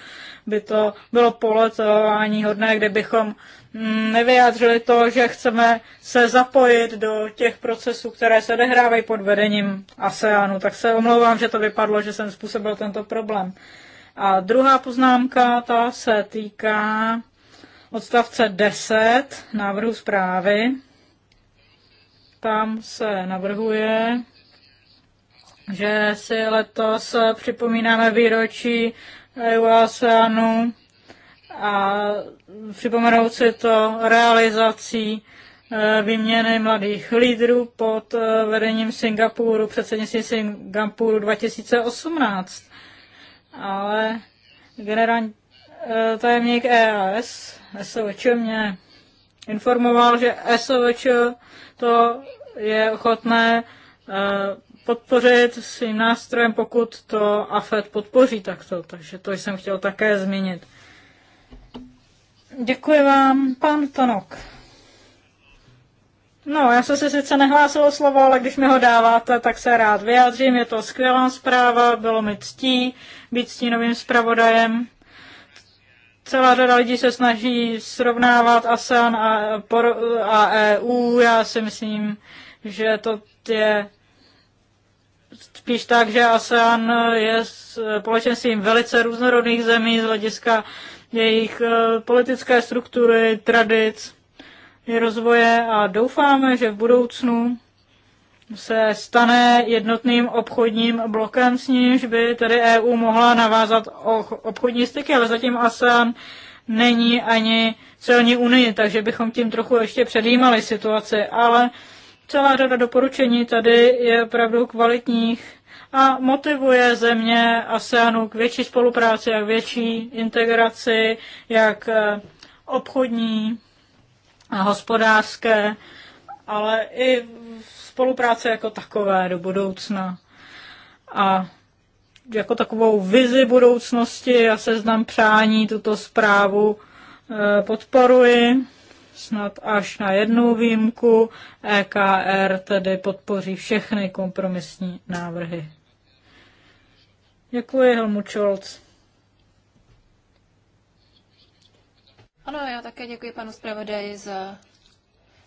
S3: by to bylo poletování hodné, kdybychom mm, nevyjádřili to, že chceme se zapojit do těch procesů, které se odehrávají pod vedením ASEANu. Tak se omlouvám, že to vypadlo, že jsem způsobil tento problém. A druhá poznámka, ta se týká odstavce 10 návrhu zprávy. Tam se navrhuje že si letos připomínáme výročí EU a ASEANu a připomenout si to realizací e, výměny mladých lídrů pod e, vedením Singapuru, předsednictví Singapuru 2018. Ale generální e, tajemník EAS, SOČ, mě informoval, že SOČ to je ochotné podpořit svým nástrojem, pokud to AFED podpoří takto. Takže to jsem chtěl také změnit. Děkuji vám, pan Tonok. No, já jsem se sice nehlásil o slovo, ale když mi ho dáváte, tak se rád vyjádřím. Je to skvělá zpráva, bylo mi ctí být stínovým zpravodajem. Celá řada lidí se snaží srovnávat ASEAN a, a EU. Já si myslím, že to je spíš tak, že ASEAN je eh, společenstvím velice různorodných zemí z hlediska jejich eh, politické struktury, tradic, i rozvoje a doufáme, že v budoucnu se stane jednotným obchodním blokem, s nímž by tedy EU mohla navázat obchodní styky, ale zatím ASEAN není ani celní unii, takže bychom tím trochu ještě předjímali situaci, ale celá řada doporučení tady je opravdu kvalitních a motivuje země ASEANu k větší spolupráci a k větší integraci, jak eh, obchodní a hospodářské, ale i spolupráce jako takové do budoucna. A jako takovou vizi budoucnosti a seznam přání tuto zprávu eh, podporuji snad až na jednu výjimku EKR tedy podpoří všechny kompromisní návrhy. Děkuji, Helmu Čolc.
S1: Ano, já také děkuji panu zpravodaji za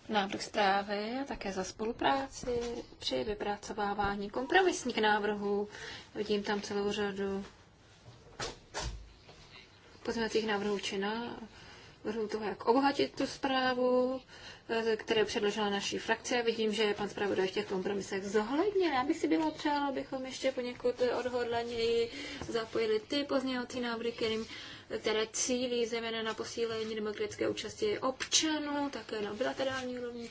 S1: návrh zprávy a také za spolupráci při vypracovávání kompromisních návrhů. Vidím tam celou řadu pozměňovacích návrhů či na toho, jak obohatit tu zprávu, eh, které předložila naší frakce. Vidím, že je pan zpravodaj v těch kompromisech zohledněn. Já bych si byla přála, abychom ještě poněkud odhodlaněji zapojili ty pozměňovací návrhy, kterým které cílí zejména na posílení demokratické účasti občanů, také na bilaterální úrovni.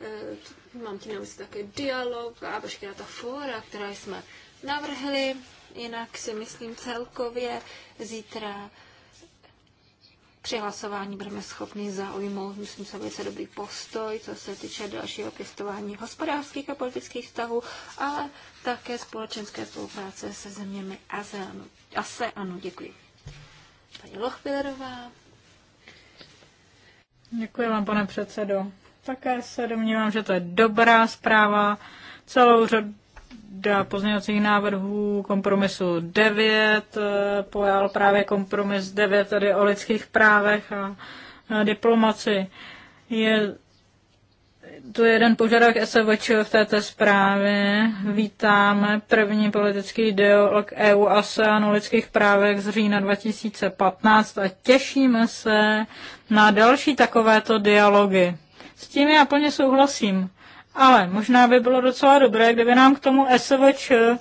S1: Eh, mám tím na mysli také dialog a veškerá ta fóra, která jsme navrhli. Jinak si myslím celkově zítra při hlasování budeme schopni zaujmout, myslím, se velice dobrý postoj, co se týče dalšího pěstování hospodářských a politických vztahů, ale také společenské spolupráce se zeměmi ASEANu. ano, děkuji. Paní Lochpilerová.
S3: Děkuji vám, pane předsedo. Také se domnívám, že to je dobrá zpráva. Celou řadu dá pozměňovacích návrhů kompromisu 9, eh, pojal právě kompromis 9 tady o lidských právech a diplomaci. Je to je jeden požadavek SVČ v této zprávě. Vítáme první politický dialog EU a SEAN o lidských právech z října 2015 a těšíme se na další takovéto dialogy. S tím já plně souhlasím. Ale možná by bylo docela dobré, kdyby nám k tomu SVČ eh,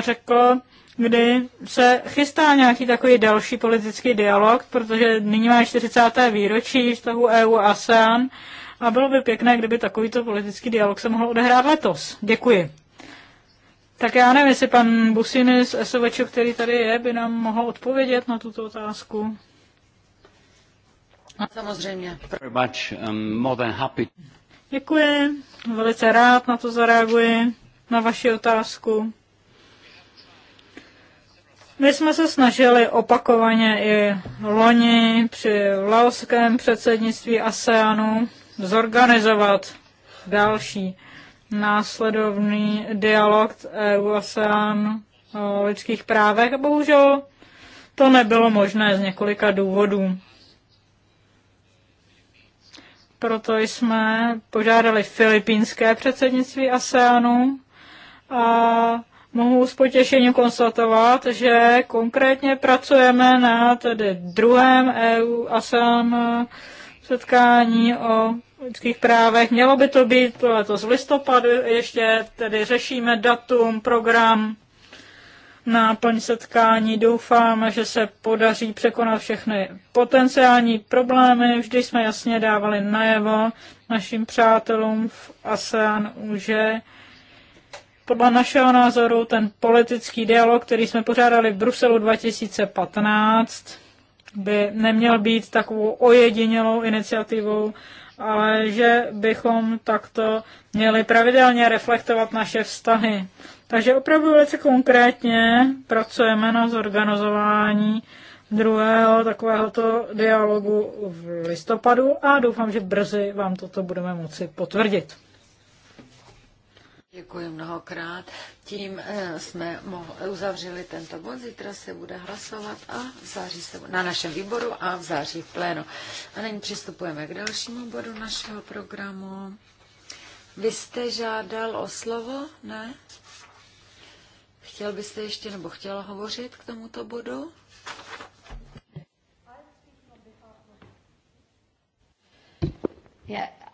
S3: řekl, kdy se chystá nějaký takový další politický dialog, protože nyní má 40. výročí vztahu EU a ASEAN a bylo by pěkné, kdyby takovýto politický dialog se mohl odehrát letos. Děkuji. Tak já nevím, jestli pan Businy z SVČ, který tady je, by nám mohl odpovědět na tuto otázku. Samozřejmě. Um, Děkuji, velice rád na to zareaguji, na vaši otázku. My jsme se snažili opakovaně i loni při laoském předsednictví ASEANu zorganizovat další následovný dialog EU-ASEAN o lidských právech a bohužel to nebylo možné z několika důvodů proto jsme požádali filipínské předsednictví ASEANu a mohu s potěšením konstatovat, že konkrétně pracujeme na tedy druhém EU ASEAN setkání o lidských právech. Mělo by to být letos v listopadu, ještě tedy řešíme datum, program náplň setkání. Doufám, že se podaří překonat všechny potenciální problémy. Vždy jsme jasně dávali najevo našim přátelům v ASEAN, že podle našeho názoru ten politický dialog, který jsme pořádali v Bruselu 2015, by neměl být takovou ojedinělou iniciativou, ale že bychom takto měli pravidelně reflektovat naše vztahy. Takže opravdu velice konkrétně pracujeme na zorganizování druhého takovéhoto dialogu v listopadu a doufám, že brzy vám toto budeme moci potvrdit.
S2: Děkuji mnohokrát. Tím eh, jsme uzavřeli tento bod. Zítra se bude hlasovat a v září se, na našem výboru a v září v plénu. A nyní přistupujeme k dalšímu bodu našeho programu. Vy jste žádal o slovo? Ne? Chtěl byste ještě nebo chtěla hovořit k tomuto bodu?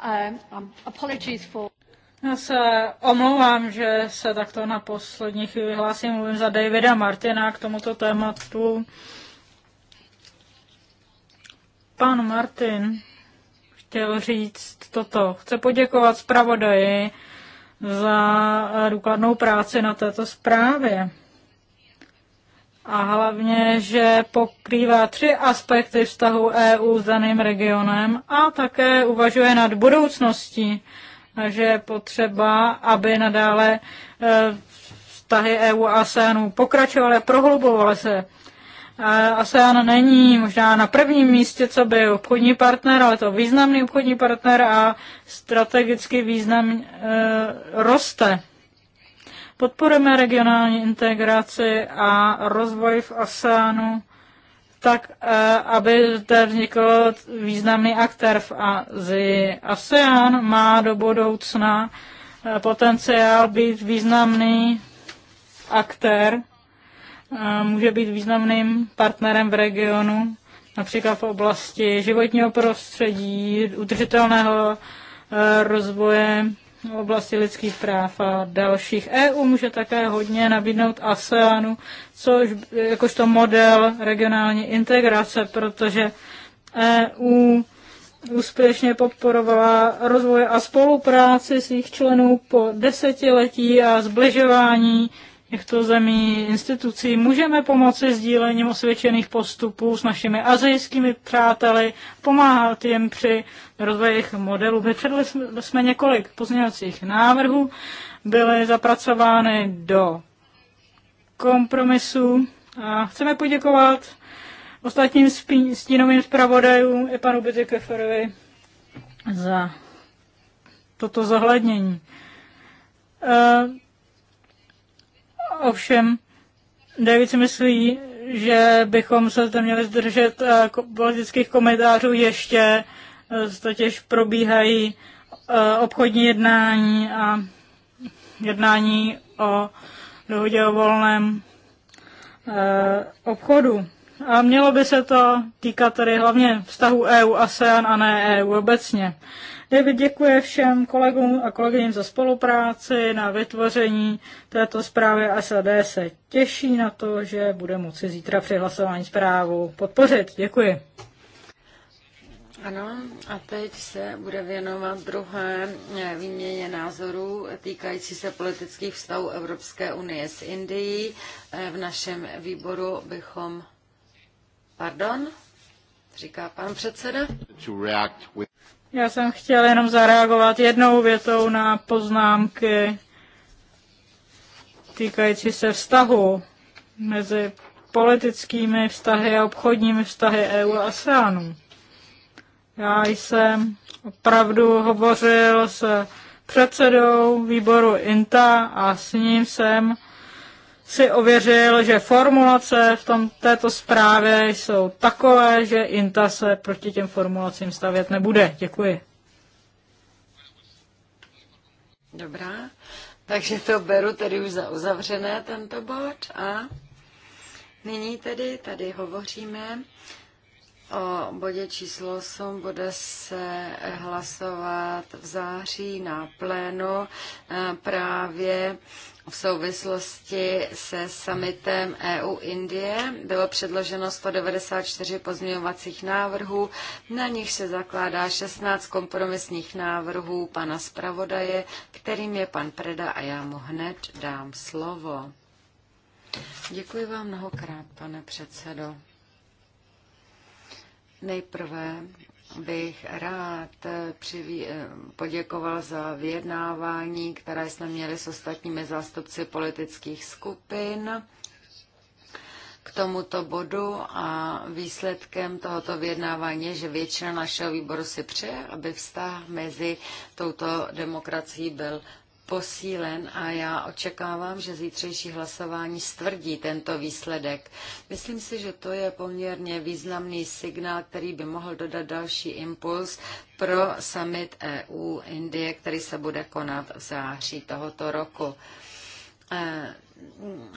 S3: Um, um, Já se omlouvám, že se takto na poslední chvíli vyhlásím. Mluvím za Davida Martina k tomuto tématu. Pan Martin chtěl říct toto. Chce poděkovat zpravodaji za důkladnou práci na této zprávě. A hlavně, že pokrývá tři aspekty vztahu EU s daným regionem a také uvažuje nad budoucností, že je potřeba, aby nadále e, vztahy EU a ASEANu pokračovaly, prohlubovaly se ASEAN není možná na prvním místě, co by obchodní partner, ale to významný obchodní partner a strategicky význam e, roste. Podporujeme regionální integraci a rozvoj v ASEANu tak, e, aby zde vznikl významný aktér v Azii. ASEAN má do budoucna e, potenciál být významný aktér může být významným partnerem v regionu, například v oblasti životního prostředí, udržitelného eh, rozvoje, v oblasti lidských práv a dalších. EU může také hodně nabídnout ASEANu, což jakožto model regionální integrace, protože EU úspěšně podporovala rozvoj a spolupráci svých členů po desetiletí a zbližování těchto zemí, institucí. Můžeme pomoci sdílením osvědčených postupů s našimi azijskými přáteli, pomáhat jim při rozvoji jejich modelů. Vytvořili jsme několik pozměňovacích návrhů, byly zapracovány do kompromisu. A chceme poděkovat ostatním stínovým zpravodajům i panu Bizekeferovi za toto zohlednění. Eh, Ovšem, David si myslí, že bychom se zde měli zdržet eh, politických komentářů ještě, eh, totiž probíhají eh, obchodní jednání a jednání o dohodě o volném obchodu. A mělo by se to týkat tedy hlavně vztahu EU-ASEAN a ne EU obecně. Děkuje všem kolegům a kolegyním za spolupráci na vytvoření této zprávy SAD se těší na to, že bude moci zítra při hlasování zprávu podpořit. Děkuji.
S2: Ano, a teď se bude věnovat druhé eh, výměně názorů týkající se politických vztahů Evropské unie s Indií. Eh, v našem výboru bychom. Pardon?
S3: Říká pan předseda. Já jsem chtěl jenom zareagovat jednou větou na poznámky týkající se vztahu mezi politickými vztahy a obchodními vztahy EU a ASEANu. Já jsem opravdu hovořil s předsedou výboru INTA a s ním jsem si ověřil, že formulace v tom, této zprávě jsou takové, že INTA se proti těm formulacím stavět nebude. Děkuji.
S2: Dobrá, takže to beru tedy už za uzavřené tento bod a nyní tedy tady hovoříme o bodě číslo 8 bude se hlasovat v září na plénu eh, právě v souvislosti se summitem EU-Indie bylo předloženo 194 pozměňovacích návrhů, na nich se zakládá 16 kompromisních návrhů pana zpravodaje, kterým je pan Preda a já mu hned dám slovo. Děkuji vám mnohokrát, pane předsedo. Nejprve bych rád přiví, poděkoval za vyjednávání, které jsme měli s ostatními zástupci politických skupin k tomuto bodu a výsledkem tohoto vyjednávání je, že většina našeho výboru si přeje, aby vztah mezi touto demokracií byl posílen a já očekávám, že zítřejší hlasování stvrdí tento výsledek. Myslím si, že to je poměrně významný signál, který by mohl dodat další impuls pro summit EU Indie, který se bude konat v září tohoto roku. E,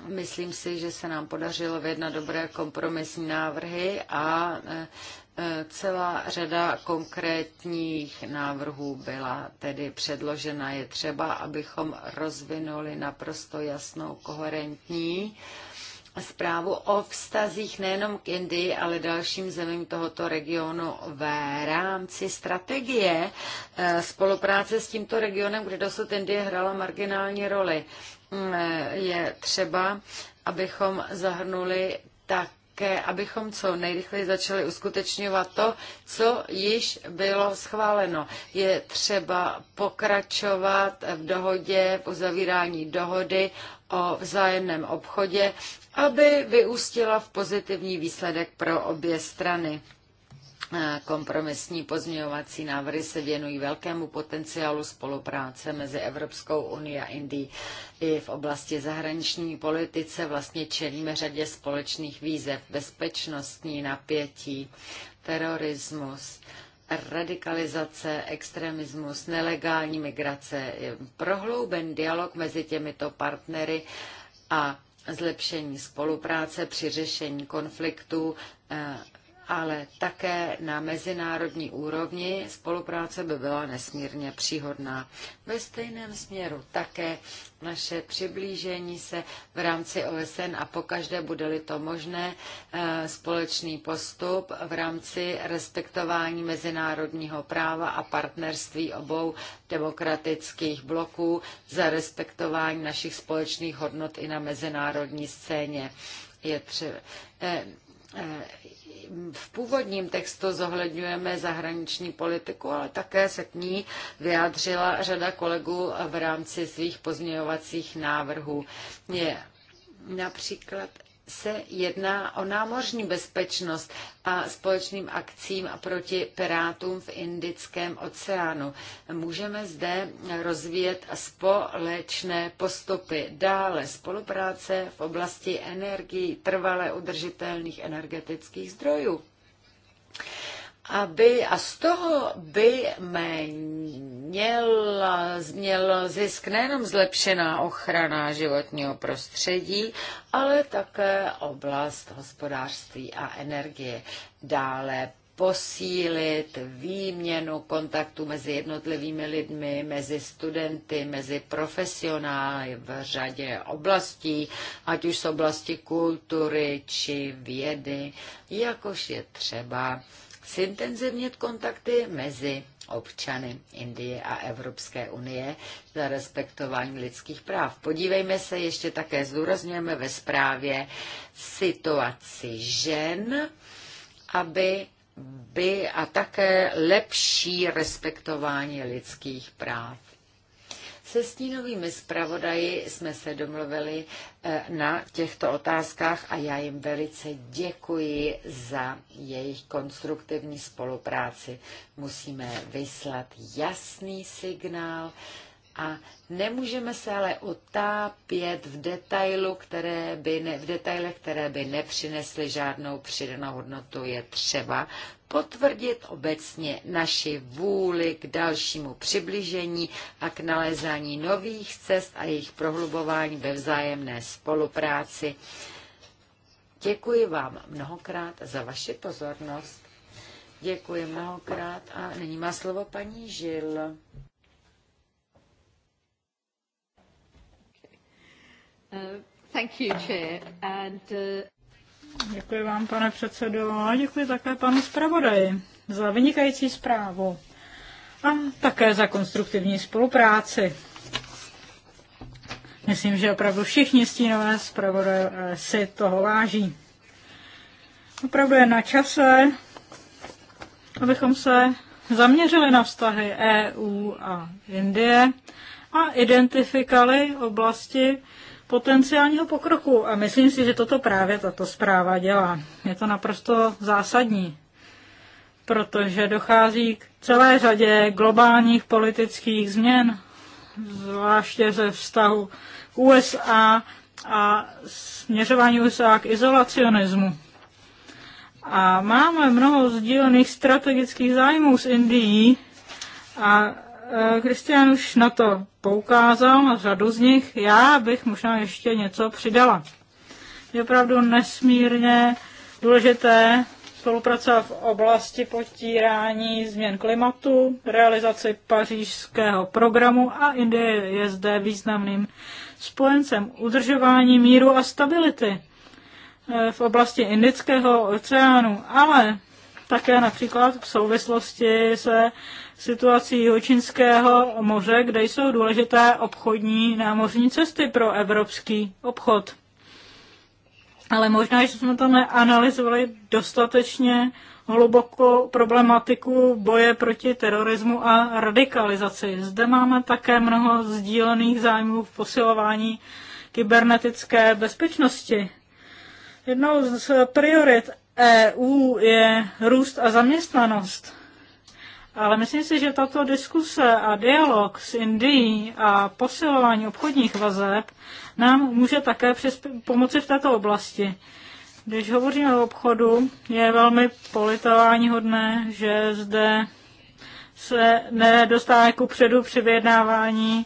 S2: myslím si, že se nám podařilo vyjednat dobré kompromisní návrhy a e, E, celá řada konkrétních návrhů byla tedy předložena. Je třeba, abychom rozvinuli naprosto jasnou, koherentní zprávu o vztazích nejenom k Indii, ale dalším zemím tohoto regionu v rámci strategie e, spolupráce s tímto regionem, kde dosud Indie hrala marginální roli. Mm, e, je třeba, abychom zahrnuli tak také, abychom co nejrychleji začali uskutečňovat to, co již bylo schváleno. Je třeba pokračovat v dohodě, v uzavírání dohody o vzájemném obchodě, aby vyústila v pozitivní výsledek pro obě strany. Kompromisní pozměňovací návrhy se věnují velkému potenciálu spolupráce mezi Evropskou unii a Indií. I v oblasti zahraniční politice vlastně čelíme řadě společných výzev, bezpečnostní napětí, terorismus, radikalizace, extremismus, nelegální migrace, prohlouben dialog mezi těmito partnery a zlepšení spolupráce při řešení konfliktů eh, ale také na mezinárodní úrovni spolupráce by byla nesmírně příhodná. Ve stejném směru také naše přiblížení se v rámci OSN a pokaždé bude-li to možné eh, společný postup v rámci respektování mezinárodního práva a partnerství obou demokratických bloků za respektování našich společných hodnot i na mezinárodní scéně. Je třeba, eh, eh, v původním textu zohledňujeme zahraniční politiku, ale také se k ní vyjádřila řada kolegů v rámci svých pozměňovacích návrhů. Je například se jedná o námořní bezpečnost a společným akcím proti pirátům v Indickém oceánu. Můžeme zde rozvíjet společné postupy. Dále spolupráce v oblasti energií, trvale udržitelných energetických zdrojů aby, a z toho by měl, měl zisk nejenom zlepšená ochrana životního prostředí, ale také oblast hospodářství a energie. Dále posílit výměnu kontaktu mezi jednotlivými lidmi, mezi studenty, mezi profesionály v řadě oblastí, ať už z oblasti kultury či vědy, jakož je třeba zintenzivnit kontakty mezi občany Indie a Evropské unie za respektování lidských práv. Podívejme se, ještě také zdůrazňujeme ve zprávě situaci žen, aby by a také lepší respektování lidských práv. Se stínovými zpravodaji jsme se domluvili eh, na těchto otázkách a já jim velice děkuji za jejich konstruktivní spolupráci. Musíme vyslat jasný signál, a nemůžeme se ale otápět v, detailu, které by ne, v detailech, které by nepřinesly žádnou přidanou hodnotu. Je třeba potvrdit obecně naši vůli k dalšímu přiblížení a k nalezání nových cest a jejich prohlubování ve vzájemné spolupráci. Děkuji vám mnohokrát za vaši pozornost. Děkuji mnohokrát a nyní má slovo paní Žil.
S3: Uh, thank you, Chair. And, uh... Děkuji vám, pane předsedo, a děkuji také panu zpravodaji za vynikající zprávu a také za konstruktivní spolupráci. Myslím, že opravdu všichni stínové zpravodaj si toho váží. Opravdu je na čase, abychom se zaměřili na vztahy EU a Indie a identifikali oblasti, potenciálního pokroku a myslím si, že toto právě tato zpráva dělá. Je to naprosto zásadní, protože dochází k celé řadě globálních politických změn, zvláště ze vztahu k USA a směřování USA k izolacionismu. A máme mnoho sdílených strategických zájmů s Indií a Eh, Kristian už na to poukázal, na řadu z nich. Já bych možná ještě něco přidala. Je opravdu nesmírně důležité spolupracovat v oblasti potírání změn klimatu, realizaci pařížského programu a Indie je zde významným spojencem udržování míru a stability eh, v oblasti Indického oceánu, ale také například v souvislosti se situaci Jihočínského moře, kde jsou důležité obchodní námořní cesty pro evropský obchod. Ale možná, že jsme to neanalyzovali dostatečně hluboko problematiku boje proti terorismu a radikalizaci. Zde máme také mnoho sdílených zájmů v posilování kybernetické bezpečnosti. Jednou z priorit EU je růst a zaměstnanost. Ale myslím si, že tato diskuse a dialog s Indií a posilování obchodních vazeb nám může také pomoci v této oblasti. Když hovoříme o obchodu, je velmi politování hodné, že zde se nedostává ku předu při vyjednávání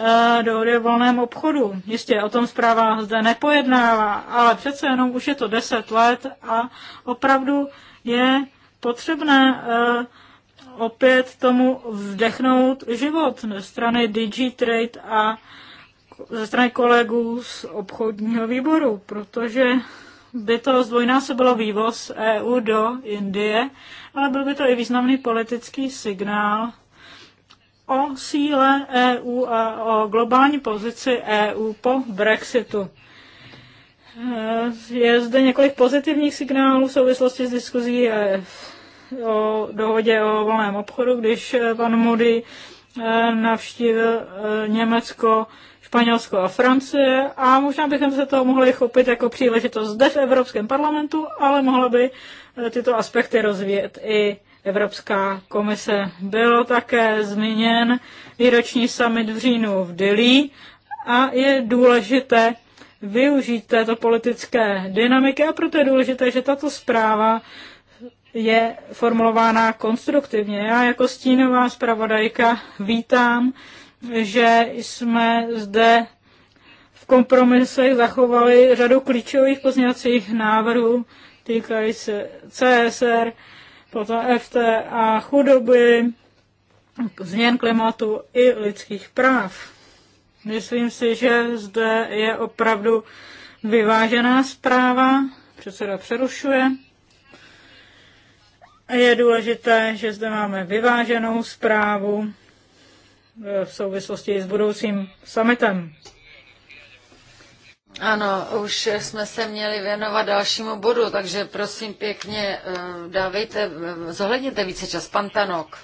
S3: e, dohody o volném obchodu. Jistě o tom zpráva zde nepojednává, ale přece jenom už je to deset let a opravdu je potřebné e, opět tomu vdechnout život ze strany Digitrade a ze strany kolegů z obchodního výboru, protože by to zdvojnásobilo vývoz EU do Indie, ale byl by to i významný politický signál o síle EU a o globální pozici EU po Brexitu. E, je zde několik pozitivních signálů v souvislosti s diskuzí EF o dohodě o volném obchodu, když eh, pan Modi eh, navštívil eh, Německo, Španělsko a Francie a možná bychom se toho mohli chopit jako příležitost zde v Evropském parlamentu, ale mohla by tyto aspekty rozvíjet i Evropská komise. Bylo také zmíněn výroční summit v říjnu v Dili a je důležité využít této politické dynamiky a proto je důležité, že tato zpráva je formulována konstruktivně. Já jako stínová zpravodajka vítám, že jsme zde v kompromisech zachovali řadu klíčových pozměňovacích návrhů týkají se CSR, potom FT a chudoby, změn klimatu i lidských práv. Myslím si, že zde je opravdu vyvážená zpráva. Předseda přerušuje. Je důležité, že zde máme vyváženou zprávu e, v souvislosti s budoucím summitem.
S2: Ano, už jsme se měli věnovat dalšímu bodu, takže prosím pěkně, e,
S3: dávejte, zohledněte více čas. Pan Tanok.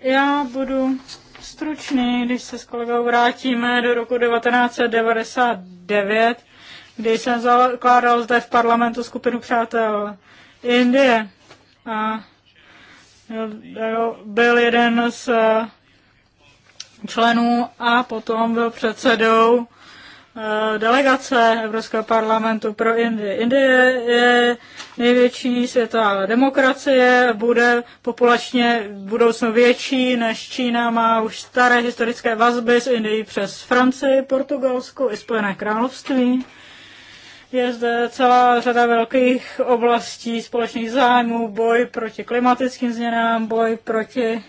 S3: Já budu stručný, když se s kolegou vrátíme do roku 1999, kdy jsem zakládal zde v parlamentu skupinu přátel Indie. A byl jeden z eh, členů a potom byl předsedou eh, delegace Evropského parlamentu pro Indii. Indie je největší světová demokracie, bude populačně v budoucnu větší než Čína, má už staré historické vazby s Indií přes Francii, Portugalsku i Spojené království. Je zde celá řada velkých oblastí společných zájmů, boj proti klimatickým změnám, boj proti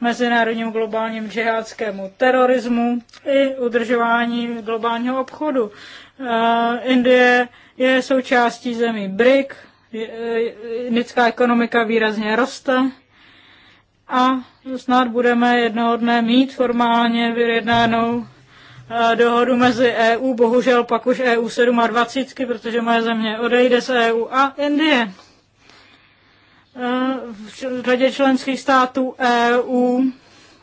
S3: mezinárodnímu globálnímu džihádskému terorismu i udržování globálního obchodu. Eh, Indie je součástí zemí BRIC, eh, indická ekonomika výrazně roste a snad budeme jednoho dne mít formálně vyjednanou Eh, dohodu mezi EU, bohužel pak už EU 27, protože moje země odejde z EU a Indie. Eh, v řadě členských států EU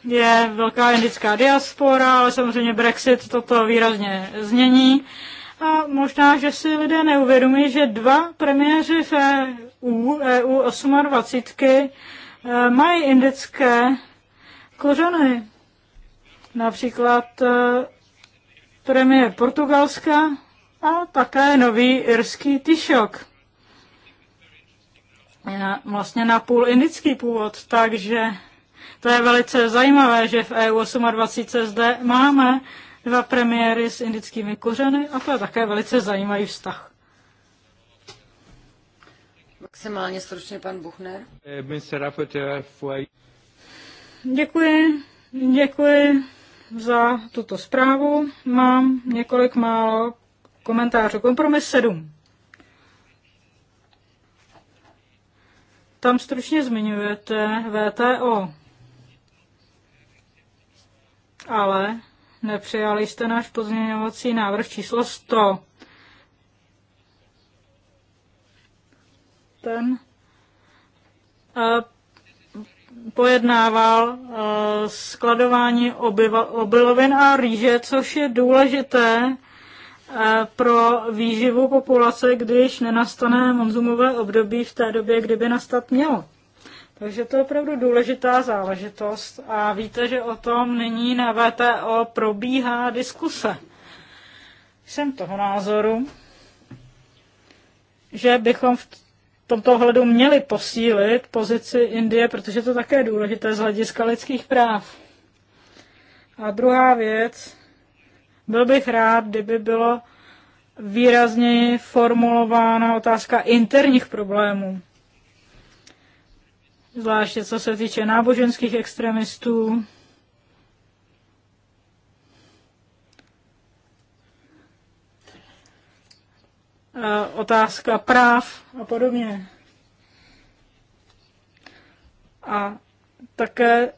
S3: je velká indická diaspora, ale samozřejmě Brexit toto výrazně změní. A možná, že si lidé neuvědomí, že dva premiéři v EU, EU 28, mají indické kořeny. Například eh, premiér Portugalska a také nový irský Taoiseach. Vlastně na půl indický původ, takže to je velice zajímavé, že v EU 28 zde máme dva premiéry s indickými kořeny a to je také velice zajímavý vztah. Maximálně stručně pan Buchner.
S4: Eh,
S3: děkuji, děkuji za tuto zprávu. Mám několik málo komentářů. Kompromis 7. Tam stručně zmiňujete VTO, ale nepřijali jste náš pozměňovací návrh číslo 100. Ten eh, pojednával eh, skladování obilovin a rýže, což je důležité eh, pro výživu populace, když nenastane monzumové období v té době, kdyby nastat mělo. Takže to je opravdu důležitá záležitost a víte, že o tom nyní na VTO probíhá diskuse. Jsem toho názoru, že bychom v tomto ohledu měli posílit pozici Indie, protože to také je důležité z hlediska lidských práv. A druhá věc, byl bych rád, kdyby bylo výrazně formulována otázka interních problémů. Zvláště co se týče náboženských extremistů, Eh, otázka práv a podobně. A také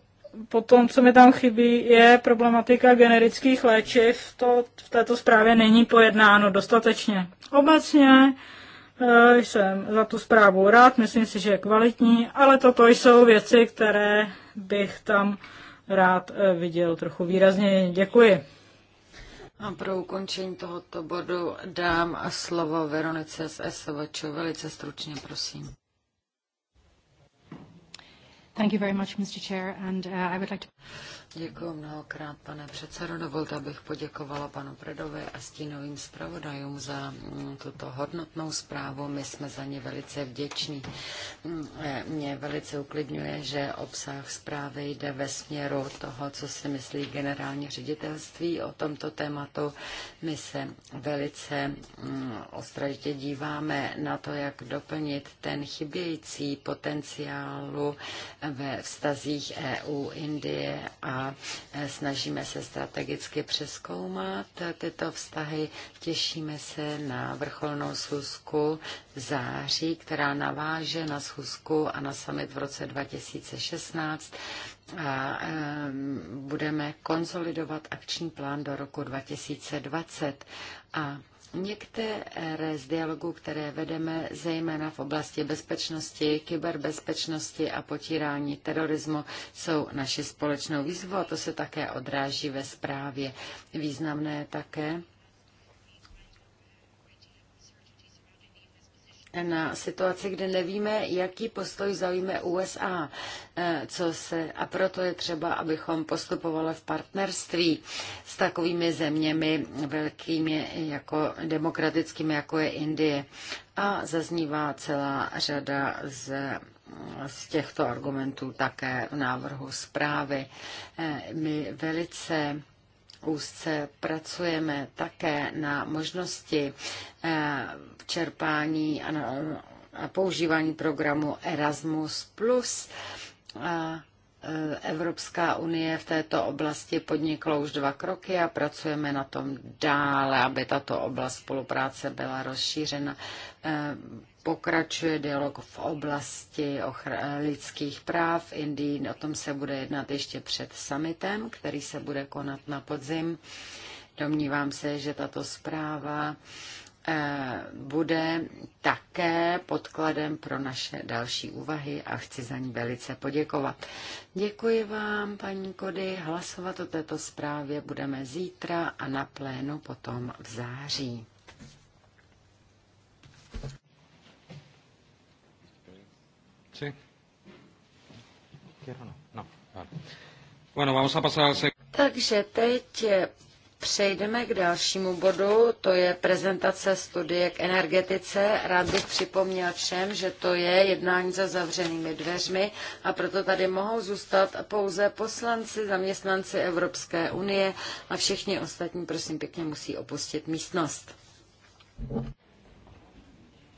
S3: potom, co mi tam chybí, je problematika generických léčiv. To v této zprávě není pojednáno dostatečně. Obecně eh, jsem za tu zprávu rád, myslím si, že je kvalitní, ale toto jsou věci, které bych tam rád eh, viděl trochu výrazněji. Děkuji. A pro ukončení
S2: tohoto bodu dám slovo Veronice z SVČ. Velice stručně, prosím.
S3: Thank you very much, Mr. Chair, and uh, I would
S2: like to... Děkuji mnohokrát, pane předsedo. Dovolte, abych poděkovala panu Predovi a stínovým zpravodajům za mm, tuto hodnotnou zprávu. My jsme za ně velice vděční. Mm, mě velice uklidňuje, že obsah zprávy jde ve směru toho, co si myslí generální ředitelství o tomto tématu. My se velice mm, ostražitě díváme na to, jak doplnit ten chybějící potenciálu ve vztazích EU, Indie a Eh, snažíme se strategicky přeskoumat tyto vztahy. Těšíme se na vrcholnou schůzku v září, která naváže na schůzku a na summit v roce 2016 a eh, budeme konsolidovat akční plán do roku 2020 a Některé z dialogů, které vedeme, zejména v oblasti bezpečnosti, kyberbezpečnosti a potírání terorismu, jsou naši společnou výzvu a to se také odráží ve zprávě. Významné také na situaci, kde nevíme, jaký postoj zaujme USA, eh, co se, a proto je třeba, abychom postupovali v partnerství s takovými zeměmi velkými jako demokratickými, jako je Indie. A zaznívá celá řada z z těchto argumentů také v návrhu zprávy. Eh, my velice úzce pracujeme také na možnosti eh, čerpání a používání programu Erasmus+. Eh, Evropská unie v této oblasti podnikla už dva kroky a pracujeme na tom dále, aby tato oblast spolupráce byla rozšířena. Eh, pokračuje dialog v oblasti lidských práv v Indii. O tom se bude jednat ještě před summitem, který se bude konat na podzim. Domnívám se, že tato zpráva eh, bude také podkladem pro naše další úvahy a chci za ní velice poděkovat. Děkuji vám, paní Kody. Hlasovat o této zprávě budeme zítra a na plénu potom v září.
S4: Sí. No. no. Bueno, vamos a pasar se...
S2: Takže teď přejdeme k dalšímu bodu, to je prezentace studie k energetice. Rád bych připomněl všem, že to je jednání za zavřenými dveřmi a proto tady mohou zůstat pouze poslanci, zaměstnanci Evropské unie a všichni ostatní, prosím pěkně, musí opustit místnost.